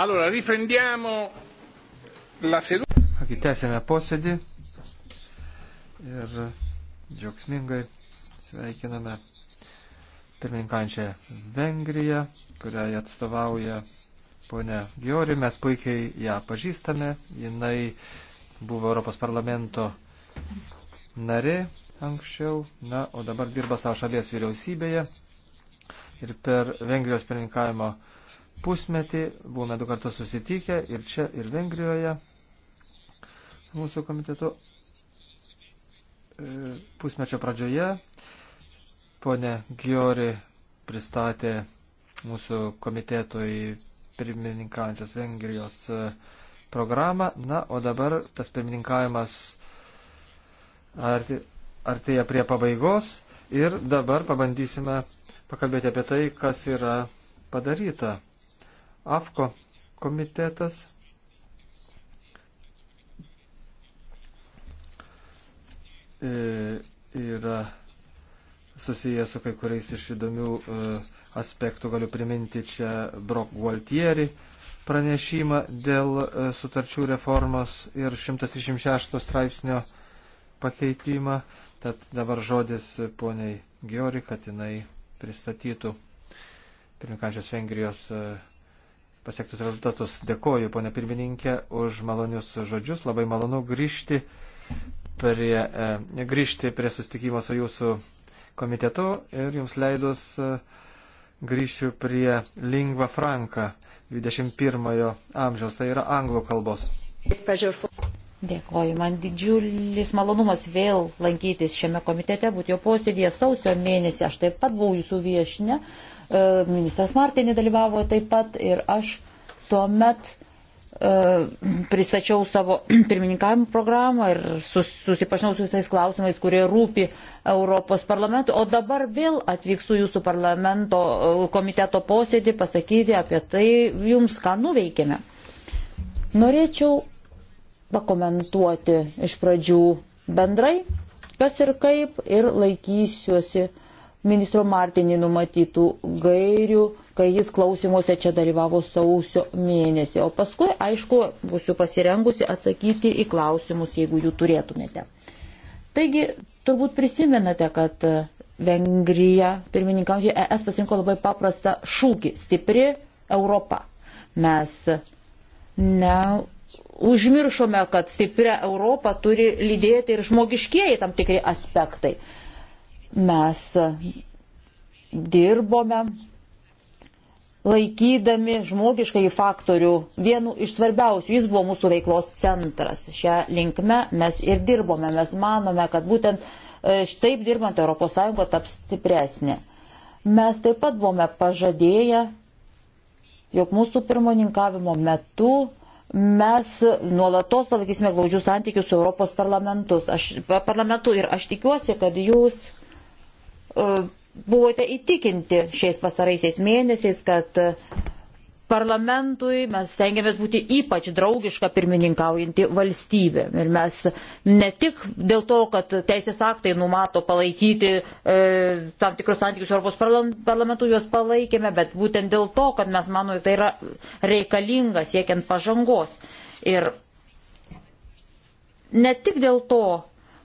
Allora, riprendiamo la seduta. Kągi, tęsėme posėdį ir džiaugsmingai sveikiname pirmininkančią Vengriją, kuriai atstovauja ponė Giori. Mes puikiai ją pažįstame. Jinai buvo Europos parlamento narė anksčiau, na, o dabar dirba savo šalies vyriausybėje. Ir per Vengrijos pirmininkavimo uh, pusmetį, buvome du kartus susitikę ir čia, ir Vengrijoje, mūsų komitetu e, pusmečio pradžioje. Pone Giori pristatė mūsų komitetui pirmininkaujančios Vengrijos e, programą. Na, o dabar tas pirmininkavimas artėja arti prie pabaigos ir dabar pabandysime pakalbėti apie tai, kas yra padaryta AFKO komitetas e, yra susijęs su kai kuriais iš įdomių e, aspektų. Galiu priminti čia Brok Gualtieri pranešimą dėl e, sutarčių reformos ir 136 straipsnio pakeitimą. Tad dabar žodis poniai Geori, kad jinai pristatytų pirmininkančios Vengrijos pasiektus rezultatus. Dėkoju, ponė pirmininkė, už malonius žodžius. Labai malonu grįžti prie, e, grįžti prie sustikimo su jūsų komitetu ir jums leidus e, grįšiu prie lingva franka 21 amžiaus, tai yra anglų kalbos. Dėkoju, man didžiulis malonumas vėl lankytis šiame komitete, būti jo posėdėje sausio mėnesį, aš taip pat buvau jūsų viešinė. E, ministras Martinį dalyvavo taip pat ir aš tuomet e, pristačiau savo (clears throat) pirmininkavimo programą ir susipažinau su visais klausimais, kurie rūpi Europos parlamentu. O dabar vėl atvyksiu jūsų parlamento e, komiteto posėdį pasakyti apie tai jums, ką nuveikėme. Norėčiau pakomentuoti iš pradžių bendrai, kas ir kaip, ir laikysiuosi uh, ministro Martinį numatytų gairių, kai jis klausimuose čia dalyvavo sausio mėnesį. O paskui, aišku, būsiu pasirengusi atsakyti į klausimus, jeigu jų turėtumėte. Taigi, turbūt prisimenate, kad Vengrija, pirmininkauja ES, pasirinko labai paprastą šūkį - stipri Europa. Mes ne užmiršome, kad stiprią Europą turi lydėti ir žmogiškieji tam tikri aspektai. Mes dirbome laikydami žmogiškai faktorių vienu iš svarbiausių. Jis buvo mūsų veiklos centras. Šią linkme mes ir dirbome. Mes manome, kad būtent štaip e, dirbant ES taps stipresnė. Mes taip pat buvome pažadėję, jog mūsų pirmoninkavimo metu mes nuolatos palaikysime glaudžius santykius su Europos parlamentu. Aš, parlamentu ir aš tikiuosi, kad jūs E, buvote įtikinti šiais pasaraisiais mėnesiais, kad parlamentui mes stengiamės būti ypač draugiška pirmininkaujanti valstybė. Ir mes ne tik dėl to, kad teisės aktai numato palaikyti e, tam tikrus santykius Europos parlamentu, juos palaikėme, bet būtent dėl to, kad mes manome, tai yra reikalinga siekiant pažangos. Ir ne tik dėl to,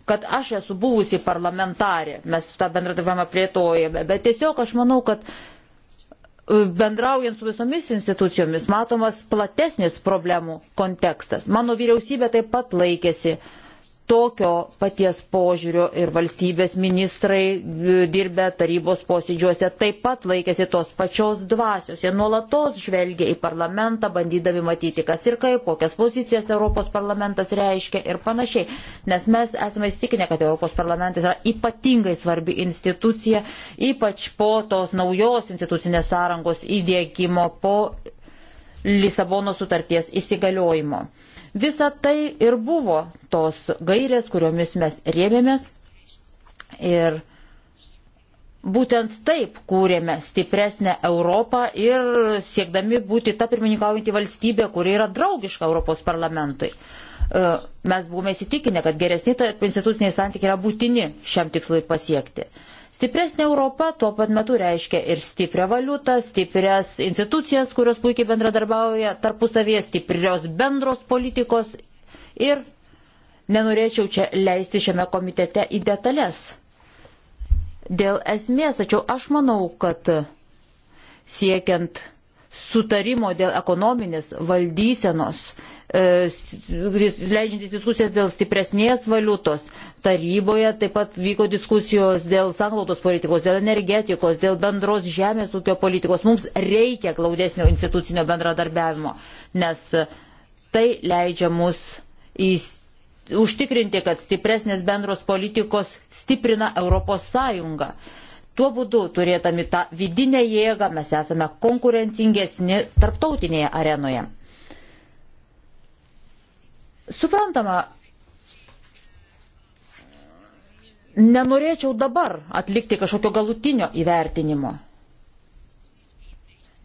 kad aš esu buvusi parlamentarė, mes tą bendradarbiavimą plėtojame, bet tiesiog aš manau, kad e, bendraujant su visomis institucijomis matomas platesnis problemų kontekstas. Mano vyriausybė taip pat laikėsi uh, tokio paties požiūrio ir valstybės ministrai e, dirbę tarybos posėdžiuose taip pat laikėsi tos pačios dvasios. Jie nuolatos žvelgia į parlamentą, bandydami matyti, kas ir kaip, kokias pozicijas Europos parlamentas reiškia ir panašiai. Nes mes esame įstikinę, kad Europos parlamentas yra ypatingai svarbi institucija, ypač po tos naujos institucinės sąrangos įdėgymo po Lisabono sutarties įsigaliojimo. Visa tai ir buvo tos gairės, kuriomis mes rėmėmės ir būtent taip kūrėme stipresnę Europą ir siekdami būti ta pirmininkaujantį valstybę, kuri yra draugiška Europos parlamentui. E, mes buvome įsitikinę, kad geresni instituciniai santykiai yra būtini šiam tikslui pasiekti. Stipresnė Europa tuo pat metu reiškia ir stiprią valiutą, stiprias institucijas, kurios puikiai bendradarbiauja tarpusavėje, stiprios bendros politikos ir nenorėčiau čia leisti šiame komitete į detalės. Dėl esmės, tačiau aš manau, kad siekiant sutarimo dėl ekonominės valdysenos E, leidžiantis diskusijas dėl stipresnės valiutos. Taryboje taip pat vyko diskusijos dėl sanglautos politikos, dėl energetikos, dėl bendros žemės ūkio politikos. Mums reikia glaudesnio institucinio bendradarbiavimo, nes tai leidžia mus įsteigti užtikrinti, kad stipresnės bendros politikos stiprina Europos Sąjungą. Tuo būdu, turėdami tą vidinę jėgą, mes esame konkurencingesni tarptautinėje arenoje. Suprantama, nenorėčiau dabar atlikti kažkokio galutinio įvertinimo,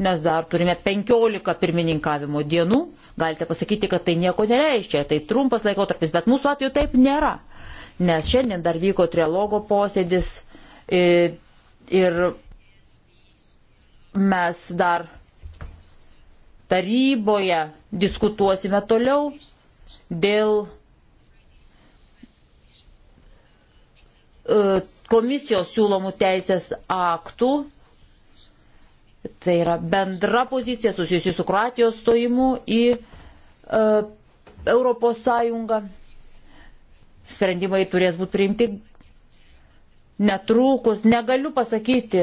nes dar turime 15 pirmininkavimo dienų, galite pasakyti, kad tai nieko nereiškia, tai trumpas laikotarpis, bet mūsų atveju taip nėra, nes šiandien dar vyko trialogo posėdis ir, e, ir mes dar taryboje diskutuosime toliau dėl e, komisijos siūlomų teisės aktų. Tai yra bendra pozicija susijusi su Kroatijos stojimu į uh, Europos Sąjungą. Sprendimai turės būti priimti netrukus. Negaliu pasakyti,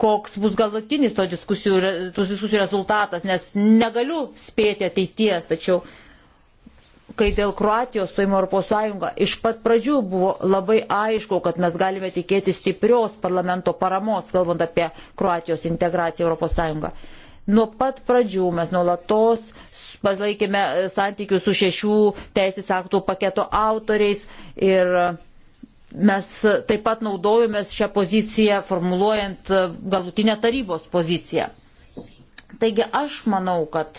koks bus galutinis to diskusijų, diskusijų rezultatas, nes negaliu spėti ateities, tačiau uh, kai dėl Kroatijos stojimo Europos Sąjunga iš pat pradžių buvo labai aišku, kad mes galime tikėti stiprios parlamento paramos, kalbant apie Kroatijos integraciją Europos Sąjungą. Nuo pat pradžių mes nuolatos palaikėme e, santykių su šešių teisės aktų paketo autoriais ir e, mes taip pat naudojomės šią poziciją formuluojant e, galutinę tarybos poziciją. Taigi aš manau, kad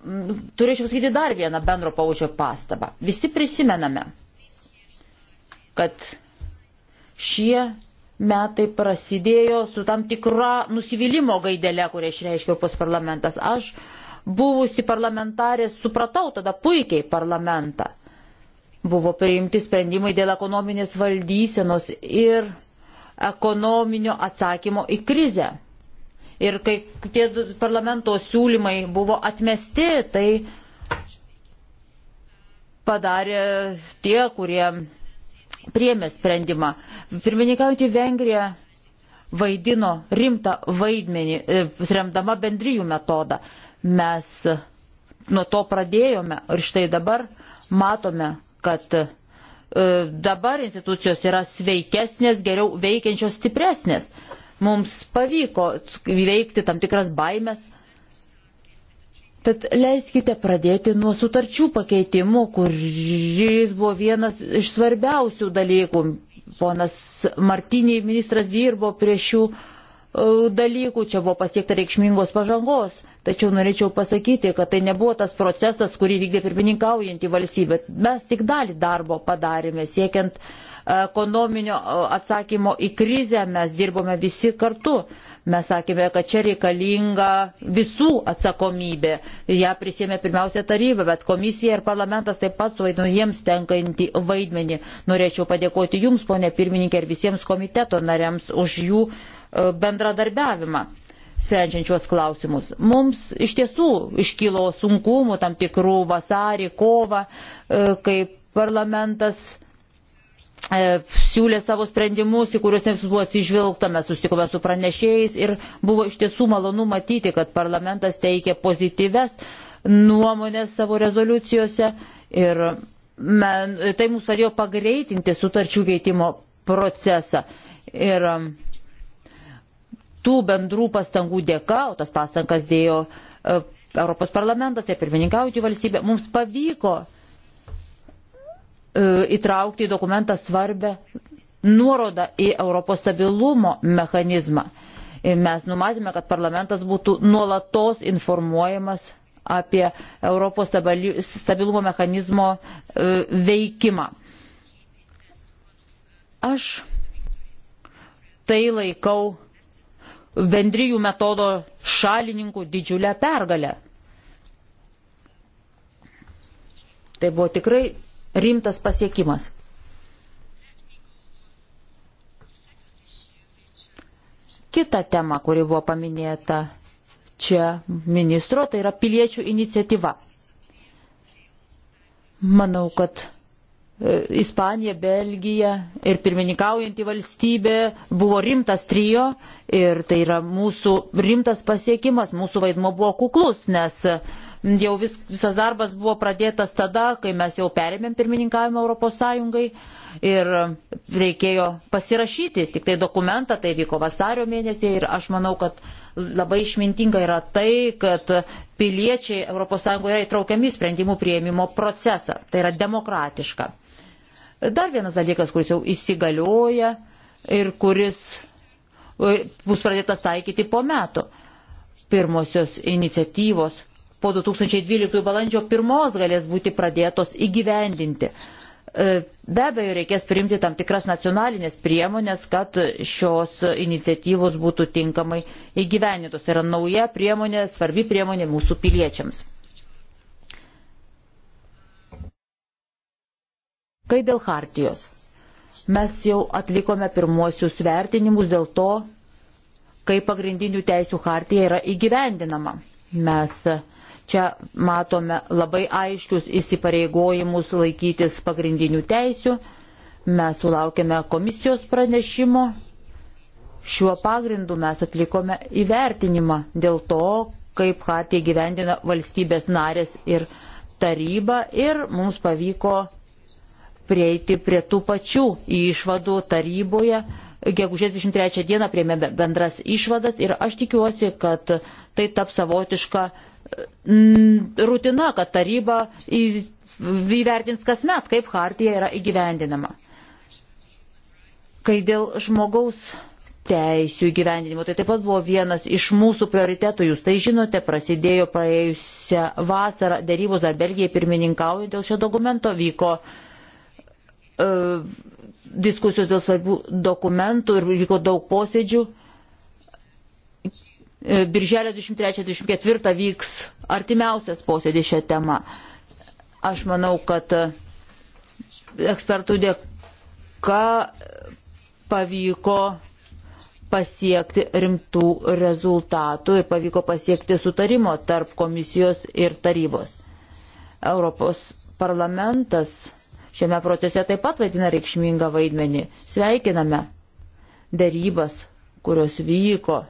Nu, turėčiau sakyti dar vieną bendro paučio pastabą. Visi prisimename, kad šie metai prasidėjo su tam tikra nusivylimo gaidelė, kurią išreiškė Europos parlamentas. Aš buvusi parlamentarė supratau tada puikiai parlamentą. Buvo priimti sprendimai dėl ekonominės valdysenos ir ekonominio atsakymo į krizę. Ir kai tie parlamento siūlymai buvo atmesti, tai padarė tie, kurie priemė sprendimą. Pirmininkaujantį Vengriją vaidino rimtą vaidmenį, e, remdama bendryjų metodą. Mes nuo to pradėjome ir štai dabar matome, kad e, dabar institucijos yra sveikesnės, geriau veikiančios, stipresnės. Mums pavyko įveikti tam tikras baimės. Tad leiskite pradėti nuo sutarčių pakeitimų, kuris buvo vienas iš svarbiausių dalykų. Ponas Martiniai ministras dirbo prie šių e, dalykų, čia buvo pasiekta reikšmingos pažangos. Tačiau norėčiau pasakyti, kad tai nebuvo tas procesas, kurį vykdė pirmininkaujantį valstybę. Mes tik dalį darbo padarėme, siekiant uh, ekonominio atsakymo į krizę mes dirbome visi kartu. Mes sakėme, kad čia reikalinga visų atsakomybė. Ja prisėmė pirmiausia taryba, bet komisija ir parlamentas taip pat suvaidino jiems tenkantį vaidmenį. Norėčiau padėkoti Jums, ponė pirmininkė, ir visiems komiteto nariams už jų e, bendradarbiavimą sprendžiančios klausimus. Mums iš tiesų iškilo sunkumų tam tikrų vasarį, kovą, e, kai parlamentas E, siūlė savo sprendimus, į kuriuos jiems buvo atsižvelgta, mes susitikome su pranešėjais ir buvo iš tiesų malonu matyti, kad parlamentas teikia pozityves nuomonės savo rezoliucijose ir men, tai mums padėjo pagreitinti sutarčių keitimo procesą. Ir um, tų bendrų pastangų dėka, o tas pastangas dėjo e, Europos parlamentas ir pirmininkauti valstybė, mums pavyko E, įtraukti į dokumentą svarbę nuorodą į Europos stabilumo mechanizmą. Ir mes numatėme, kad parlamentas būtų nuolatos informuojamas apie Europos stabilumo mechanizmo e, veikimą. Aš tai laikau bendrijų metodo šalininkų didžiulę pergalę. Tai buvo tikrai rimtas pasiekimas. Kita tema, kuri buvo paminėta čia ministro, tai yra piliečių iniciatyva. Manau, kad e, Ispanija, Belgija ir pirmininkaujanti valstybė buvo rimtas trijo ir tai yra mūsų rimtas pasiekimas, mūsų vaidmo buvo kuklus, nes uh, Jau vis, visas darbas buvo pradėtas tada, kai mes jau perėmėm pirmininkavimą Europos Sąjungai ir reikėjo pasirašyti tik tai dokumentą, tai vyko vasario mėnesį ir aš manau, kad labai išmintinga yra tai, kad piliečiai ES yra įtraukiami sprendimų prieimimo procesą. Tai yra demokratiška. Dar vienas dalykas, kuris jau įsigalioja ir kuris e, bus pradėtas taikyti po metų. Pirmosios iniciatyvos po 2012 balandžio pirmos galės būti pradėtos įgyvendinti. E, be abejo, reikės priimti tam tikras nacionalinės priemonės, kad šios iniciatyvos būtų tinkamai įgyvenintos. Tai yra nauja priemonė, svarbi priemonė mūsų piliečiams. Kai dėl hartijos. Mes jau atlikome pirmuosius vertinimus dėl to, kaip pagrindinių teisų hartija yra įgyvendinama. Mes uh, Čia matome labai aiškius įsipareigojimus laikytis pagrindinių teisių. Mes sulaukėme komisijos pranešimo. Šiuo pagrindu mes atlikome įvertinimą dėl to, kaip Hatija gyvendina valstybės narės ir taryba ir mums pavyko prieiti prie tų pačių išvadų taryboje. Gegužės 23 dieną prieimė bendras išvadas ir aš tikiuosi, kad tai taps savotiška Mm, rutina, kad taryba įvertins kasmet, kaip hartija yra įgyvendinama. Kai dėl žmogaus teisų įgyvendinimo. Tai taip pat buvo vienas iš mūsų prioritetų. Jūs tai žinote, prasidėjo praėjusią vasarą dėrybos dar Belgijai pirmininkauja dėl šio dokumento, vyko e, diskusijos dėl svarbių dokumentų ir vyko daug posėdžių. E, Birželio 23-24 vyks artimiausias posėdis šią temą. Aš manau, kad ekspertų dėka pavyko pasiekti rimtų rezultatų ir pavyko pasiekti sutarimo tarp komisijos ir tarybos. Europos parlamentas šiame procese taip pat vaidina reikšmingą vaidmenį. Sveikiname darybas, kurios vyko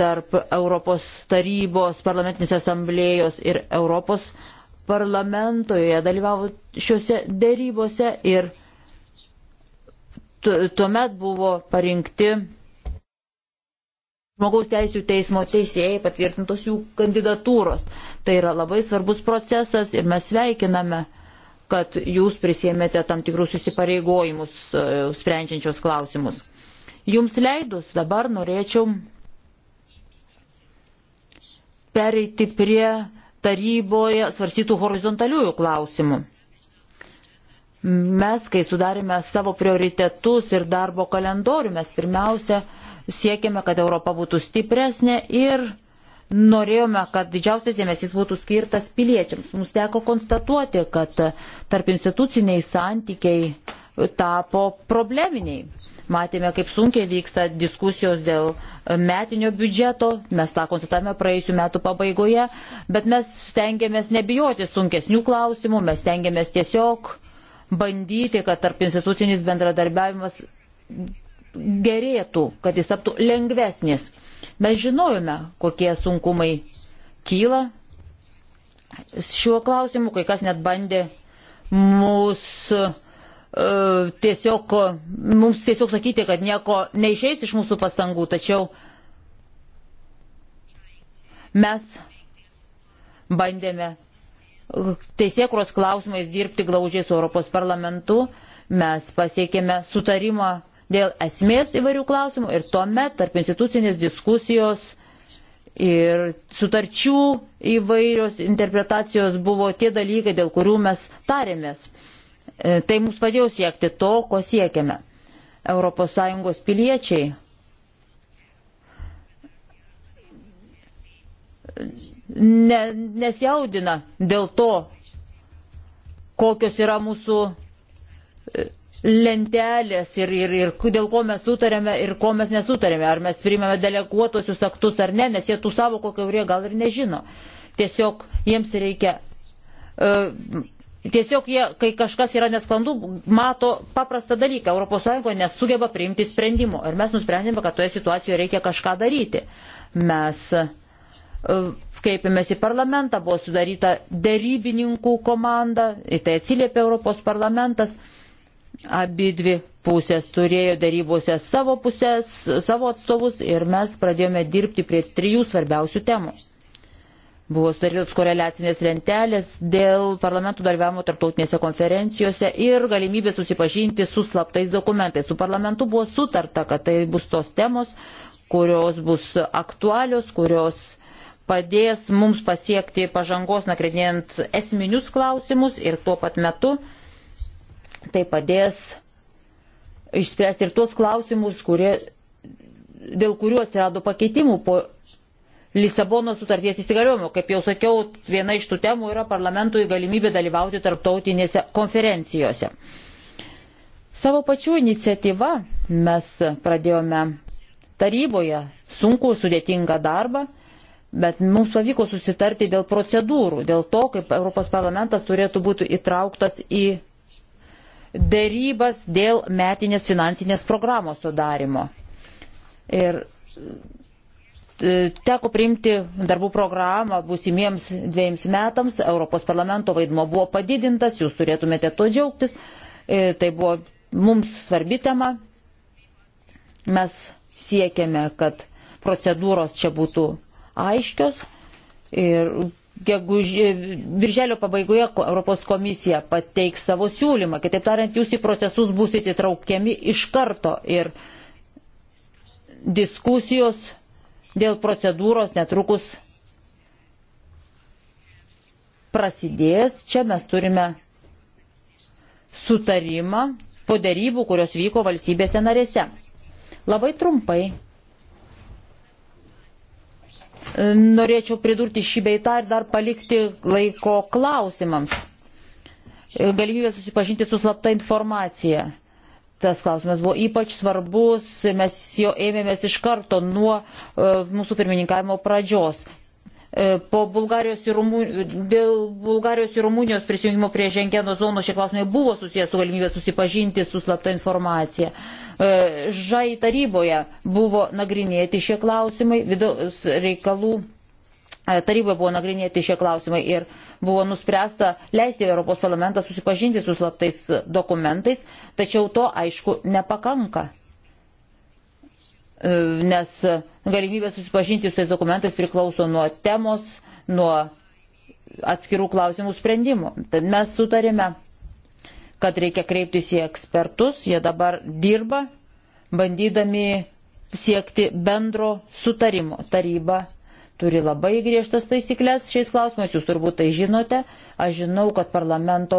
tarp Europos tarybos, parlamentinės asamblėjos ir Europos parlamentoje dalyvavo šiuose dėrybose ir tuomet buvo parinkti žmogaus teisų teismo teisėjai patvirtintos jų kandidatūros. Tai yra labai svarbus procesas ir mes sveikiname, kad jūs prisėmėte tam tikrus įsipareigojimus e, sprendžiančios klausimus. Jums leidus dabar norėčiau pereiti prie taryboje svarsytų horizontaliųjų klausimų. Mes, kai sudarėme savo prioritetus ir darbo kalendorių, mes pirmiausia siekėme, kad Europa būtų stipresnė ir norėjome, kad didžiausias dėmesys būtų skirtas piliečiams. Mums teko konstatuoti, kad tarp instituciniai santykiai tapo probleminiai. Matėme, kaip sunkiai vyksta diskusijos dėl metinio biudžeto, mes tą konstatavome praėjusiu metu pabaigoje, bet mes stengiamės nebijoti sunkesnių klausimų, mes stengiamės tiesiog bandyti, kad tarp institucinis bendradarbiavimas gerėtų, kad jis taptų lengvesnis. Mes žinojome, kokie sunkumai kyla šiuo klausimu, kai kas net bandė mus E, tiesiog, mums tiesiog sakyti, kad nieko neišeis iš mūsų pastangų, tačiau mes bandėme teisėkros klausimais dirbti glaužiai su Europos parlamentu, mes pasiekėme sutarimą dėl esmės įvairių klausimų ir tuomet tarp institucinės diskusijos ir sutarčių įvairios interpretacijos buvo tie dalykai, dėl kurių mes tarėmės. E, tai mums padėjo siekti to, ko siekiame. ES piliečiai ne, nesjaudina dėl to, kokios yra mūsų e, lentelės ir, ir, ir dėl ko mes sutarėme ir ko mes nesutarėme, ar mes priimėme deleguotosius aktus ar ne, nes jie tų savo kokio kurie gal ir nežino. Tiesiog jiems reikia uh, Tiesiog jie, kai kažkas yra nesklandų, mato paprastą dalyką. ES nesugeba priimti sprendimo. Ir mes nusprendėme, kad toje situacijoje reikia kažką daryti. Mes e, kreipėmės į parlamentą, buvo sudaryta dėrybininkų komanda, į tai atsiliepė Europos parlamentas. Abi dvi pusės turėjo dėrybose savo pusės, savo atstovus ir mes pradėjome dirbti prie trijų svarbiausių temos. Buvo sudarytos koreliacinės lentelės dėl parlamentų dalyvavimo tarptautinėse konferencijose ir galimybė susipažinti su slaptais dokumentais. Su parlamentu buvo sutarta, kad tai bus tos temos, kurios bus aktualios, kurios padės mums pasiekti pažangos nagrinėjant esminius klausimus ir tuo pat metu tai padės išspręsti ir tuos klausimus, kurie, dėl kurių atsirado pakeitimų po Lisabono sutarties įsigaliojimo. Kaip jau sakiau, viena iš tų temų yra parlamentui galimybė dalyvauti tarptautinėse konferencijose. Savo pačių iniciatyvą mes pradėjome taryboje sunku, sudėtingą darbą, bet mums pavyko susitarti dėl procedūrų, dėl to, kaip Europos parlamentas turėtų būti įtrauktas į dėrybas dėl metinės finansinės programos sudarimo. Ir E, teko priimti darbų programą būsimiems dviejams metams. Europos parlamento vaidmo buvo padidintas, jūs turėtumėte to džiaugtis. E, tai buvo mums svarbi tema. Mes siekiame, kad procedūros čia būtų aiškios. Ir geguž... Birželio pabaigoje Europos komisija pateiks savo siūlymą. Kitaip tariant, jūs į procesus būsite įtraukiami iš karto ir diskusijos Dėl procedūros netrukus prasidės. Čia mes turime sutarimą po darybų, kurios vyko valstybėse narėse. Labai trumpai. Norėčiau pridurti šį beitą ir dar palikti laiko klausimams. Galimybė susipažinti su slapta informacija tas klausimas buvo ypač svarbus, mes jo ėmėmės iš karto nuo e, mūsų pirmininkavimo pradžios. E, po Bulgarijos ir, Rumunijos, dėl Bulgarijos ir Rumunijos prisijungimo prie Žengeno zonos šie klausimai buvo susijęs su galimybė susipažinti su slapta informacija. E, žai taryboje buvo nagrinėti šie klausimai, vidaus reikalų taryboje buvo nagrinėti šie klausimai ir buvo nuspręsta leisti Europos parlamentą susipažinti su slaptais dokumentais, tačiau to aišku nepakanka, e, nes galimybė susipažinti su tais dokumentais priklauso nuo temos, nuo atskirų klausimų sprendimų. Tad mes sutarėme, kad reikia kreiptis į ekspertus, jie dabar dirba, bandydami siekti bendro sutarimo taryba turi labai griežtas taisyklės šiais klausimais, jūs turbūt tai žinote. Aš žinau, kad parlamento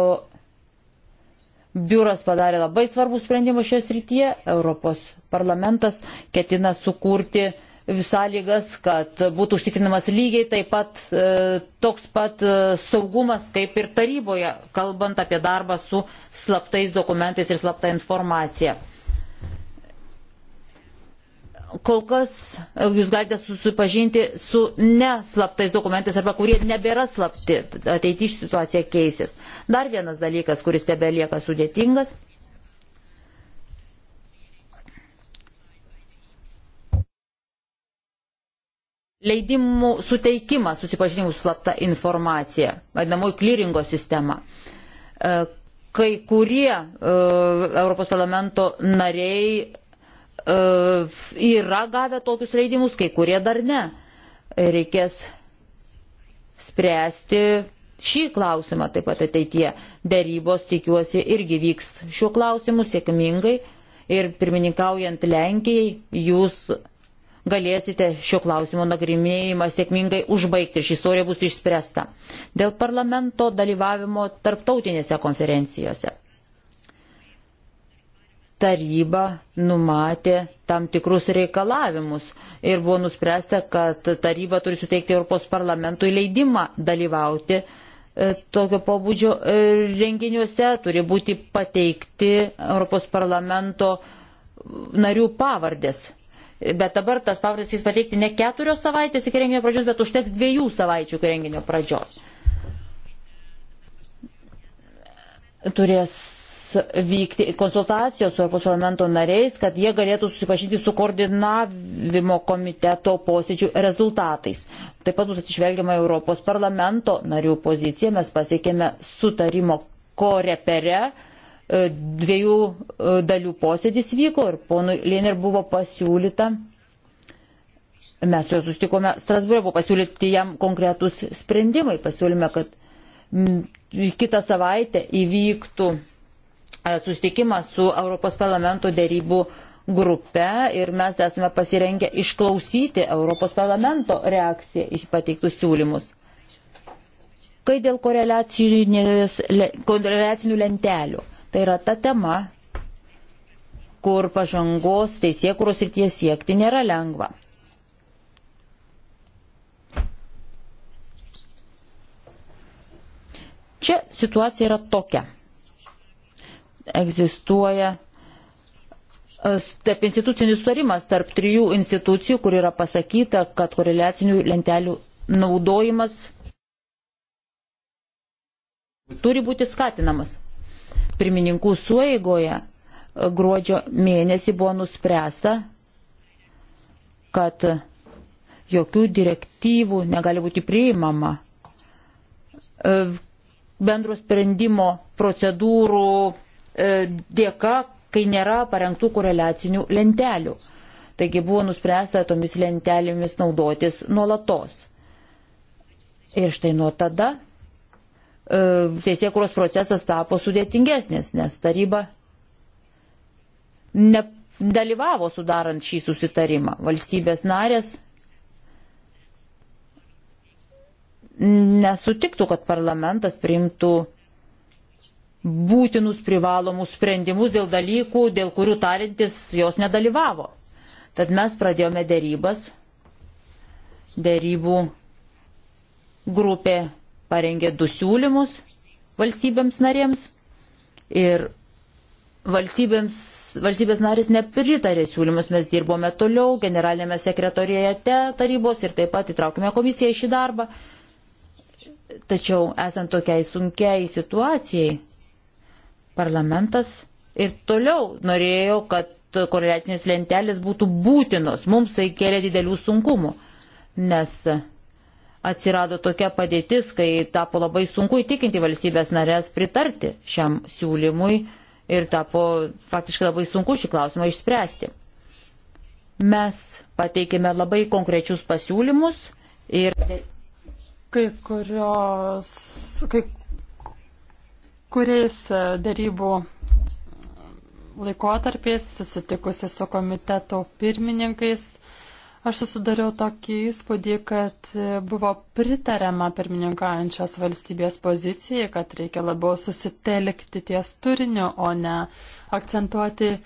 biuras padarė labai svarbų sprendimą šioje srityje. Europos parlamentas ketina sukurti sąlygas, kad būtų užtikrinamas lygiai taip pat e, toks pat e, saugumas, kaip ir taryboje, kalbant apie darbą su slaptais dokumentais ir slapta informacija kol kas e, jūs galite susipažinti su neslaptais dokumentais arba kurie nebėra slapti, ateityje situacija keisis. Dar vienas dalykas, kuris tebe lieka sudėtingas. Leidimų suteikimas susipažinimų slapta informacija, vadinamoji klyringo sistema e, kai kurie uh, Europos parlamento nariai E, yra gavę tokius leidimus, kai kurie dar ne. Reikės spręsti šį klausimą taip pat ateitie. Darybos, tikiuosi, irgi vyks šiuo klausimu sėkmingai ir pirmininkaujant Lenkijai jūs galėsite šio klausimo nagrinėjimą sėkmingai užbaigti ir ši istorija bus išspręsta. Dėl parlamento dalyvavimo tarptautinėse konferencijose taryba numatė tam tikrus reikalavimus ir buvo nuspręsta, kad taryba turi suteikti Europos parlamentui leidimą dalyvauti e, tokio pobūdžio e, renginiuose, turi būti pateikti Europos parlamento narių pavardės. Bet dabar tas pavardės jis pateikti ne keturios savaitės iki renginio pradžios, bet užteks dviejų savaičių iki renginio pradžios. Turės vykti konsultacijos su Europos parlamento nariais, kad jie galėtų susipažinti su koordinavimo komiteto posėdžių rezultatais. Taip pat bus atsižvelgiama Europos parlamento narių pozicija. Mes pasiekėme sutarimo korepere. E, dviejų e, dalių posėdis vyko ir ponui Lėner buvo pasiūlyta. Mes su juo sustikome Strasbūrė, buvo pasiūlyti jam konkretus sprendimai. Pasiūlyme, kad kitą savaitę įvyktų E, susitikimas su Europos parlamento dėrybų grupe ir mes esame pasirengę išklausyti Europos parlamento reakciją į pateiktus siūlymus. Kai dėl koreliacinių lentelių, tai yra ta tema, kur pažangos teisėkuros ir tie siekti nėra lengva. Čia situacija yra tokia egzistuoja e, tarp institucinis sutarimas tarp trijų institucijų, kur yra pasakyta, kad koreliacinių lentelių naudojimas turi būti skatinamas. Pirmininkų sueigoje e, gruodžio mėnesį buvo nuspręsta, kad jokių direktyvų negali būti priimama e, bendro sprendimo procedūrų E, dėka, kai nėra parengtų koreliacinių lentelių. Taigi buvo nuspręsta tomis lentelėmis naudotis nuolatos. Ir štai nuo tada e, teisėkuros procesas tapo sudėtingesnis, nes taryba nedalyvavo sudarant šį susitarimą. Valstybės narės nesutiktų, kad parlamentas priimtų būtinus privalomus sprendimus dėl dalykų, dėl kurių tarintis jos nedalyvavo. Tad mes pradėjome dėrybas. Dėrybų grupė parengė du siūlymus valstybėms narėms ir valstybėms, valstybės narės nepritarė siūlymus, mes dirbome toliau generalinėme sekretorijate tarybos ir taip pat įtraukime komisiją į šį darbą. Tačiau esant tokiai sunkiai situacijai, Parlamentas ir toliau norėjo, kad koreliacinės lentelės būtų būtinos. Mums tai kėlė didelių sunkumų, nes atsirado tokia padėtis, kai tapo labai sunku įtikinti valstybės narės pritarti šiam siūlymui ir tapo faktiškai labai sunku šį klausimą išspręsti. Mes pateikėme labai konkrečius pasiūlymus ir. Kai kurios, kai kuriais e, darybų laikotarpiais susitikusi su komiteto pirmininkais, aš susidariau tokį įspūdį, kad e, buvo pritariama pirmininkaujančios valstybės pozicijai, kad reikia labiau susitelkti ties turiniu, o ne akcentuoti e,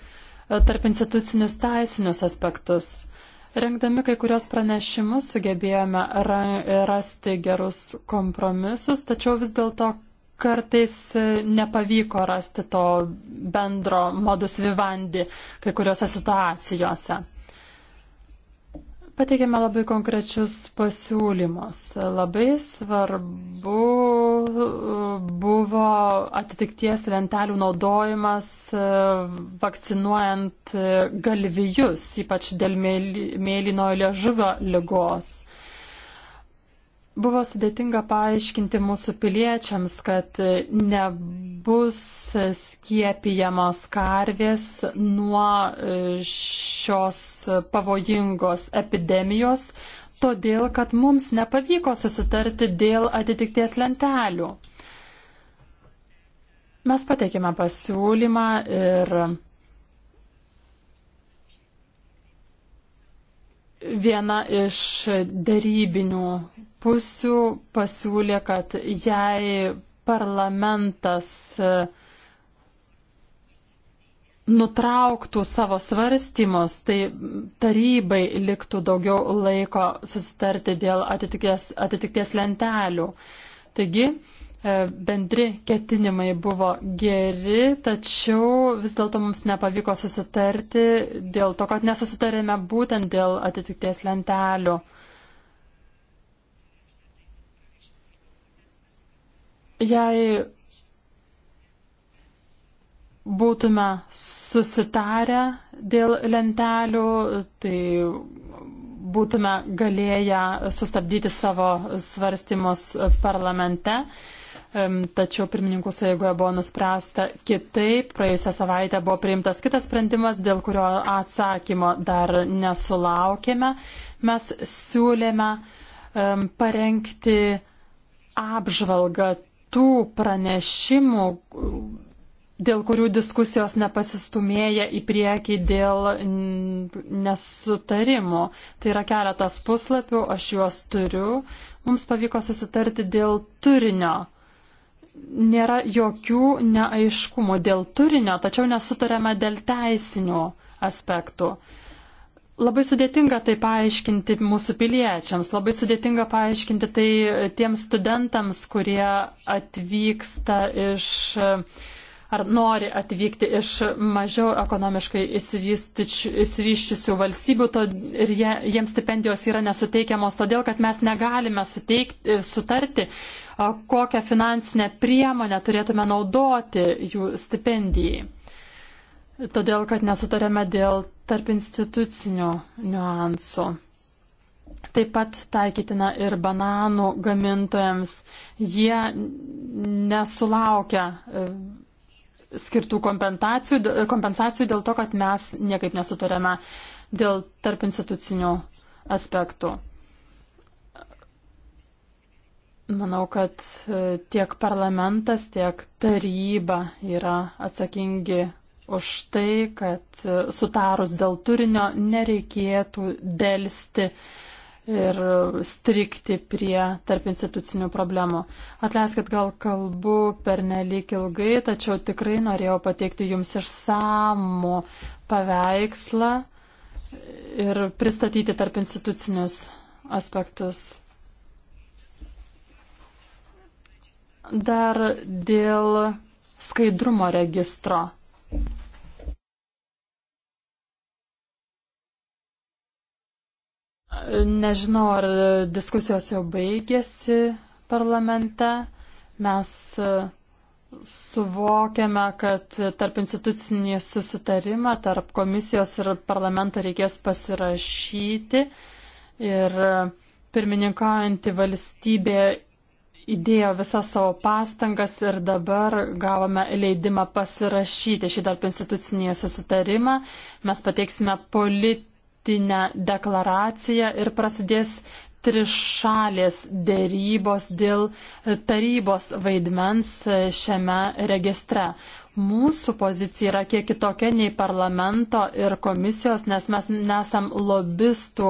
tarp institucinius teisinius aspektus. Rengdami kai kurios pranešimus sugebėjome rasti gerus kompromisus, tačiau vis dėlto kartais e, nepavyko rasti to bendro modus vivandi kai kuriuose situacijose. Pateikėme labai konkrečius pasiūlymus. Labai svarbu e, buvo atitikties lentelių naudojimas e, vakcinuojant galvijus, ypač dėl mėlynojo liežuvio lygos. Buvo sudėtinga paaiškinti mūsų piliečiams, kad nebus skiepijamos karvės nuo e, šios pavojingos epidemijos, todėl kad mums nepavyko susitarti dėl atitikties lentelių. Mes pateikėme pasiūlymą ir viena iš darybinių pusių pasiūlė, kad jei parlamentas e, nutrauktų savo svarstymus, tai tarybai liktų daugiau laiko susitarti dėl atitikties, atitikties lentelių. Taigi, e, bendri ketinimai buvo geri, tačiau vis dėlto mums nepavyko susitarti dėl to, kad nesusitarėme būtent dėl atitikties lentelių. Jei būtume susitarę dėl lentelių, tai būtume galėję sustabdyti savo svarstymus parlamente. Tačiau pirmininkų sąjungoje buvo nuspręsta kitaip. Praėjusią savaitę buvo priimtas kitas sprendimas, dėl kurio atsakymo dar nesulaukėme. Mes siūlėme parengti apžvalgą tų pranešimų, dėl kurių diskusijos nepasistumėja į priekį dėl nesutarimų. Tai yra keletas puslapių, aš juos turiu. Mums pavyko susitarti dėl turinio. Nėra jokių neaiškumų dėl turinio, tačiau nesutarėme dėl teisinių aspektų. Labai sudėtinga tai paaiškinti mūsų piliečiams, labai sudėtinga paaiškinti tai tiems studentams, kurie atvyksta iš ar nori atvykti iš mažiau ekonomiškai įsivyščiusių valstybių to, ir jie, jiems stipendijos yra nesuteikiamos todėl, kad mes negalime suteikti, sutarti, kokią finansinę priemonę turėtume naudoti jų stipendijai. Todėl, kad nesutarėme dėl tarp institucinių niuansų. Taip pat taikytina ir bananų gamintojams. Jie nesulaukia e, skirtų kompensacijų, kompensacijų dėl to, kad mes niekaip nesutarėme dėl tarp institucinių aspektų. Manau, kad e, tiek parlamentas, tiek taryba yra atsakingi už tai, kad e, sutarus dėl turinio nereikėtų dėlsti ir strikti prie tarp institucinių problemų. Atleiskit, gal kalbu per nelik ilgai, tačiau tikrai norėjau pateikti jums išsamų paveikslą ir pristatyti tarp institucinius aspektus. Dar dėl skaidrumo registro. Nežinau, ar diskusijos jau baigėsi parlamente. Mes e, suvokiame, kad tarp institucinį susitarimą tarp komisijos ir parlamento reikės pasirašyti ir e, pirmininkaujantį valstybė įdėjo visas savo pastangas ir dabar gavome leidimą pasirašyti šį tarp institucinį susitarimą. Mes pateiksime politinę deklaraciją ir prasidės trišalės dėrybos dėl tarybos vaidmens šiame registre. Mūsų pozicija yra kiek kitokia nei parlamento ir komisijos, nes mes nesam lobistų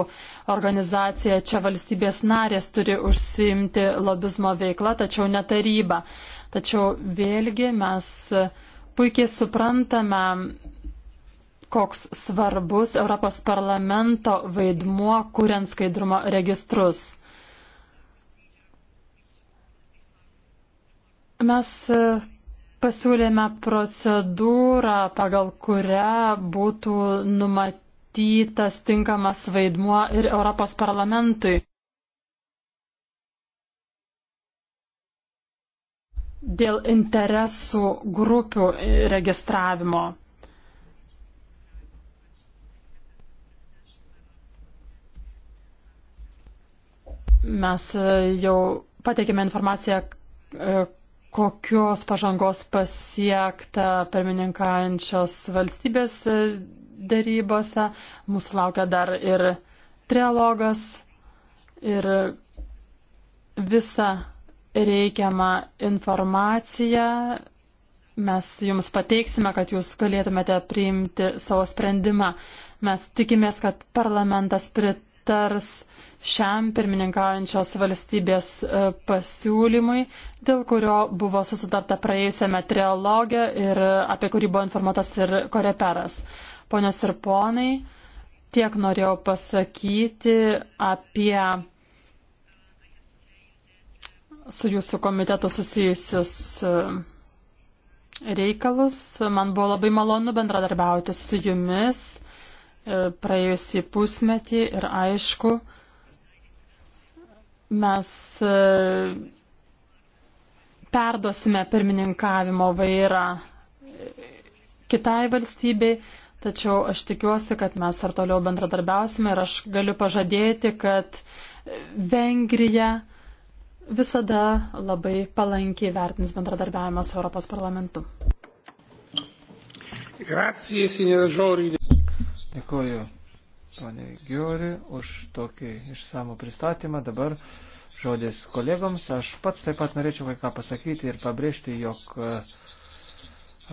organizacija, čia valstybės narės turi užsiimti lobizmo veiklą, tačiau ne taryba. Tačiau vėlgi mes puikiai suprantame, koks svarbus Europos parlamento vaidmuo, kuriant skaidrumo registrus. Mes pasiūlėme procedūrą, pagal kurią būtų numatytas tinkamas vaidmuo ir Europos parlamentui. Dėl interesų grupių registravimo. Mes jau pateikėme informaciją kokios pažangos pasiekta pirmininkaujančios valstybės e, dėrybose. Mūsų laukia dar ir trialogas ir visa reikiamą informaciją mes jums pateiksime, kad jūs galėtumėte priimti savo sprendimą. Mes tikimės, kad parlamentas pritars šiam pirmininkaujančios valstybės e, pasiūlymui, dėl kurio buvo susitarta praėjusiame trialoge ir e, apie kurį buvo informuotas ir koreperas. Ponios ir ponai, tiek norėjau pasakyti apie su jūsų komitetu susijusius e, reikalus. Man buvo labai malonu bendradarbiauti su jumis praėjusį pusmetį ir aišku, mes e, perdosime pirmininkavimo vairą e, kitai valstybei, tačiau aš tikiuosi, kad mes ar toliau bendradarbiausime ir aš galiu pažadėti, kad Vengrija visada labai palankiai vertins bendradarbiavimą su Europos parlamentu. Grazie, signor Žorį. Dėkuoju, ponė Giori, už tokį išsamų pristatymą. Dabar žodis kolegoms. Aš pats taip pat norėčiau kai ką pasakyti ir pabrėžti, jog e,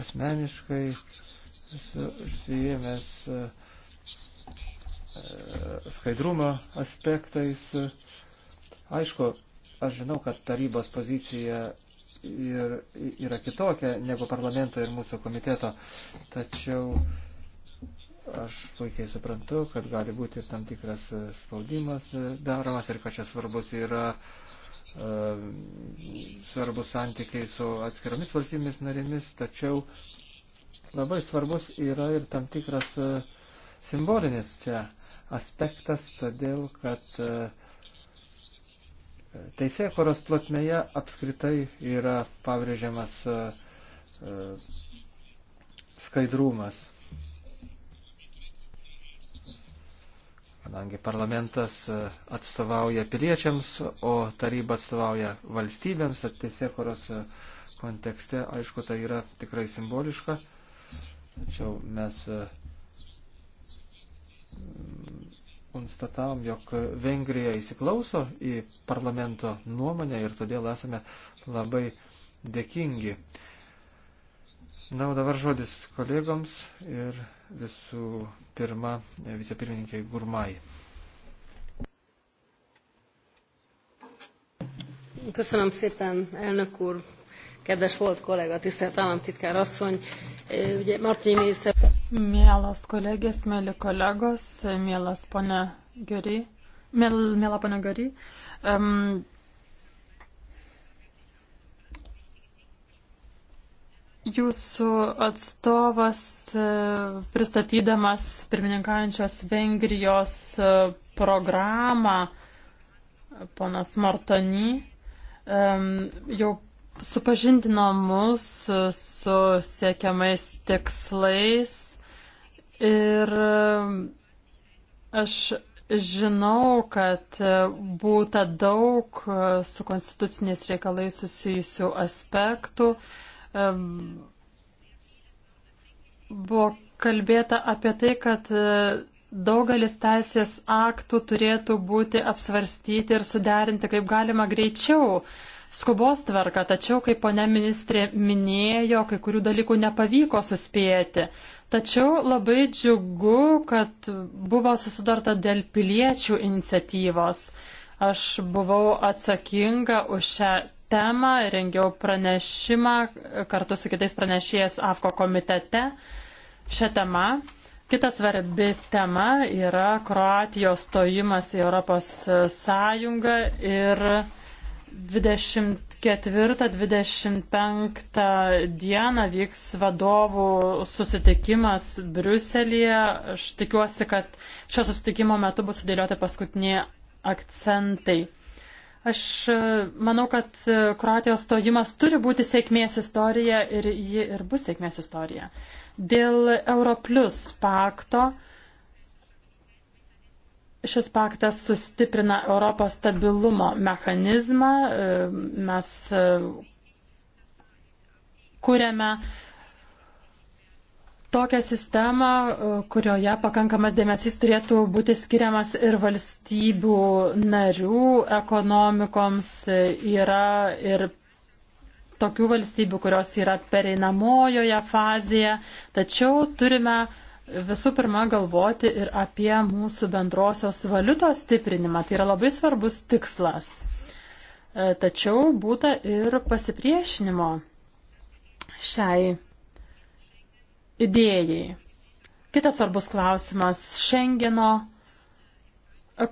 asmeniškai susijėmės e, skaidrumo aspektais. Aišku, aš žinau, kad tarybos pozicija ir, yra kitokia negu parlamento ir mūsų komiteto, tačiau Aš puikiai suprantu, kad gali būti tam tikras e, spaudimas e, daromas ir kad čia svarbus yra e, svarbus santykiai su atskiromis valstybėmis narėmis, tačiau labai svarbus yra ir tam tikras simbolinis čia aspektas, todėl kad teisė, kurios plotmėje apskritai yra pabrėžiamas skaidrumas kadangi parlamentas e, atstovauja piliečiams, o taryba atstovauja valstybėms, ar tiesiekoros e, kontekste, aišku, tai yra tikrai simboliška. Tačiau mes e, konstatavom, jog Vengrija įsiklauso į parlamento nuomonę ir todėl esame labai dėkingi. Na, o dabar žodis kolegoms ir visų pirma vicepirmininkai Gurmai. Köszönöm szépen, elnök úr, kedves volt kollega, tisztelt államtitkár asszony. Ugye Martin miniszter... Mielas kolegės, mėly kolegos, mielas ponia Gary, mėla ponia Gary, um, Jūsų atstovas e, pristatydamas pirmininkaujančios Vengrijos e, programą, ponas Martoni, jau supažindino mus e, su siekiamais tikslais ir aš žinau, kad būta daug su konstituciniais reikalais susijusių aspektų buvo kalbėta apie tai, kad e, daugelis teisės aktų turėtų būti apsvarstyti ir suderinti kaip galima greičiau skubos tvarka, tačiau, kaip ponia ministrė minėjo, kai kurių dalykų nepavyko suspėti. Tačiau labai džiugu, kad buvo susidarta dėl piliečių iniciatyvos. Aš buvau atsakinga už šią temą, rengiau pranešimą kartu su kitais pranešėjais AFKO komitete šią temą. Kita svarbi tema yra Kroatijos stojimas į Europos Sąjungą ir 24-25 dieną vyks vadovų susitikimas Briuselėje. Aš tikiuosi, kad šio susitikimo metu bus sudėlioti paskutiniai akcentai. Aš e, manau, kad e, Kroatijos stojimas turi būti sėkmės istorija ir ji ir bus sėkmės istorija. Dėl Europlius pakto šis paktas sustiprina Europos stabilumo mechanizmą. E, mes kuriame tokią sistemą, e, kurioje pakankamas dėmesys turėtų būti skiriamas ir valstybių narių ekonomikoms. Yra ir tokių valstybių, kurios yra pereinamojoje fazėje, tačiau turime visų pirma galvoti ir apie mūsų bendrosios valiutos stiprinimą. Tai yra labai svarbus tikslas. E, tačiau būta ir pasipriešinimo šiai idėjai. Kitas svarbus klausimas - Šengeno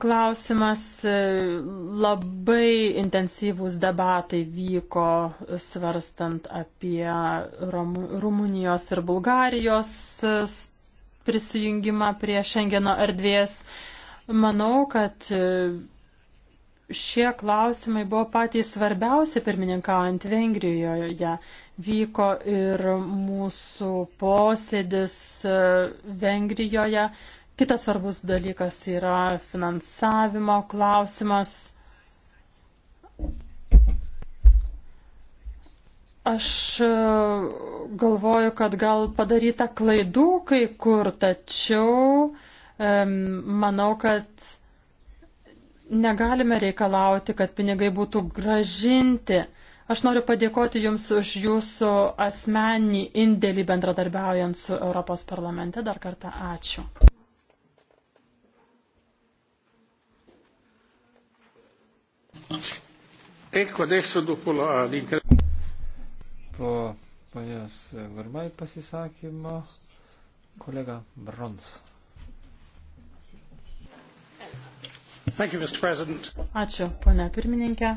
klausimas. Labai intensyvūs debatai vyko svarstant apie Rumunijos ir Bulgarijos prisijungimą prie Šengeno erdvės. Manau, kad šie klausimai buvo patys svarbiausi pirmininkaujant Vengrijoje vyko ir mūsų posėdis e, Vengrijoje. Kitas svarbus dalykas yra finansavimo klausimas. Aš e, galvoju, kad gal padaryta klaidų kai kur, tačiau e, manau, kad negalime reikalauti, kad pinigai būtų gražinti. Aš noriu padėkoti Jums už Jūsų asmenį indėlį bendradarbiaujant su Europos parlamente. Dar kartą ačiū. Po ponios Gurmai pasisakymo kolega Brons. Ačiū, ponia pirmininkė.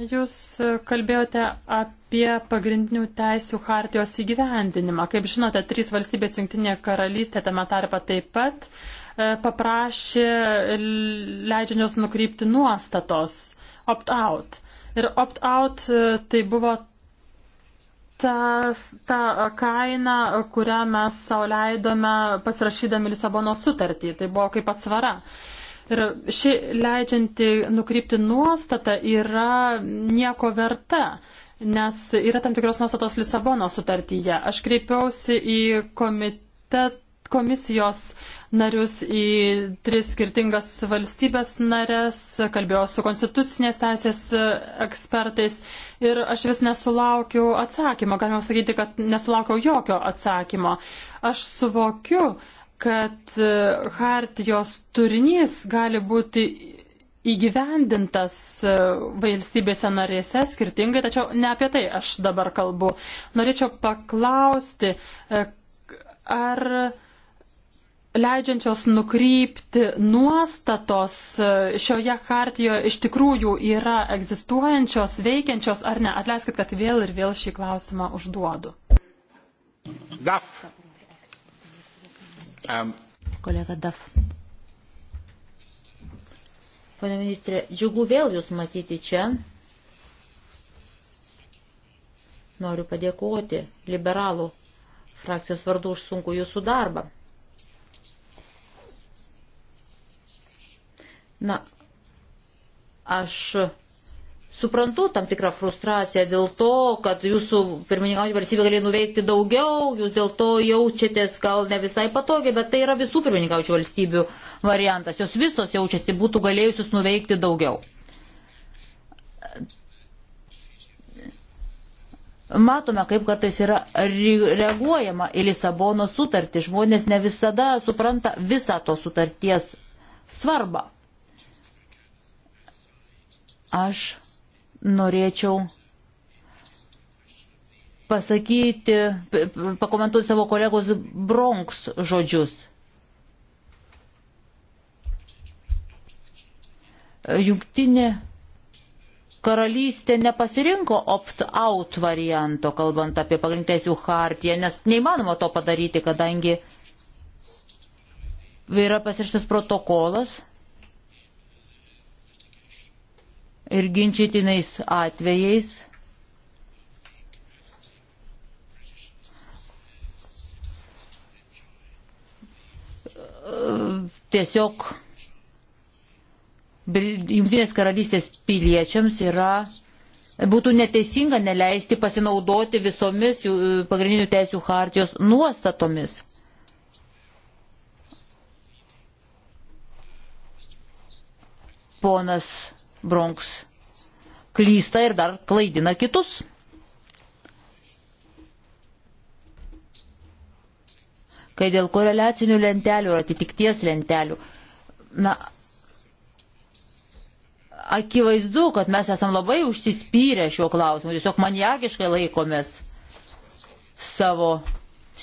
Jūs e, kalbėjote apie pagrindinių teisių hartijos įgyvendinimą. Kaip žinote, trys valstybės rinktinė karalystė tame tarpe taip pat e, paprašė leidžiančios nukrypti nuostatos opt-out. Ir opt-out e, tai buvo ta, ta kaina, kurią mes sauliaidome pasirašydami Lisabono sutartį. Tai buvo kaip atsvara. Uh, Ir ši leidžianti nukrypti nuostata yra nieko verta nes yra tam tikros nuostatos Lisabono sutartyje. Aš kreipiausi į komitet, komisijos narius į tris skirtingas valstybės narės, kalbėjau su konstitucinės teisės ekspertais ir aš vis nesulaukiu atsakymo. Galima sakyti, kad nesulaukiau jokio atsakymo. Aš suvokiu, kad e, hartijos turinys gali būti įgyvendintas e, valstybėse narėse skirtingai, tačiau ne apie tai aš dabar kalbu. Norėčiau paklausti, e, ar leidžiančios nukrypti nuostatos šioje hartijoje iš tikrųjų yra egzistuojančios, veikiančios ar ne. Atleiskit, kad vėl ir vėl šį klausimą užduodu. DAF. Um. Kolega Daf. Pane ministrė, džiugu vėl jūs matyti čia. Noriu padėkoti liberalų frakcijos vardu už sunku jūsų darbą. Na, aš suprantu tam tikrą frustraciją dėl to, kad jūsų pirmininkaujanti valstybė galėjo nuveikti daugiau, jūs dėl to jaučiatės gal ne visai patogiai, bet tai yra visų pirmininkaujančių valstybių variantas. Jos visos jaučiasi būtų galėjusius nuveikti daugiau. Matome, kaip kartais yra reaguojama į Lisabono sutartį. Žmonės ne visada supranta visą to sutarties svarbą. Aš norėčiau pasakyti, pakomentuoti savo kolegos Bronks žodžius. Jungtinė karalystė nepasirinko opt-out varianto, kalbant apie pagrindėsių hartiją, nes neįmanoma to padaryti, kadangi yra pasirštas protokolas ir ginčytinais atvejais. Tiesiog Junktinės karalystės piliečiams yra, būtų neteisinga neleisti pasinaudoti visomis pagrindinių teisų hartijos nuostatomis. Ponas Bronks klysta ir dar klaidina kitus. Kai dėl koreliacinių lentelių ir atitikties lentelių, na, akivaizdu, kad mes esam labai užsispyrę šiuo klausimu, tiesiog maniakiškai laikomės savo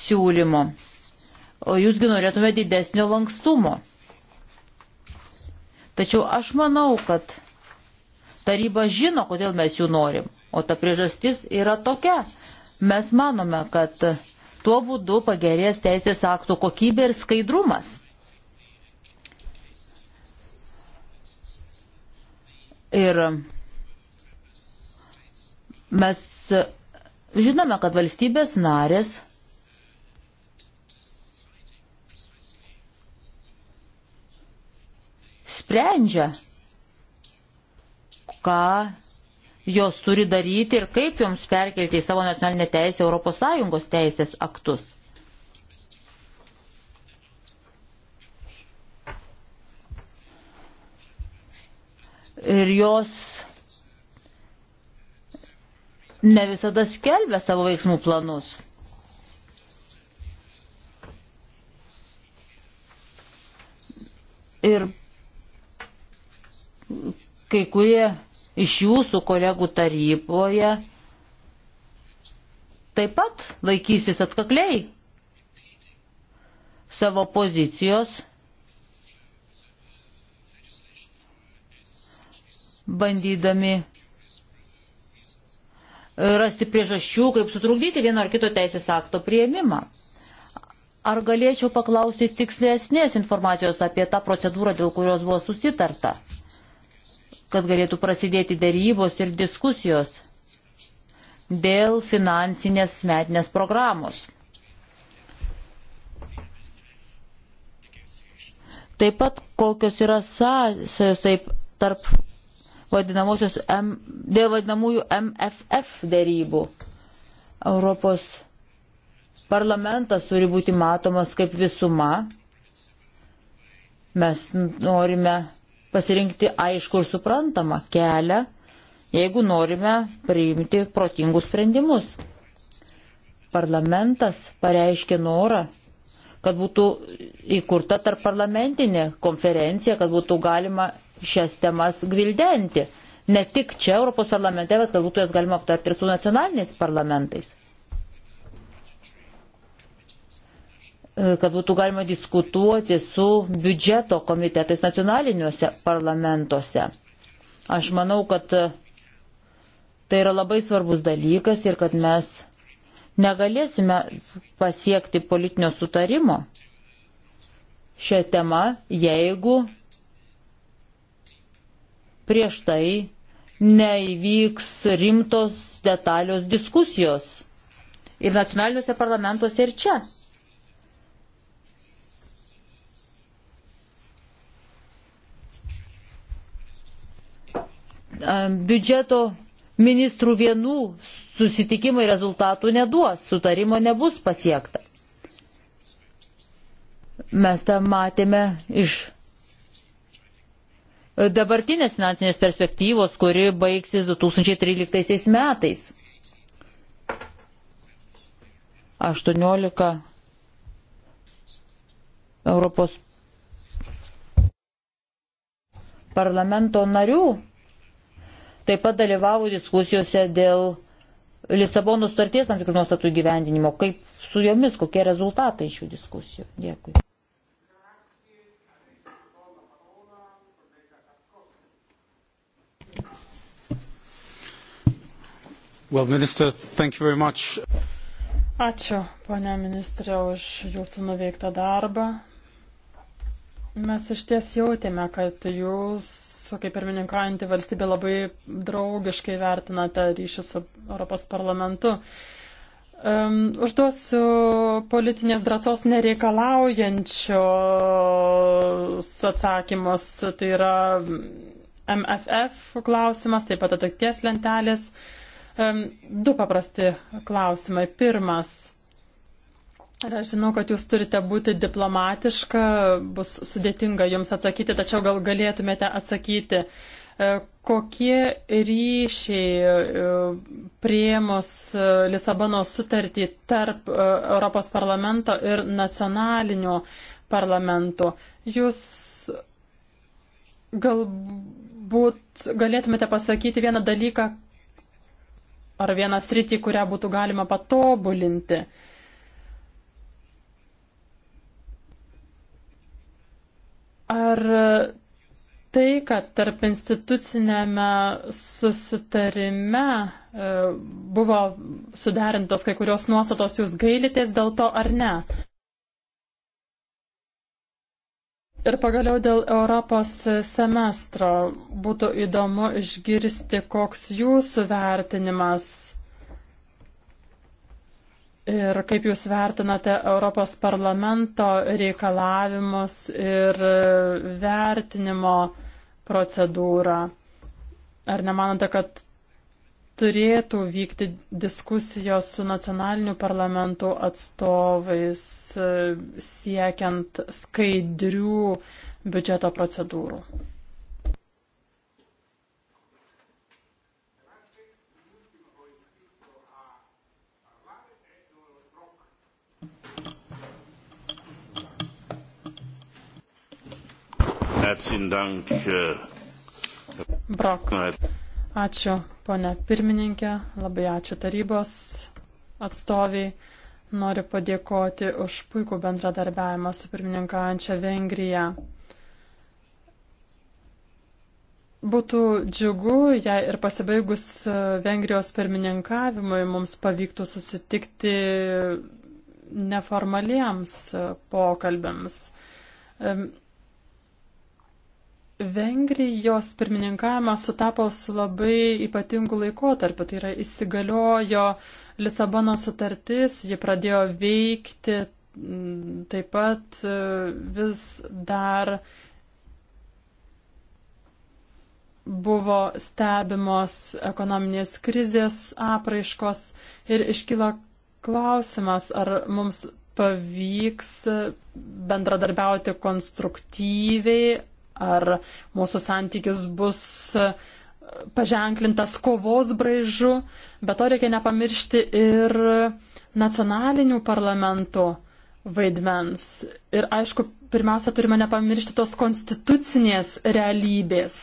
siūlymo. O jūsgi norėtume didesnio lankstumo. Tačiau aš manau, kad Taryba žino, kodėl mes jų norim. O ta priežastis yra tokia. Mes manome, kad tuo būdu pagerės teisės aktų kokybė ir skaidrumas. Ir mes žinome, kad valstybės narės sprendžia, ką jos turi daryti ir kaip joms perkelti į savo nacionalinę teisę ES teisės aktus. Ir jos ne visada skelbia savo veiksmų planus. Ir kai kurie iš jūsų kolegų taryboje taip pat laikysis atkakliai savo pozicijos, bandydami rasti priežasčių, kaip sutrukdyti vieno ar kito teisės akto prieimimą. Ar galėčiau paklausti tikslesnės informacijos apie tą procedūrą, dėl kurios buvo susitarta? kad galėtų prasidėti darybos ir diskusijos dėl finansinės metinės programos. Taip pat kokios yra sąsajos taip tarp vadinamosios M, dėl vadinamųjų MFF darybų. Europos parlamentas turi būti matomas kaip visuma. Mes norime pasirinkti aišku ir suprantamą kelią, jeigu norime priimti protingus sprendimus. Parlamentas pareiškė norą, kad būtų įkurta tarp parlamentinė konferencija, kad būtų galima šias temas gvildenti. Ne tik čia Europos parlamente, bet kad būtų jas galima aptarti ir su nacionaliniais parlamentais. E, kad būtų galima diskutuoti su biudžeto komitetais nacionaliniuose parlamentuose. Aš manau, kad e, tai yra labai svarbus dalykas ir kad mes negalėsime pasiekti politinio sutarimo šią temą, jeigu prieš tai neįvyks rimtos detalios diskusijos ir nacionaliniuose parlamentuose ir čia. biudžeto ministrų vienų susitikimai rezultatų neduos, sutarimo nebus pasiekta. Mes tą matėme iš dabartinės finansinės perspektyvos, kuri baigsis 2013 metais. 18 Europos parlamento narių taip pat dalyvavo diskusijose dėl Lisabonų starties tam tikrų nuostatų gyvendinimo. Kaip su jomis, kokie rezultatai šių diskusijų? Dėkui. Well, minister, thank you very much. Ačiū, ponia ministrė, už jūsų nuveiktą darbą. Mes iš ties jautėme, kad jūs, kaip pirmininkaujantį valstybę, labai draugiškai vertinate ryšį su Europos parlamentu. Um, užduosiu politinės drąsos nereikalaujančios atsakymus. Tai yra MFF klausimas, taip pat atakties lentelės. Um, du paprasti klausimai. Pirmas. Ir aš žinau, kad jūs turite būti diplomatiška, bus sudėtinga jums atsakyti, tačiau gal galėtumėte atsakyti, e, kokie ryšiai e, prieimus e, Lisabono sutartį tarp Europos parlamento ir nacionalinių parlamentų. Jūs galbūt galėtumėte pasakyti vieną dalyką ar vieną sritį, kurią būtų galima patobulinti. Ar tai, kad tarp institucinėme susitarime e, buvo suderintos kai kurios nuostatos, jūs gailitės dėl to ar ne? Ir pagaliau dėl Europos semestro būtų įdomu išgirsti, koks jūsų vertinimas Ir kaip Jūs vertinate Europos parlamento reikalavimus ir vertinimo procedūrą? Ar nemanote, kad turėtų vykti diskusijos su nacionaliniu parlamentu atstovais siekiant skaidrių biudžeto procedūrų? Herzlichen Dank. Äh, Brok. Ačiū, ponė pirmininkė, labai ačiū tarybos atstoviai. Noriu padėkoti už puikų bendradarbiavimą su pirmininkaujančia Vengrija. Būtų džiugu, jei ir pasibaigus Vengrijos pirmininkavimui mums pavyktų susitikti neformaliems pokalbėms. Vengrijos pirmininkavimas sutapo su labai ypatingu laikotarpiu, tai yra įsigaliojo Lisabono sutartis, ji pradėjo veikti mm, taip pat e, vis dar buvo stebimos ekonominės krizės apraiškos ir iškilo klausimas, ar mums pavyks bendradarbiauti konstruktyviai, ar mūsų santykis bus paženklintas kovos braižu, bet to reikia nepamiršti ir nacionalinių parlamentų vaidmens. Ir aišku, pirmiausia, turime nepamiršti tos konstitucinės realybės.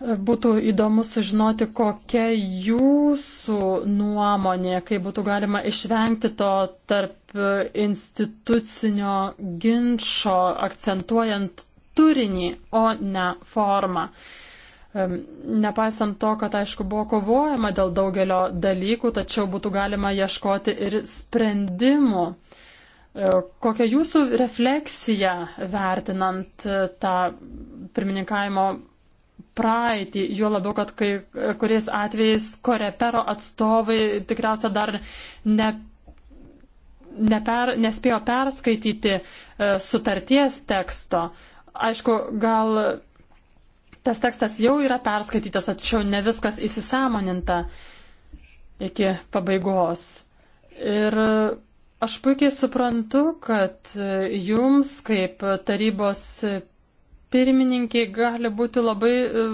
Būtų įdomu sužinoti, kokia jūsų nuomonė, kaip būtų galima išvengti to tarp institucinio ginčio, akcentuojant turinį, o ne formą. Nepaisant to, kad aišku buvo kovojama dėl daugelio dalykų, tačiau būtų galima ieškoti ir sprendimų. E, kokia jūsų refleksija vertinant e, tą pirmininkavimo praeitį, juo labiau, kad kai kuriais atvejais korepero atstovai tikriausia dar ne, neper, nespėjo perskaityti e, sutarties teksto. Aišku, gal tas tekstas jau yra perskaitytas, tačiau ne viskas įsisamoninta iki pabaigos. Ir aš puikiai suprantu, kad jums kaip tarybos pirmininkiai gali būti labai e,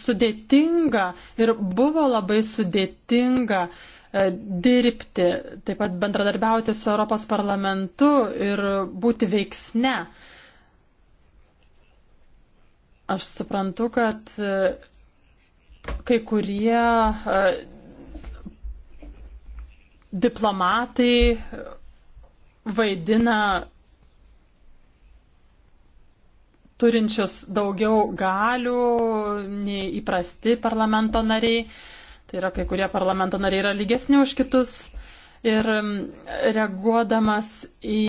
sudėtinga ir buvo labai sudėtinga e, dirbti, taip pat bendradarbiauti su Europos parlamentu ir būti veiksne. Aš suprantu, kad e, kai kurie diplomatai vaidina turinčius daugiau galių nei įprasti parlamento nariai. Tai yra, kai kurie parlamento nariai yra lygesni už kitus. Ir mm, reaguodamas į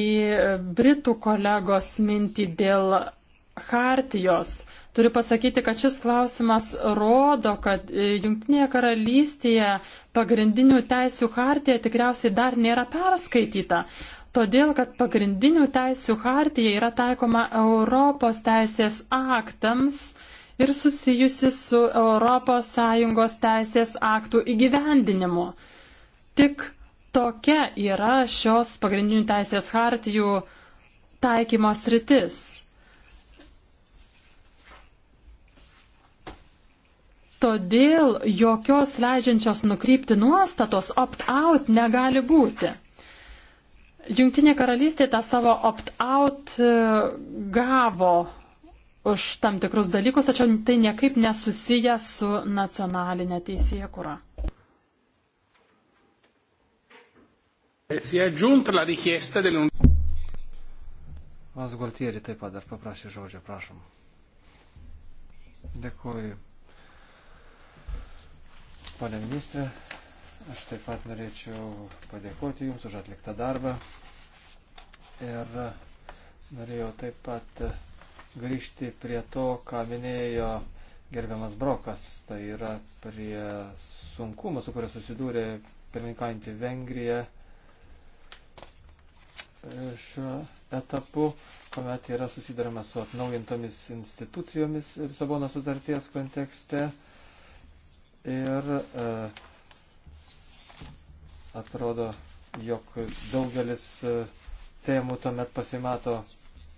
Britų kolegos mintį dėl hartijos, turiu pasakyti, kad šis klausimas rodo, kad e, Junktinėje karalystėje pagrindinių teisių hartija tikriausiai dar nėra perskaityta todėl kad pagrindinių teisių hartija yra taikoma Europos teisės aktams ir susijusi su ES teisės aktų įgyvendinimu. Tik tokia yra šios pagrindinių teisės hartijų taikymo sritis. Todėl jokios leidžiančios nukrypti nuostatos opt-out negali būti. Jungtinė karalystė tą savo opt-out e, gavo už tam tikrus dalykus, tačiau tai niekaip nesusiję su nacionalinė teisėje kura. Vas Gualtieri taip pat dar paprašė žodžio, prašom. Dėkuoju. Pane ministrė, aš taip pat norėčiau padėkoti Jums už atliktą darbą. Ir norėjau taip pat grįžti prie to, ką minėjo gerbiamas Brokas. Tai yra prie sunkumų, su kuria susidūrė pirmininkaujantį Vengriją šiuo etapu, kuomet yra susidurama su atnaujintomis institucijomis Lisabono sutarties kontekste. Ir e, atrodo, jog daugelis e, temų tuomet pasimato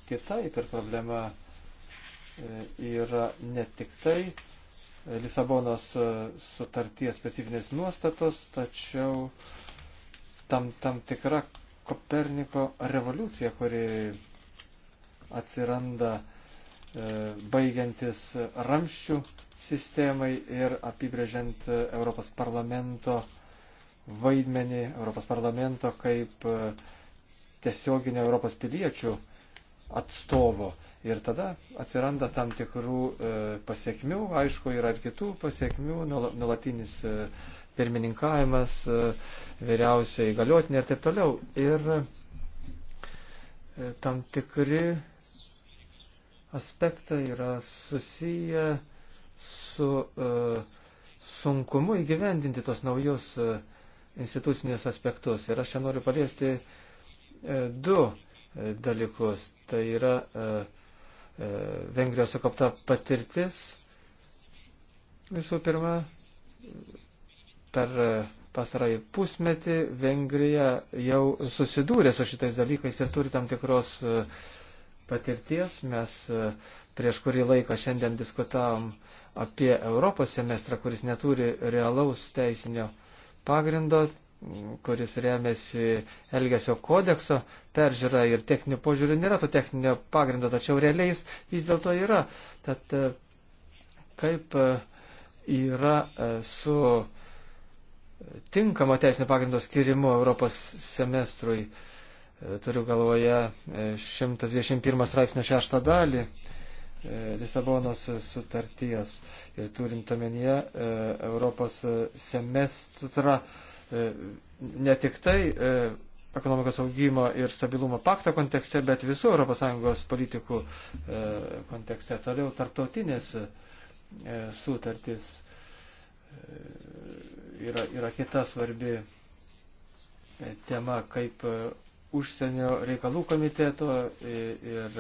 kitaip ir problema e, yra ne tik tai e, Lisabonos e, sutarties specifinės nuostatos, tačiau tam, tam tikra Koperniko revoliucija, kuri atsiranda baigiantis ramščių sistemai ir apibrėžiant Europos parlamento vaidmenį, Europos parlamento kaip uh, tiesioginio Europos piliečių atstovo. Ir tada atsiranda tam tikrų e, pasiekmių, aišku, yra ir kitų pasiekmių, nulatinis e, pirmininkavimas, e, vyriausiai įgaliotinė ir taip toliau. Ir e, tam tikri aspektai yra susiję su e, sunkumu įgyvendinti tos naujus e, institucinius aspektus. Ir aš čia noriu paliesti e, E, du e, dalykus. Tai yra e, Vengrijos sukaupta patirtis visų pirma per pastarąjį pusmetį Vengrija jau susidūrė su šitais dalykais ir turi tam tikros patirties. Mes prieš kurį laiką šiandien diskutavom apie Europos semestrą, kuris neturi realaus teisinio pagrindo kuris remiasi Elgesio kodekso peržiūra ir techninių požiūrių nėra to techninio pagrindo, tačiau realiais vis dėlto yra. Tad e, kaip e, yra e, su tinkamo teisinio pagrindo skirimu Europos semestrui, turiu galvoje 121 straipsnio 6 dalį. Lisabonos sutarties ir turint omenyje Europos semestrą E, ne tik tai e, ekonomikos augimo ir stabilumo pakto kontekste, bet visų ES politikų e, kontekste. Toliau tarptautinės sutartys yra, yra kita svarbi tema, kaip užsienio reikalų komiteto ir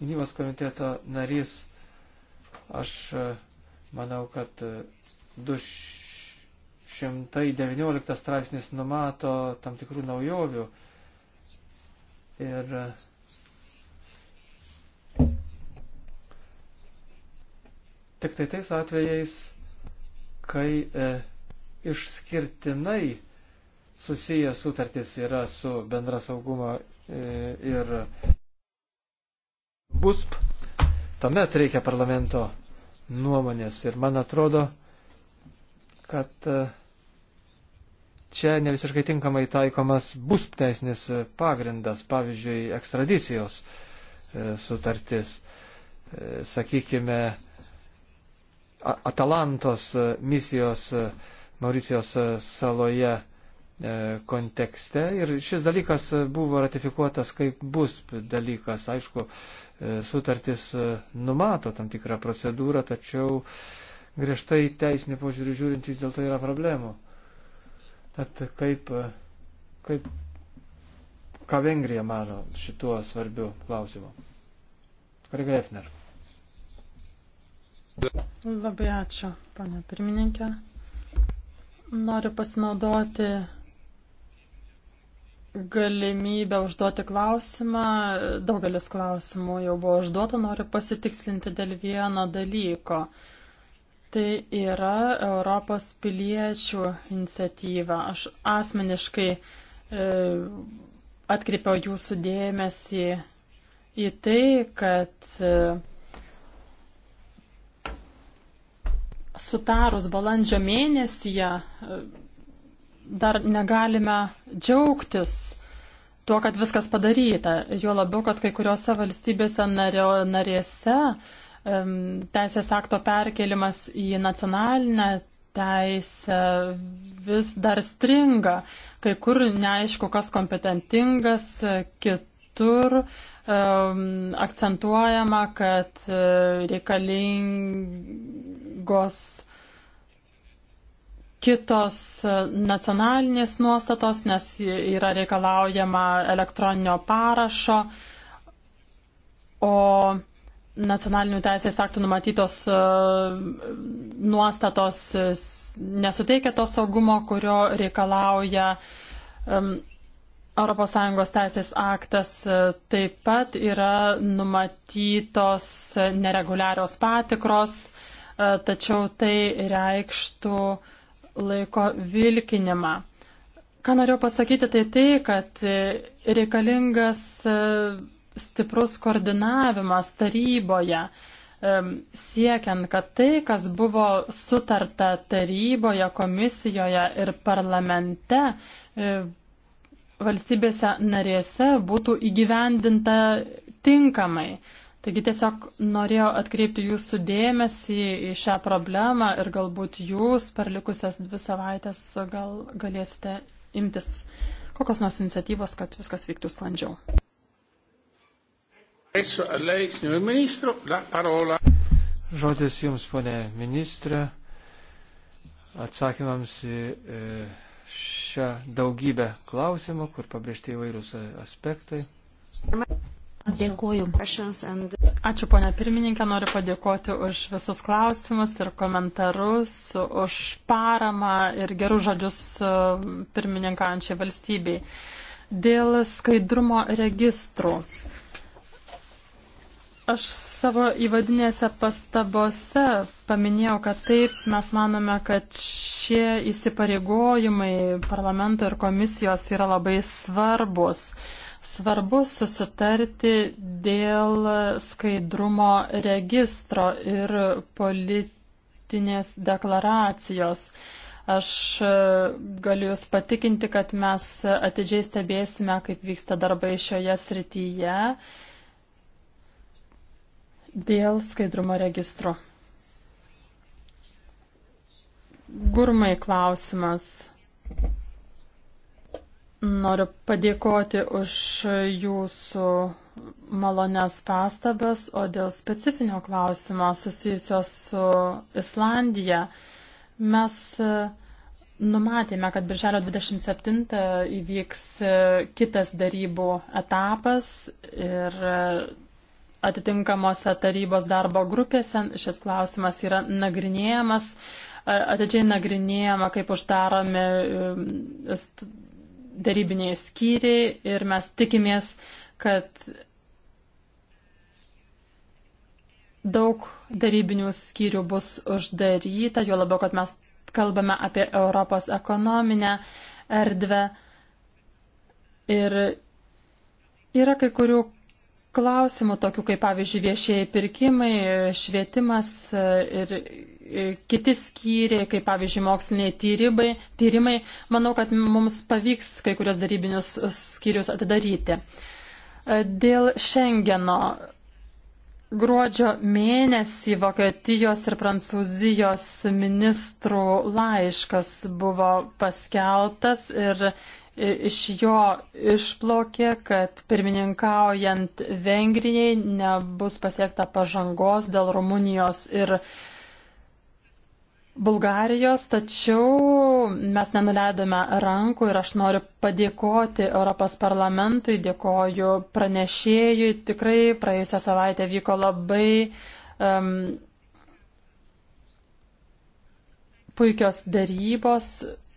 gynybos komiteto narys. Aš manau, kad du š 119 straipsnis numato tam tikrų naujovių. Ir tik tai tais atvejais, kai e, išskirtinai susijęs sutartis yra su bendra saugumo e, ir BUSP, tuomet reikia parlamento nuomonės. Ir man atrodo, kad e, čia ne visiškai tinkamai taikomas bus teisinis pagrindas, pavyzdžiui, ekstradicijos e, sutartis, e, sakykime, Atalantos e, misijos Mauricijos saloje kontekste ir šis dalykas buvo ratifikuotas kaip bus dalykas. Aišku, sutartis numato tam tikrą procedūrą, tačiau griežtai teisinį požiūrį žiūrint vis dėlto yra problemų. Tad kaip, kaip ką Vengrija mano šituo svarbiu klausimu? Kolega Efner. Labai ačiū, panė pirmininkė. Noriu pasinaudoti galimybę užduoti klausimą. Daugelis klausimų jau buvo užduota, noriu pasitikslinti dėl vieno dalyko. Uh, Tai yra Europos piliečių iniciatyva. Aš asmeniškai e, atkreipiau jūsų dėmesį į tai, kad e, sutarus balandžio mėnesyje e, dar negalime džiaugtis tuo, kad viskas padaryta. Jo labiau, kad kai kuriuose valstybėse narėse teisės akto perkelimas į nacionalinę teisę vis dar stringa. Kai kur neaišku, kas kompetentingas, kitur um, akcentuojama, kad e, reikalingos kitos e, nacionalinės nuostatos, nes yra reikalaujama elektroninio parašo, o nacionalinių teisės aktų numatytos e, nuostatos e, nesuteikia to saugumo, kurio reikalauja ES teisės aktas. E, taip pat yra numatytos nereguliarios patikros, tačiau tai reikštų laiko vilkinimą. Ką noriu pasakyti, tai tai, kad reikalingas stiprus koordinavimas taryboje, siekiant, kad tai, kas buvo sutarta taryboje, komisijoje ir parlamente, e, valstybėse narėse būtų įgyvendinta tinkamai. Taigi tiesiog norėjau atkreipti jūsų dėmesį į šią problemą ir galbūt jūs per likusias dvi savaitės gal galėsite imtis kokios nors iniciatyvos, kad viskas vyktų sklandžiau. Žodis Jums, ponė ministrė, atsakymams į e, šią daugybę klausimų, kur pabrėžti įvairūs e, aspektai. Dėkuoju. Ačiū, ponia pirmininkė, noriu padėkoti už visus klausimus ir komentarus, už paramą ir gerus žodžius e, pirmininkaujančiai valstybei. Dėl skaidrumo registrų. Aš savo įvadinėse pastabose paminėjau, kad taip mes manome, kad šie įsipareigojimai parlamento ir komisijos yra labai svarbus. Svarbu susitarti dėl skaidrumo registro ir politinės deklaracijos. Aš galiu Jūs patikinti, kad mes atidžiai stebėsime, kaip vyksta darbai šioje srityje dėl skaidrumo registro. Gurmai klausimas. Noriu padėkoti už jūsų malonės pastabas, o dėl specifinio klausimo susijusios su Islandija mes e, numatėme, kad birželio 27 įvyks e, kitas darybų etapas ir e, atitinkamose tarybos darbo grupėse šis klausimas yra nagrinėjamas, atidžiai nagrinėjama, kaip uždaromi e, darybiniai skyriai ir mes tikimės, kad daug darybinių skyrių bus uždaryta, jo labiau, kad mes kalbame apie Europos ekonominę erdvę. Ir yra kai kurių klausimų, tokių kaip pavyzdžiui viešieji pirkimai, švietimas e, ir e, kiti skyriai, kaip pavyzdžiui moksliniai tyrimai, tyrimai. Manau, kad mums pavyks kai kurios darybinius skyrius atidaryti. E, dėl Šengeno gruodžio mėnesį Vokietijos ir Prancūzijos ministrų laiškas buvo paskeltas ir iš jo išplokė, kad pirmininkaujant Vengrijai nebus pasiekta pažangos dėl Rumunijos ir Bulgarijos, tačiau mes nenuleidome rankų ir aš noriu padėkoti Europos parlamentui, dėkoju pranešėjui. Tikrai praėjusią savaitę vyko labai um, puikios darybos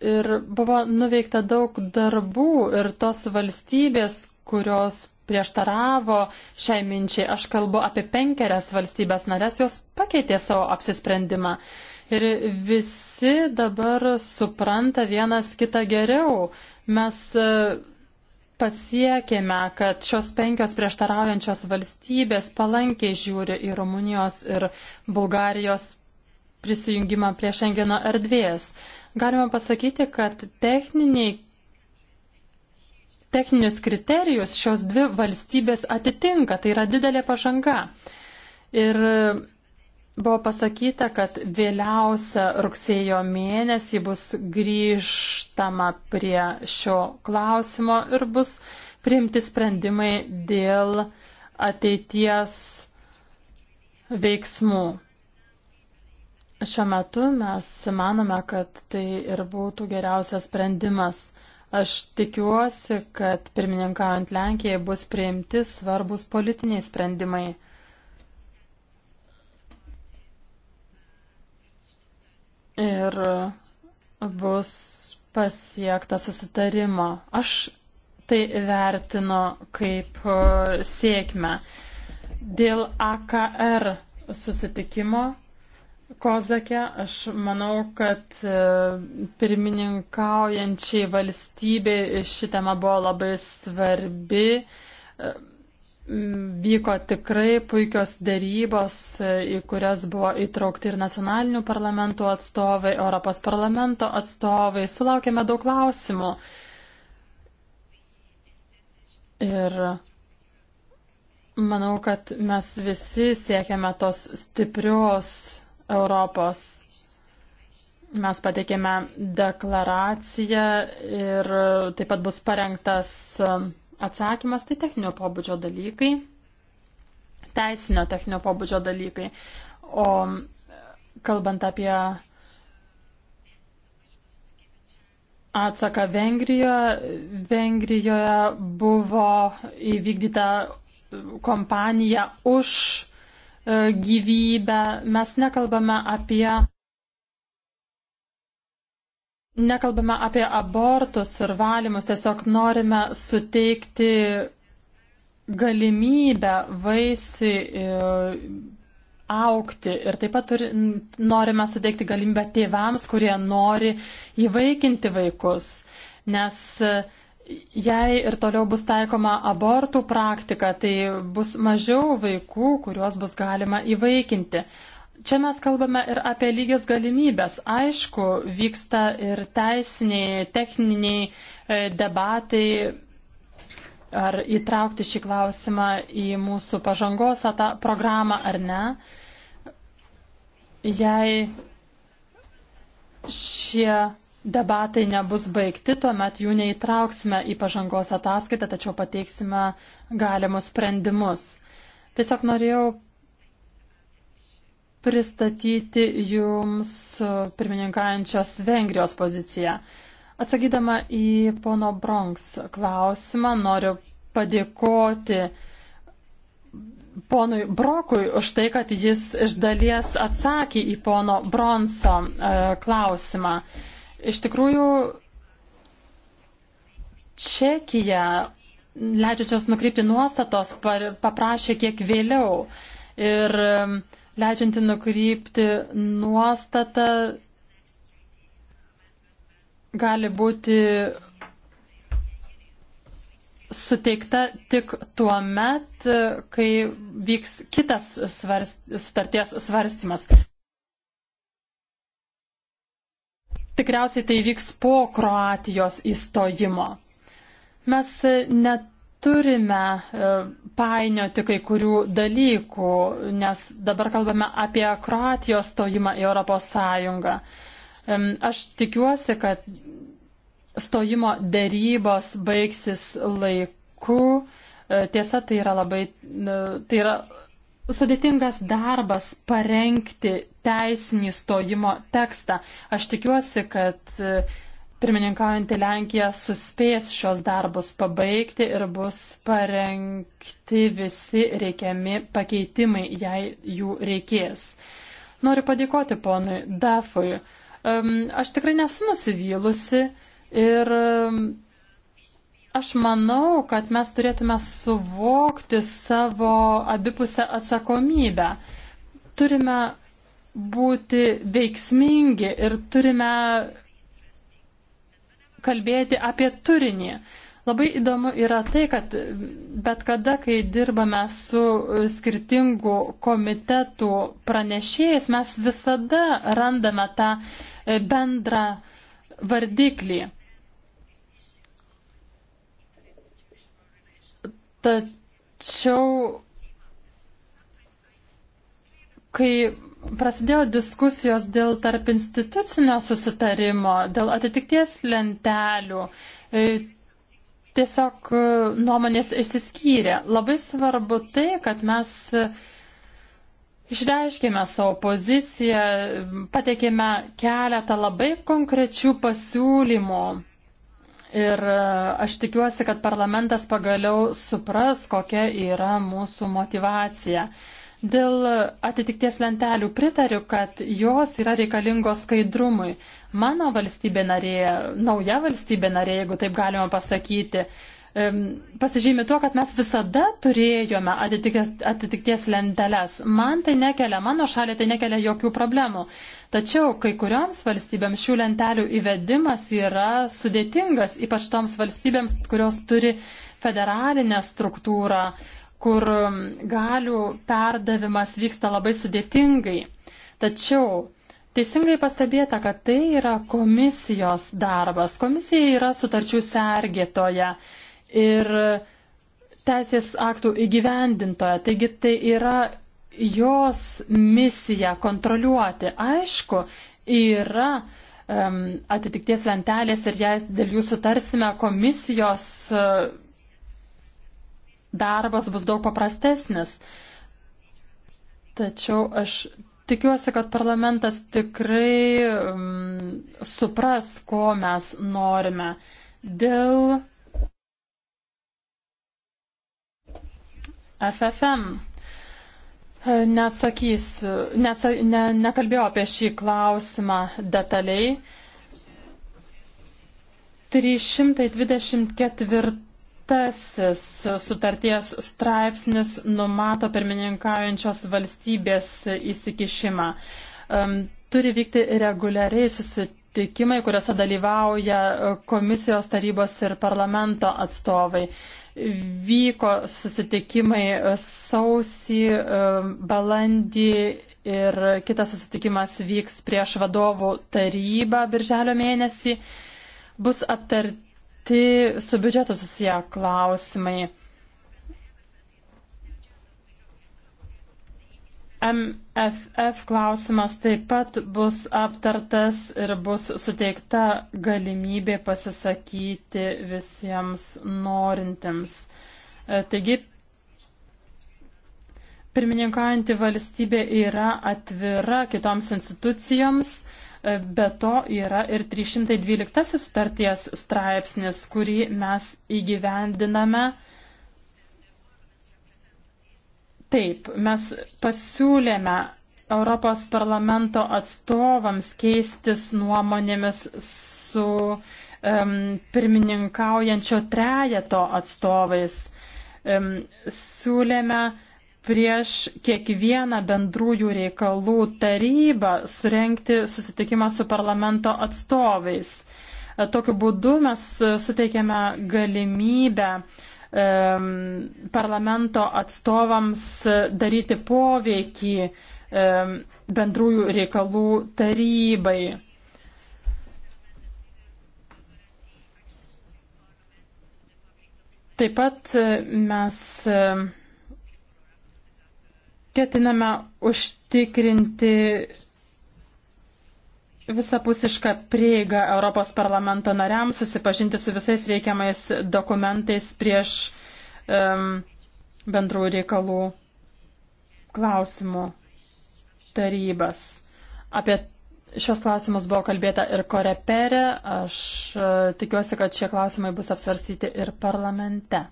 Ir buvo nuveikta daug darbų ir tos valstybės, kurios prieštaravo šiai minčiai, aš kalbu apie penkerias valstybės narės, jos pakeitė savo apsisprendimą. Ir visi dabar supranta vienas kitą geriau. Mes e, pasiekėme, kad šios penkios prieštaraujančios valstybės palankiai žiūri į Rumunijos ir Bulgarijos prisijungimą prie Šengeno erdvės galime pasakyti, kad techniniai techninius kriterijus šios dvi valstybės atitinka, tai yra didelė pažanga. Ir buvo pasakyta, kad vėliausia rugsėjo mėnesį bus grįžtama prie šio klausimo ir bus priimti sprendimai dėl ateities veiksmų. Šiuo metu mes manome, kad tai ir būtų geriausias sprendimas. Aš tikiuosi, kad pirmininkaujant Lenkijai bus priimti svarbus politiniai sprendimai. Ir bus pasiekta susitarimo. Aš tai vertinu kaip e, sėkmę. Dėl AKR susitikimo Kozakė, aš manau, kad e, pirmininkaujančiai valstybė ši tema buvo labai svarbi. E, vyko tikrai puikios dėrybos, e, į kurias buvo įtraukti ir nacionalinių parlamentų atstovai, Europos parlamento atstovai. Sulaukėme daug klausimų. Ir manau, kad mes visi siekiame tos stiprios Europos. Mes pateikėme deklaraciją ir taip pat bus parengtas atsakymas, tai techninio pobūdžio dalykai, teisinio techninio pobūdžio dalykai. O kalbant apie atsaką Vengrijoje, Vengrijoje buvo įvykdyta kompanija už E, gyvybę, mes nekalbame apie Nekalbame apie abortus ir valymus, tiesiog norime suteikti galimybę vaisi e, aukti ir taip pat turi, norime suteikti galimybę tėvams, kurie nori įvaikinti vaikus, nes uh, Jei ir toliau bus taikoma abortų praktika, tai bus mažiau vaikų, kuriuos bus galima įvaikinti. Čia mes kalbame ir apie lygias galimybės. Aišku, vyksta ir teisiniai, techniniai e, debatai, ar įtraukti šį klausimą į mūsų pažangos programą ar ne. Jei šie debatai nebus baigti, tuomet jų neįtrauksime į pažangos ataskaitą, tačiau pateiksime galimus sprendimus. Tiesiog norėjau pristatyti jums pirmininkaujančios Vengrijos poziciją. Atsakydama į pono Bronks klausimą, noriu padėkoti ponui Brokui už tai, kad jis iš dalies atsakė į pono Bronso e, klausimą. Uh, Iš tikrųjų, Čekija leidžiančios nukrypti nuostatos paprašė kiek vėliau ir um, leidžianti nukrypti nuostatą gali būti suteikta tik tuo met, kai vyks kitas svarst, sutarties svarstymas. tikriausiai tai vyks po Kroatijos įstojimo. Mes e, neturime e, painioti kai kurių dalykų, nes dabar kalbame apie Kroatijos stojimą į Europos Sąjungą. Aš tikiuosi, kad stojimo dėrybos baigsis laiku. E, tiesa, tai yra labai, tai yra sudėtingas darbas parengti teisinį stojimo tekstą. Aš tikiuosi, kad e, pirmininkaujantį Lenkiją suspės šios darbus pabaigti ir bus parengti visi reikiami pakeitimai, jei jų reikės. Noriu padėkoti ponui Dafui. Aš tikrai nesu nusivylusi ir Aš manau, kad mes turėtume suvokti savo abipusę atsakomybę. Turime būti veiksmingi ir turime kalbėti apie turinį. Labai įdomu yra tai, kad bet kada, kai dirbame su skirtingų komitetų pranešėjais, mes visada randame tą bendrą vardiklį. Tačiau, kai prasidėjo diskusijos dėl tarp institucinio susitarimo, dėl atitikties lentelių, e, tiesiog e, nuomonės išsiskyrė. Labai svarbu tai, kad mes Išreiškėme savo poziciją, pateikėme keletą labai konkrečių pasiūlymų. Ir e, aš tikiuosi, kad parlamentas pagaliau supras, kokia yra mūsų motivacija. Dėl atitikties lentelių pritariu, kad jos yra reikalingos skaidrumui. Mano valstybė narė, nauja valstybė narė, jeigu taip galima pasakyti, pasižymi tuo, kad mes visada turėjome atitikties, atitikties lenteles. Man tai nekelia, mano šaliai tai nekelia jokių problemų. Tačiau kai kurioms valstybėms šių lentelių įvedimas yra sudėtingas, ypač toms valstybėms, kurios turi federalinę struktūrą, kur galių perdavimas vyksta labai sudėtingai. Tačiau Teisingai pastebėta, kad tai yra komisijos darbas. Komisija yra sutarčių sergėtoja ir teisės aktų įgyvendintoja. Taigi tai yra jos misija kontroliuoti. Aišku, yra um, atitikties lentelės ir jei dėl jų sutarsime, komisijos uh, darbas bus daug paprastesnis. Tačiau aš tikiuosi, kad parlamentas tikrai um, supras, ko mes norime. Dėl FFM. Neatsakysiu, neatsa, ne, nekalbėjau apie šį klausimą detaliai. 324 sutarties straipsnis numato pirmininkaujančios valstybės įsikišimą. Turi vykti reguliariai susitikimai susitikimai, kuriuose dalyvauja komisijos tarybos ir parlamento atstovai vyko susitikimai e, sausį, e, balandį ir kitas susitikimas vyks prieš vadovų tarybą birželio mėnesį. Bus aptarti su biudžetu susiję klausimai. MFF klausimas taip pat bus aptartas ir bus suteikta galimybė pasisakyti visiems norintiems. E, taigi, pirmininkaujanti valstybė yra atvira kitoms institucijoms, e, be to yra ir 312 sutarties straipsnis, kurį mes įgyvendiname Taip, mes pasiūlėme Europos parlamento atstovams keistis nuomonėmis su um, pirmininkaujančio trejeto atstovais. Um, siūlėme prieš kiekvieną bendrųjų reikalų tarybą surenkti susitikimą su parlamento atstovais. E, tokiu būdu mes suteikėme galimybę uh, parlamento atstovams daryti poveikį bendrųjų reikalų tarybai. Taip pat mes ketiname užtikrinti visapusišką prieigą Europos parlamento nariams, susipažinti su visais reikiamais dokumentais prieš um, bendrų reikalų klausimų tarybas. Apie šios klausimus buvo kalbėta ir korepere. Aš uh, tikiuosi, kad šie klausimai bus apsvarstyti ir parlamente.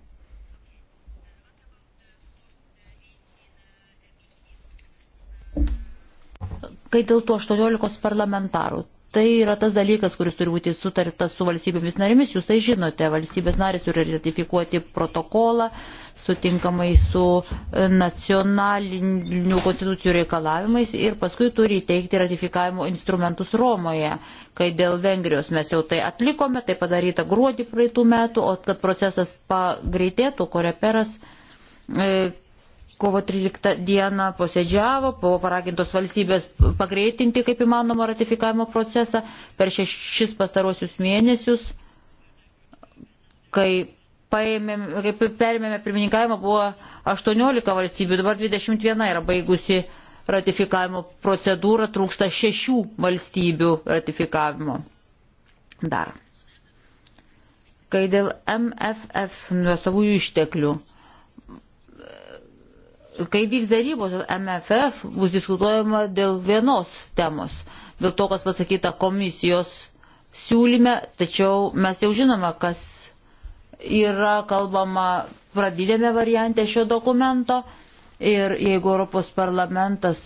kai dėl tų 18 parlamentarų. Tai yra tas dalykas, kuris turi būti sutartas su valstybėmis narėmis. Jūs tai žinote, valstybės narės turi ratifikuoti protokolą sutinkamai su e, nacionalinių konstitucijų reikalavimais ir paskui turi įteikti ratifikavimo instrumentus Romoje. Kai dėl Vengrijos mes jau tai atlikome, tai padaryta gruodį praeitų metų, o kad procesas pagreitėtų, koreperas. E, kovo 13 dieną posėdžiavo, buvo paragintos valstybės pagreitinti kaip įmanoma ratifikavimo procesą per šešis pastarosius mėnesius, kai, paėmėm, kai perėmėme pirmininkavimą, buvo 18 valstybių, dabar 21 yra baigusi ratifikavimo procedūrą, trūksta šešių valstybių ratifikavimo. Dar. Kai dėl MFF nuosavųjų išteklių Kai vyks darybos MFF, bus diskutuojama dėl vienos temos, dėl to, kas pasakyta komisijos siūlyme, tačiau mes jau žinome, kas yra kalbama pradinėme variante šio dokumento ir jeigu Europos parlamentas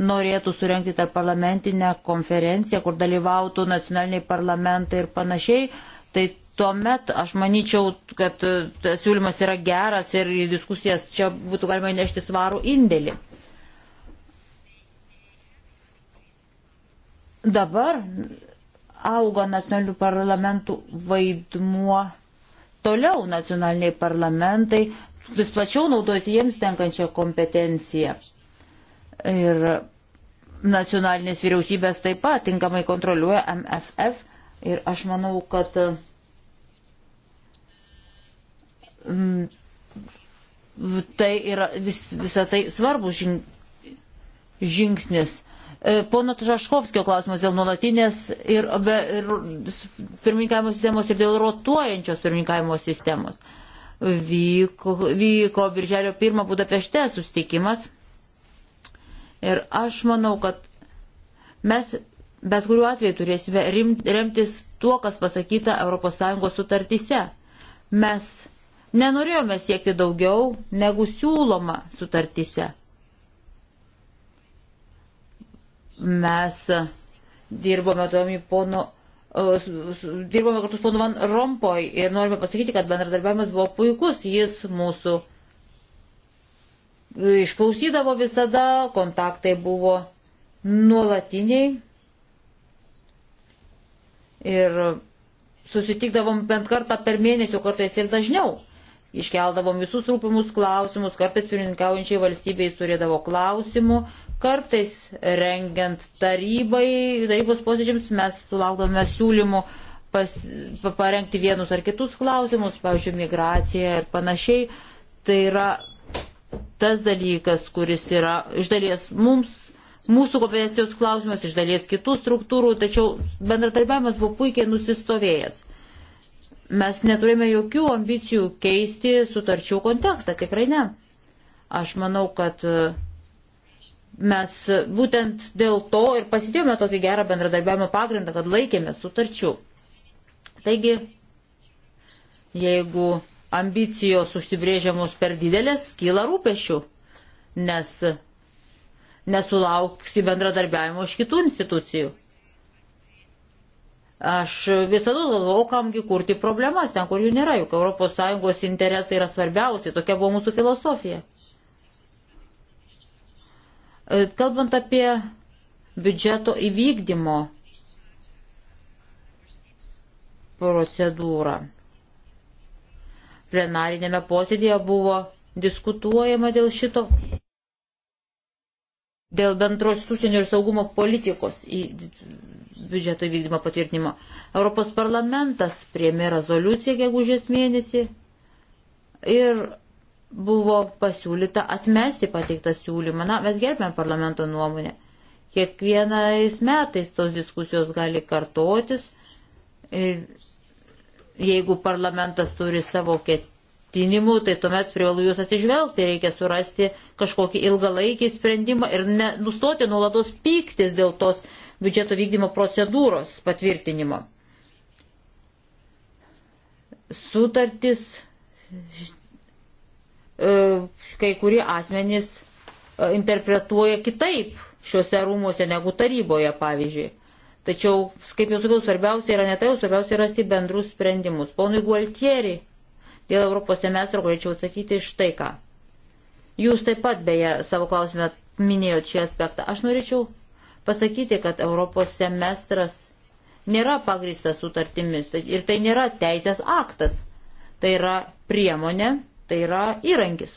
norėtų surenkti tarp parlamentinę konferenciją, kur dalyvautų nacionaliniai parlamentai ir panašiai, tai tuomet aš manyčiau, kad e, tas siūlymas yra geras ir į diskusijas čia būtų galima nešti svarų indėlį. Dabar auga nacionalinių parlamentų vaidmuo. Toliau nacionaliniai parlamentai vis plačiau naudojasi jiems tenkančią kompetenciją. Ir nacionalinės vyriausybės taip pat tinkamai kontroliuoja MFF. Ir aš manau, kad Mm, tai yra vis, visą tai svarbus žingsnis. E, pono Tužaškovskio klausimas dėl nuolatinės ir, be, ir pirmininkavimo sistemos ir dėl rotuojančios pirmininkavimo sistemos. Vyko, vyko birželio pirmą Budapešte sustikimas ir aš manau, kad mes bet kuriuo atveju turėsime rimti, remtis tuo, kas pasakyta ES sutartyse. Mes Nenorėjome siekti daugiau negu siūloma sutartyse. Mes dirbome tuomi pono. Dirbome kartu su ponu Van Rompoj ir norime pasakyti, kad bendradarbiavimas buvo puikus, jis mūsų išklausydavo visada, kontaktai buvo nuolatiniai ir susitikdavom bent kartą per mėnesį, kartais ir dažniau. Iškeldavom visus rūpimus klausimus, kartais pirmininkaujančiai valstybei turėdavo klausimų, kartais rengiant tarybai, tarybos posėdžiams mes sulaukdavome siūlymų pas, parengti vienus ar kitus klausimus, pavyzdžiui, migraciją ir panašiai. Tai yra tas dalykas, kuris yra iš dalies mums, mūsų kompetencijos klausimas, iš dalies kitų struktūrų, tačiau bendradarbiavimas buvo puikiai nusistovėjęs. Mes neturime jokių ambicijų keisti sutarčių kontekstą, tikrai ne. Aš manau, kad e, mes būtent dėl to ir pasidėjome tokį gerą bendradarbiavimo pagrindą, kad laikėme sutarčių. Taigi, jeigu ambicijos užsibrėžiamos per didelės, kyla rūpešių, nes nesulauksi bendradarbiavimo iš kitų institucijų. Aš visada galvojau, kamgi kurti problemas ten, kur jų nėra, juk ES interesai yra svarbiausi, tokia buvo mūsų filosofija. E, kalbant apie biudžeto įvykdymo procedūrą. Plenarinėme posėdėje buvo diskutuojama dėl šito, dėl bendros užsienio ir saugumo politikos biudžeto įvykdymo patvirtinimo. Europos parlamentas priemė rezoliuciją gegužės mėnesį ir buvo pasiūlyta atmesti pateiktą siūlymą. Na, mes gerbėm parlamento nuomonę. Kiekvienais metais tos diskusijos gali kartotis ir jeigu parlamentas turi savo ketinimų, tai tuomet privalu jūs atsižvelgti, reikia surasti kažkokį ilgalaikį sprendimą ir ne, nustoti nuolatos pyktis dėl tos biudžeto vykdymo procedūros patvirtinimo. Sutartis, e, kai kurie asmenys e, interpretuoja kitaip šiuose rūmuose negu taryboje, pavyzdžiui. Tačiau, kaip jau sakiau, svarbiausia yra ne tai, svarbiausia yra rasti bendrus sprendimus. Ponui Gualtieri, dėl Europos semestro galėčiau atsakyti štai ką. Jūs taip pat beje savo klausime minėjot šį aspektą. Aš norėčiau pasakyti, kad Europos semestras nėra pagristas sutartimis tai ir tai nėra teisės aktas, tai yra priemonė, tai yra įrankis.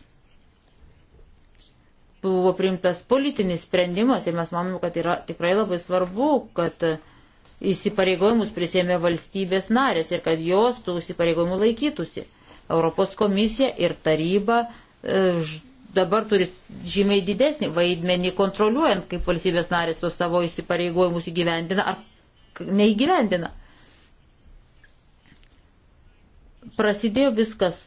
Buvo priimtas politinis sprendimas ir mes manome, kad yra tikrai labai svarbu, kad įsipareigojimus prisėmė valstybės narės ir kad jos tų įsipareigojimų laikytųsi. Europos komisija ir taryba e, dabar turi žymiai didesnį vaidmenį kontroliuojant, kaip valstybės narės tos savo įsipareigojimus įgyvendina ar neįgyvendina. Prasidėjo viskas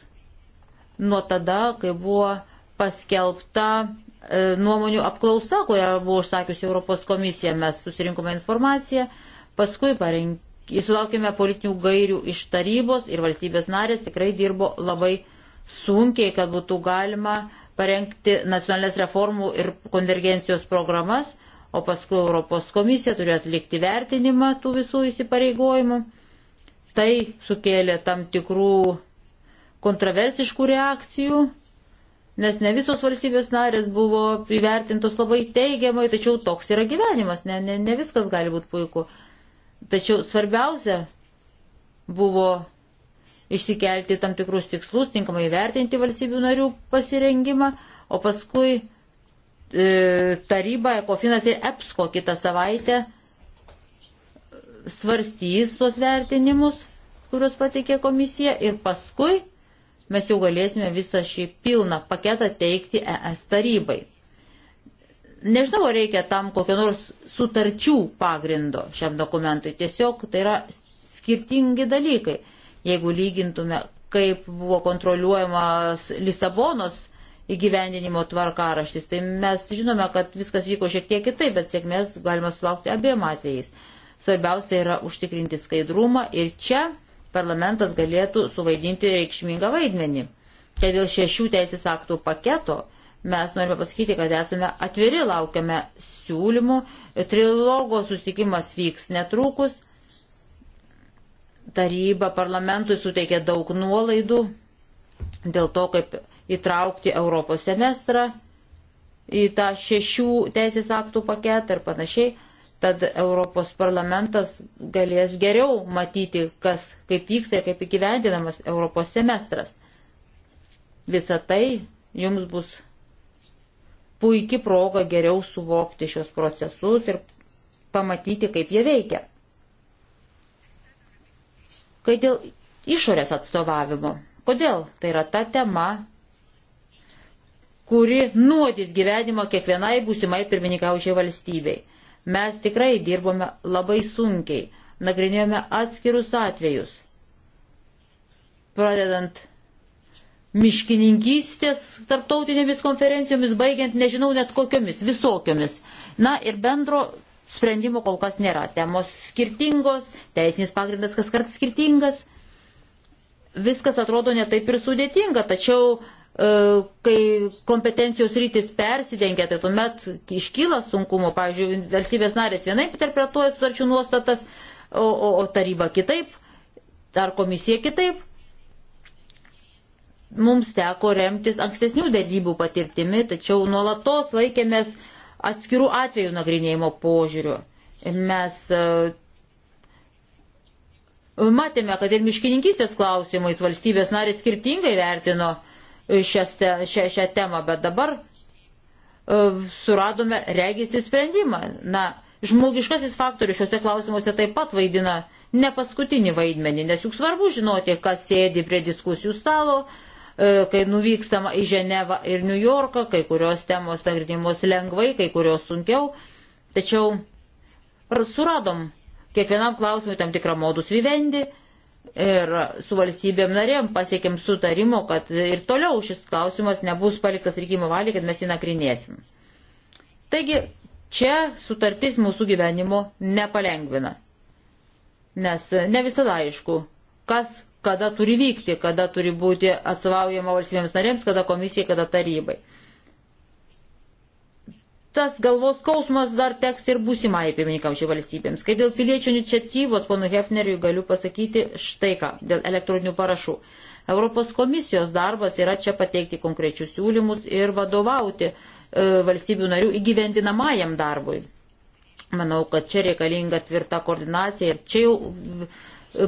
nuo tada, kai buvo paskelbta e, nuomonių apklausa, kurią buvo užsakiusi Europos komisija. Mes susirinkome informaciją, paskui parink... sulaukėme politinių gairių iš tarybos ir valstybės narės tikrai dirbo labai sunkiai, kad būtų galima uh, parengti nacionalinės reformų ir konvergencijos programas, o paskui Europos komisija turi atlikti vertinimą tų visų įsipareigojimų. Tai sukėlė tam tikrų kontroversiškų reakcijų, nes ne visos valstybės narės buvo įvertintos labai teigiamai, tačiau toks yra gyvenimas, ne, ne, ne viskas gali būti puiku. Tačiau svarbiausia buvo išsikelti tam tikrus tikslus, tinkamai vertinti valstybių narių pasirengimą, o paskui e, taryba, Ekofinas ir EPSCO kitą savaitę svarstys tuos vertinimus, kuriuos pateikė komisija ir paskui mes jau galėsime visą šį pilną paketą teikti ES tarybai. Nežinau, ar reikia tam kokio nors sutarčių pagrindo šiam dokumentui, tiesiog tai yra skirtingi dalykai. Jeigu lygintume, kaip buvo kontroliuojamas Lisabonos įgyvendinimo tvarkaraštis, tai mes žinome, kad viskas vyko šiek tiek kitaip, bet sėkmės galima sulaukti abiem atvejais. Svarbiausia yra užtikrinti skaidrumą ir čia parlamentas galėtų suvaidinti reikšmingą vaidmenį. Kad dėl šešių teisės aktų paketo mes norime pasakyti, kad esame atviri, laukiame siūlymų. Trilogo susitikimas vyks netrukus Taryba parlamentui suteikė daug nuolaidų dėl to, kaip įtraukti Europos semestrą į tą šešių teisės aktų paketą ir panašiai. Tad Europos parlamentas galės geriau matyti, kas kaip vyksta ir kaip įgyvendinamas Europos semestras. Visą tai jums bus puikia proga geriau suvokti šios procesus ir pamatyti, kaip jie veikia. Kai dėl išorės atstovavimo, kodėl tai yra ta tema, kuri nuodys gyvenimą kiekvienai būsimai pirmininkaušiai valstybei. Mes tikrai dirbome labai sunkiai, nagrinėjome atskirus atvejus. Pradedant miškininkystės tarptautinėmis konferencijomis, baigiant nežinau net kokiomis, visokiomis. Na ir bendro sprendimų kol kas nėra. Temos skirtingos, teisinis pagrindas kas kart skirtingas. Viskas atrodo netaip ir sudėtinga, tačiau e, kai kompetencijos rytis persidengia, tai tuomet iškyla sunkumo. Pavyzdžiui, valstybės narės vienaip interpretuoja sutarčių nuostatas, o, o, o taryba kitaip, ar komisija kitaip. Mums teko remtis ankstesnių dėrybų patirtimi, tačiau nuolatos laikėmės uh, atskirų atvejų nagrinėjimo požiūriu. Mes e, matėme, kad ir miškininkistės klausimais valstybės narės skirtingai vertino šią, šią, šią temą, bet dabar e, suradome registį sprendimą. Na, žmogiškasis faktorius šiuose klausimuose taip pat vaidina ne paskutinį vaidmenį, nes juk svarbu žinoti, kas sėdi prie diskusijų stalo, uh, E, kai nuvykstama į Ženevą ir New Yorką, kai kurios temos nagrinimos lengvai, kai kurios sunkiau. Tačiau suradom kiekvienam klausimui tam tikrą modus vivendi ir su valstybėm narėm pasiekėm sutarimo, kad ir toliau šis klausimas nebus paliktas reikimo valiai, kad mes jį nakrinėsim. Taigi, čia sutartis mūsų gyvenimo nepalengvina, nes ne visada aišku, kas kada turi vykti, kada turi būti atstovaujama valstybėms narėms, kada komisijai, kada tarybai. Tas galvos skausmas dar teks ir būsimai pirmininkaučiai valstybėms. Kai dėl piliečių iniciatyvos, ponu Hefneriui, galiu pasakyti štai ką dėl elektroninių parašų. Europos komisijos darbas yra čia pateikti konkrečius siūlymus ir vadovauti e, valstybių narių įgyvendinamajam darbui. Manau, kad čia reikalinga tvirta koordinacija ir čia jau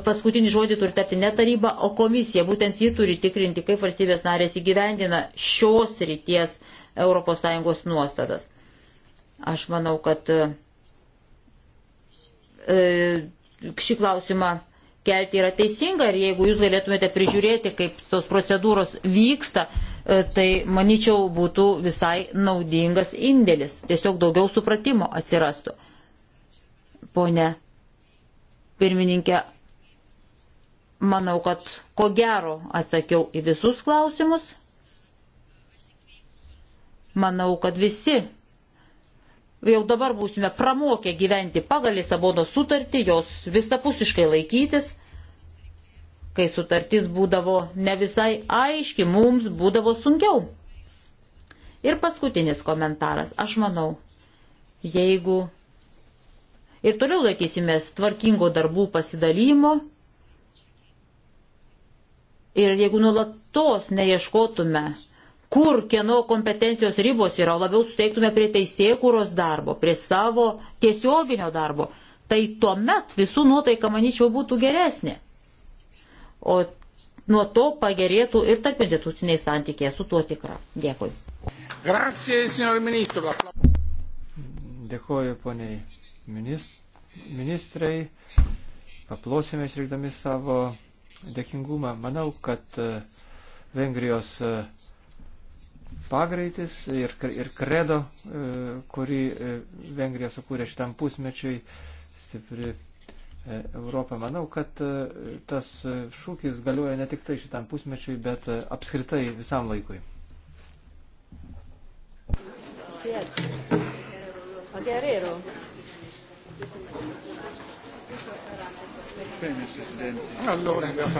paskutinį žodį turi tarti ne taryba, o komisija. Būtent ji turi tikrinti, kaip valstybės narės įgyvendina šios ryties ES nuostatas. Aš manau, kad e, e, šį klausimą kelti yra teisinga ir jeigu jūs galėtumėte prižiūrėti, kaip tos procedūros vyksta, e, tai manyčiau būtų visai naudingas indėlis. Tiesiog daugiau supratimo atsirastų. Pone pirmininkė, Manau, kad ko gero atsakiau į visus klausimus. Manau, kad visi jau dabar būsime pramokę gyventi pagal Lisabono sutartį, jos visapusiškai laikytis. Kai sutartis būdavo ne visai aiški, mums būdavo sunkiau. Ir paskutinis komentaras. Aš manau, jeigu ir toliau laikysimės tvarkingo darbų pasidalymo, Ir jeigu nuolatos neieškotume, kur kieno kompetencijos ribos yra, labiau suteiktume prie teisėkūros darbo, prie savo tiesioginio darbo, tai tuomet visų nuotaika, manyčiau, būtų geresnė. O nuo to pagerėtų ir tarp instituciniai santykiai, su tuo tikra. Dėkui. Grazie, signor ministro. Dėkuoju, poniai ministrai. Paplosime išreikdami savo dėkingumą. Manau, kad e, Vengrijos e, pagreitis ir, ir kredo, e, kurį Vengrija sukūrė šitam pusmečiui, stipri Europą. Manau, kad tas šūkis galioja ne tik tai šitam pusmečiui, bet apskritai visam laikui. Yes. Guerrero. Bene, Presidente. Allora.